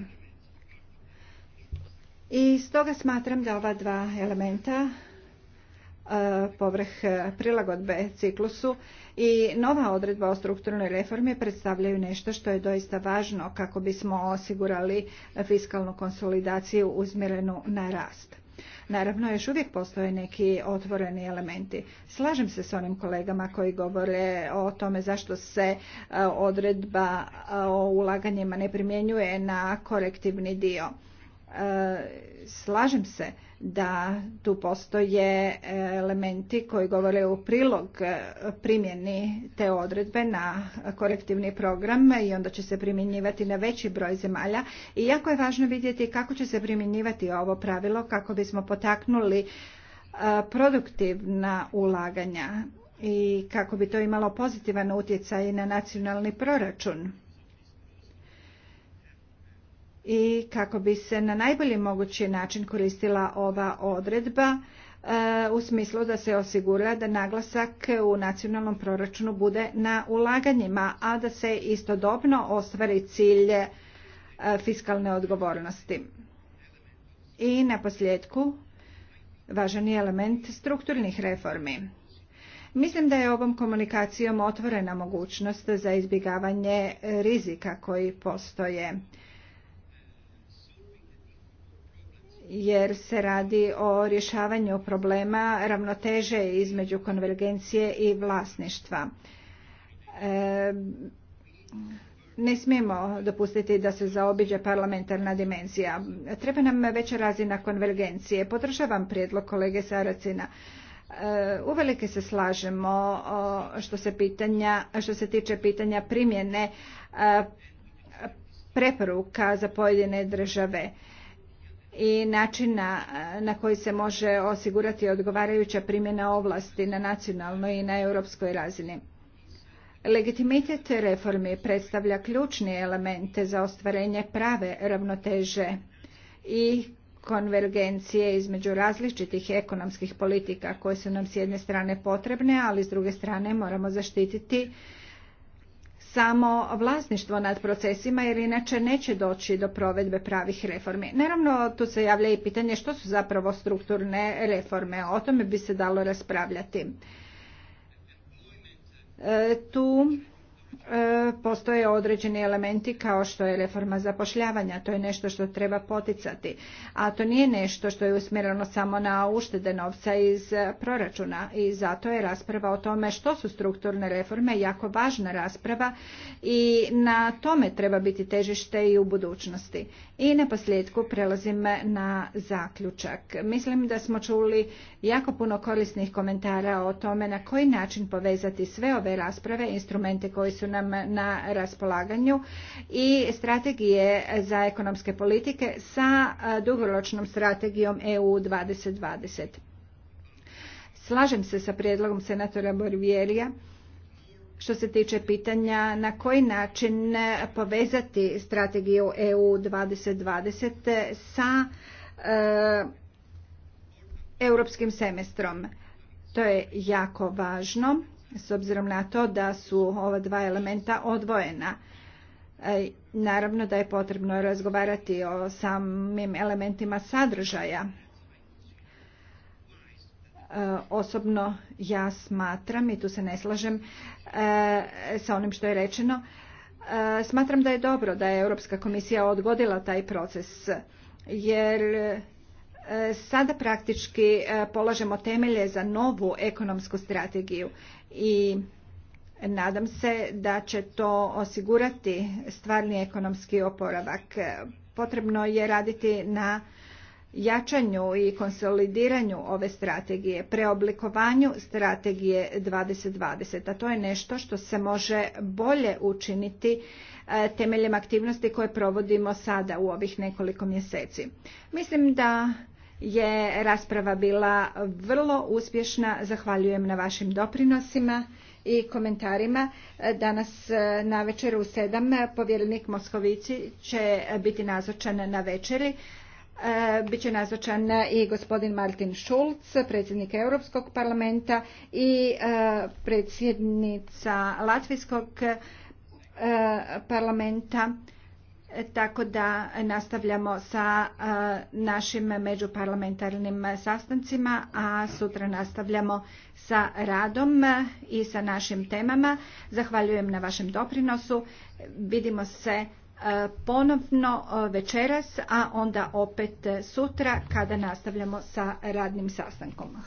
S2: I stoga smatram da ova dva elementa e, povrh e, prilagodbe ciklusu i nova odredba o strukturnoj reformi predstavljaju nešto što je doista važno kako bismo osigurali fiskalnu konsolidaciju uzmjerenu na rast. Naravno, još uvijek postoje neki otvoreni elementi. Slažem se s onim kolegama koji govore o tome zašto se e, odredba o ulaganjima ne primjenjuje na korektivni dio. Slažem se da tu postoje elementi koji govore u prilog primjeni te odredbe na korektivni program i onda će se primjenjivati na veći broj zemalja. I jako je važno vidjeti kako će se primjenjivati ovo pravilo kako bismo potaknuli e, produktivna ulaganja i kako bi to imalo pozitivan utjecaj na nacionalni proračun i kako bi se na najbolji mogući način koristila ova odredba e, u smislu da se osigura da naglasak u nacionalnom proračunu bude na ulaganjima, a da se istodobno ostvari cilje fiskalne odgovornosti. I na posljedku, važan je element strukturnih reformi. Mislim da je ovom komunikacijom otvorena mogućnost za izbjegavanje rizika koji postoje jer se radi o rješavanju problema ravnoteže između konvergencije i vlasništva. E, ne smijemo dopustiti da se zaobiđe parlamentarna dimenzija. Treba nam veća razina konvergencije. Podržavam prijedlog kolege Saracina. E, uvelike se slažemo što se, pitanja, što se tiče pitanja primjene e, preporuka za pojedine države i načina na koji se može osigurati odgovarajuća primjena ovlasti na nacionalnoj i na europskoj razini. Legitimitet reformi predstavlja ključni elemente za ostvarenje prave ravnoteže i konvergencije između različitih ekonomskih politika koje su nam s jedne strane potrebne, ali s druge strane moramo zaštititi samo vlasništvo nad procesima jer inače neće doći do provedbe pravih reformi. Naravno, tu se javlja i pitanje što su zapravo strukturne reforme. O tome bi se dalo raspravljati. E, tu E, postoje određeni elementi kao što je reforma zapošljavanja. To je nešto što treba poticati. A to nije nešto što je usmjereno samo na uštede novca iz e, proračuna. I zato je rasprava o tome što su strukturne reforme jako važna rasprava i na tome treba biti težište i u budućnosti. I na posljedku prelazim na zaključak. Mislim da smo čuli jako puno korisnih komentara o tome na koji način povezati sve ove rasprave, instrumente koji su nam na raspolaganju i strategije za ekonomske politike sa dugoročnom strategijom EU 2020. Slažem se sa prijedlogom senatora Borvjerija što se tiče pitanja na koji način povezati strategiju EU 2020 sa e, europskim semestrom. To je jako važno s obzirom na to da su ova dva elementa odvojena. E, naravno da je potrebno razgovarati o samim elementima sadržaja. E, osobno ja smatram, i tu se ne slažem e, sa onim što je rečeno, smatram da je dobro da je Europska komisija odgodila taj proces, jer sada praktički polažemo temelje za novu ekonomsku strategiju i nadam se da će to osigurati stvarni ekonomski oporavak. Potrebno je raditi na jačanju i konsolidiranju ove strategije, preoblikovanju strategije 2020, a to je nešto što se može bolje učiniti e, temeljem aktivnosti koje provodimo sada u ovih nekoliko mjeseci. Mislim da je rasprava bila vrlo uspješna. Zahvaljujem na vašim doprinosima i komentarima. Danas e, na večeru u sedam povjerenik Moskovici će biti nazočan na večeri. E, Biće nazočan i gospodin Martin Schulz, predsjednik Europskog parlamenta i e, predsjednica Latvijskog parlamenta tako da nastavljamo sa našim međuparlamentarnim sastancima, a sutra nastavljamo sa radom i sa našim temama. Zahvaljujem na vašem doprinosu. Vidimo se ponovno večeras, a onda opet sutra kada nastavljamo sa radnim sastankom.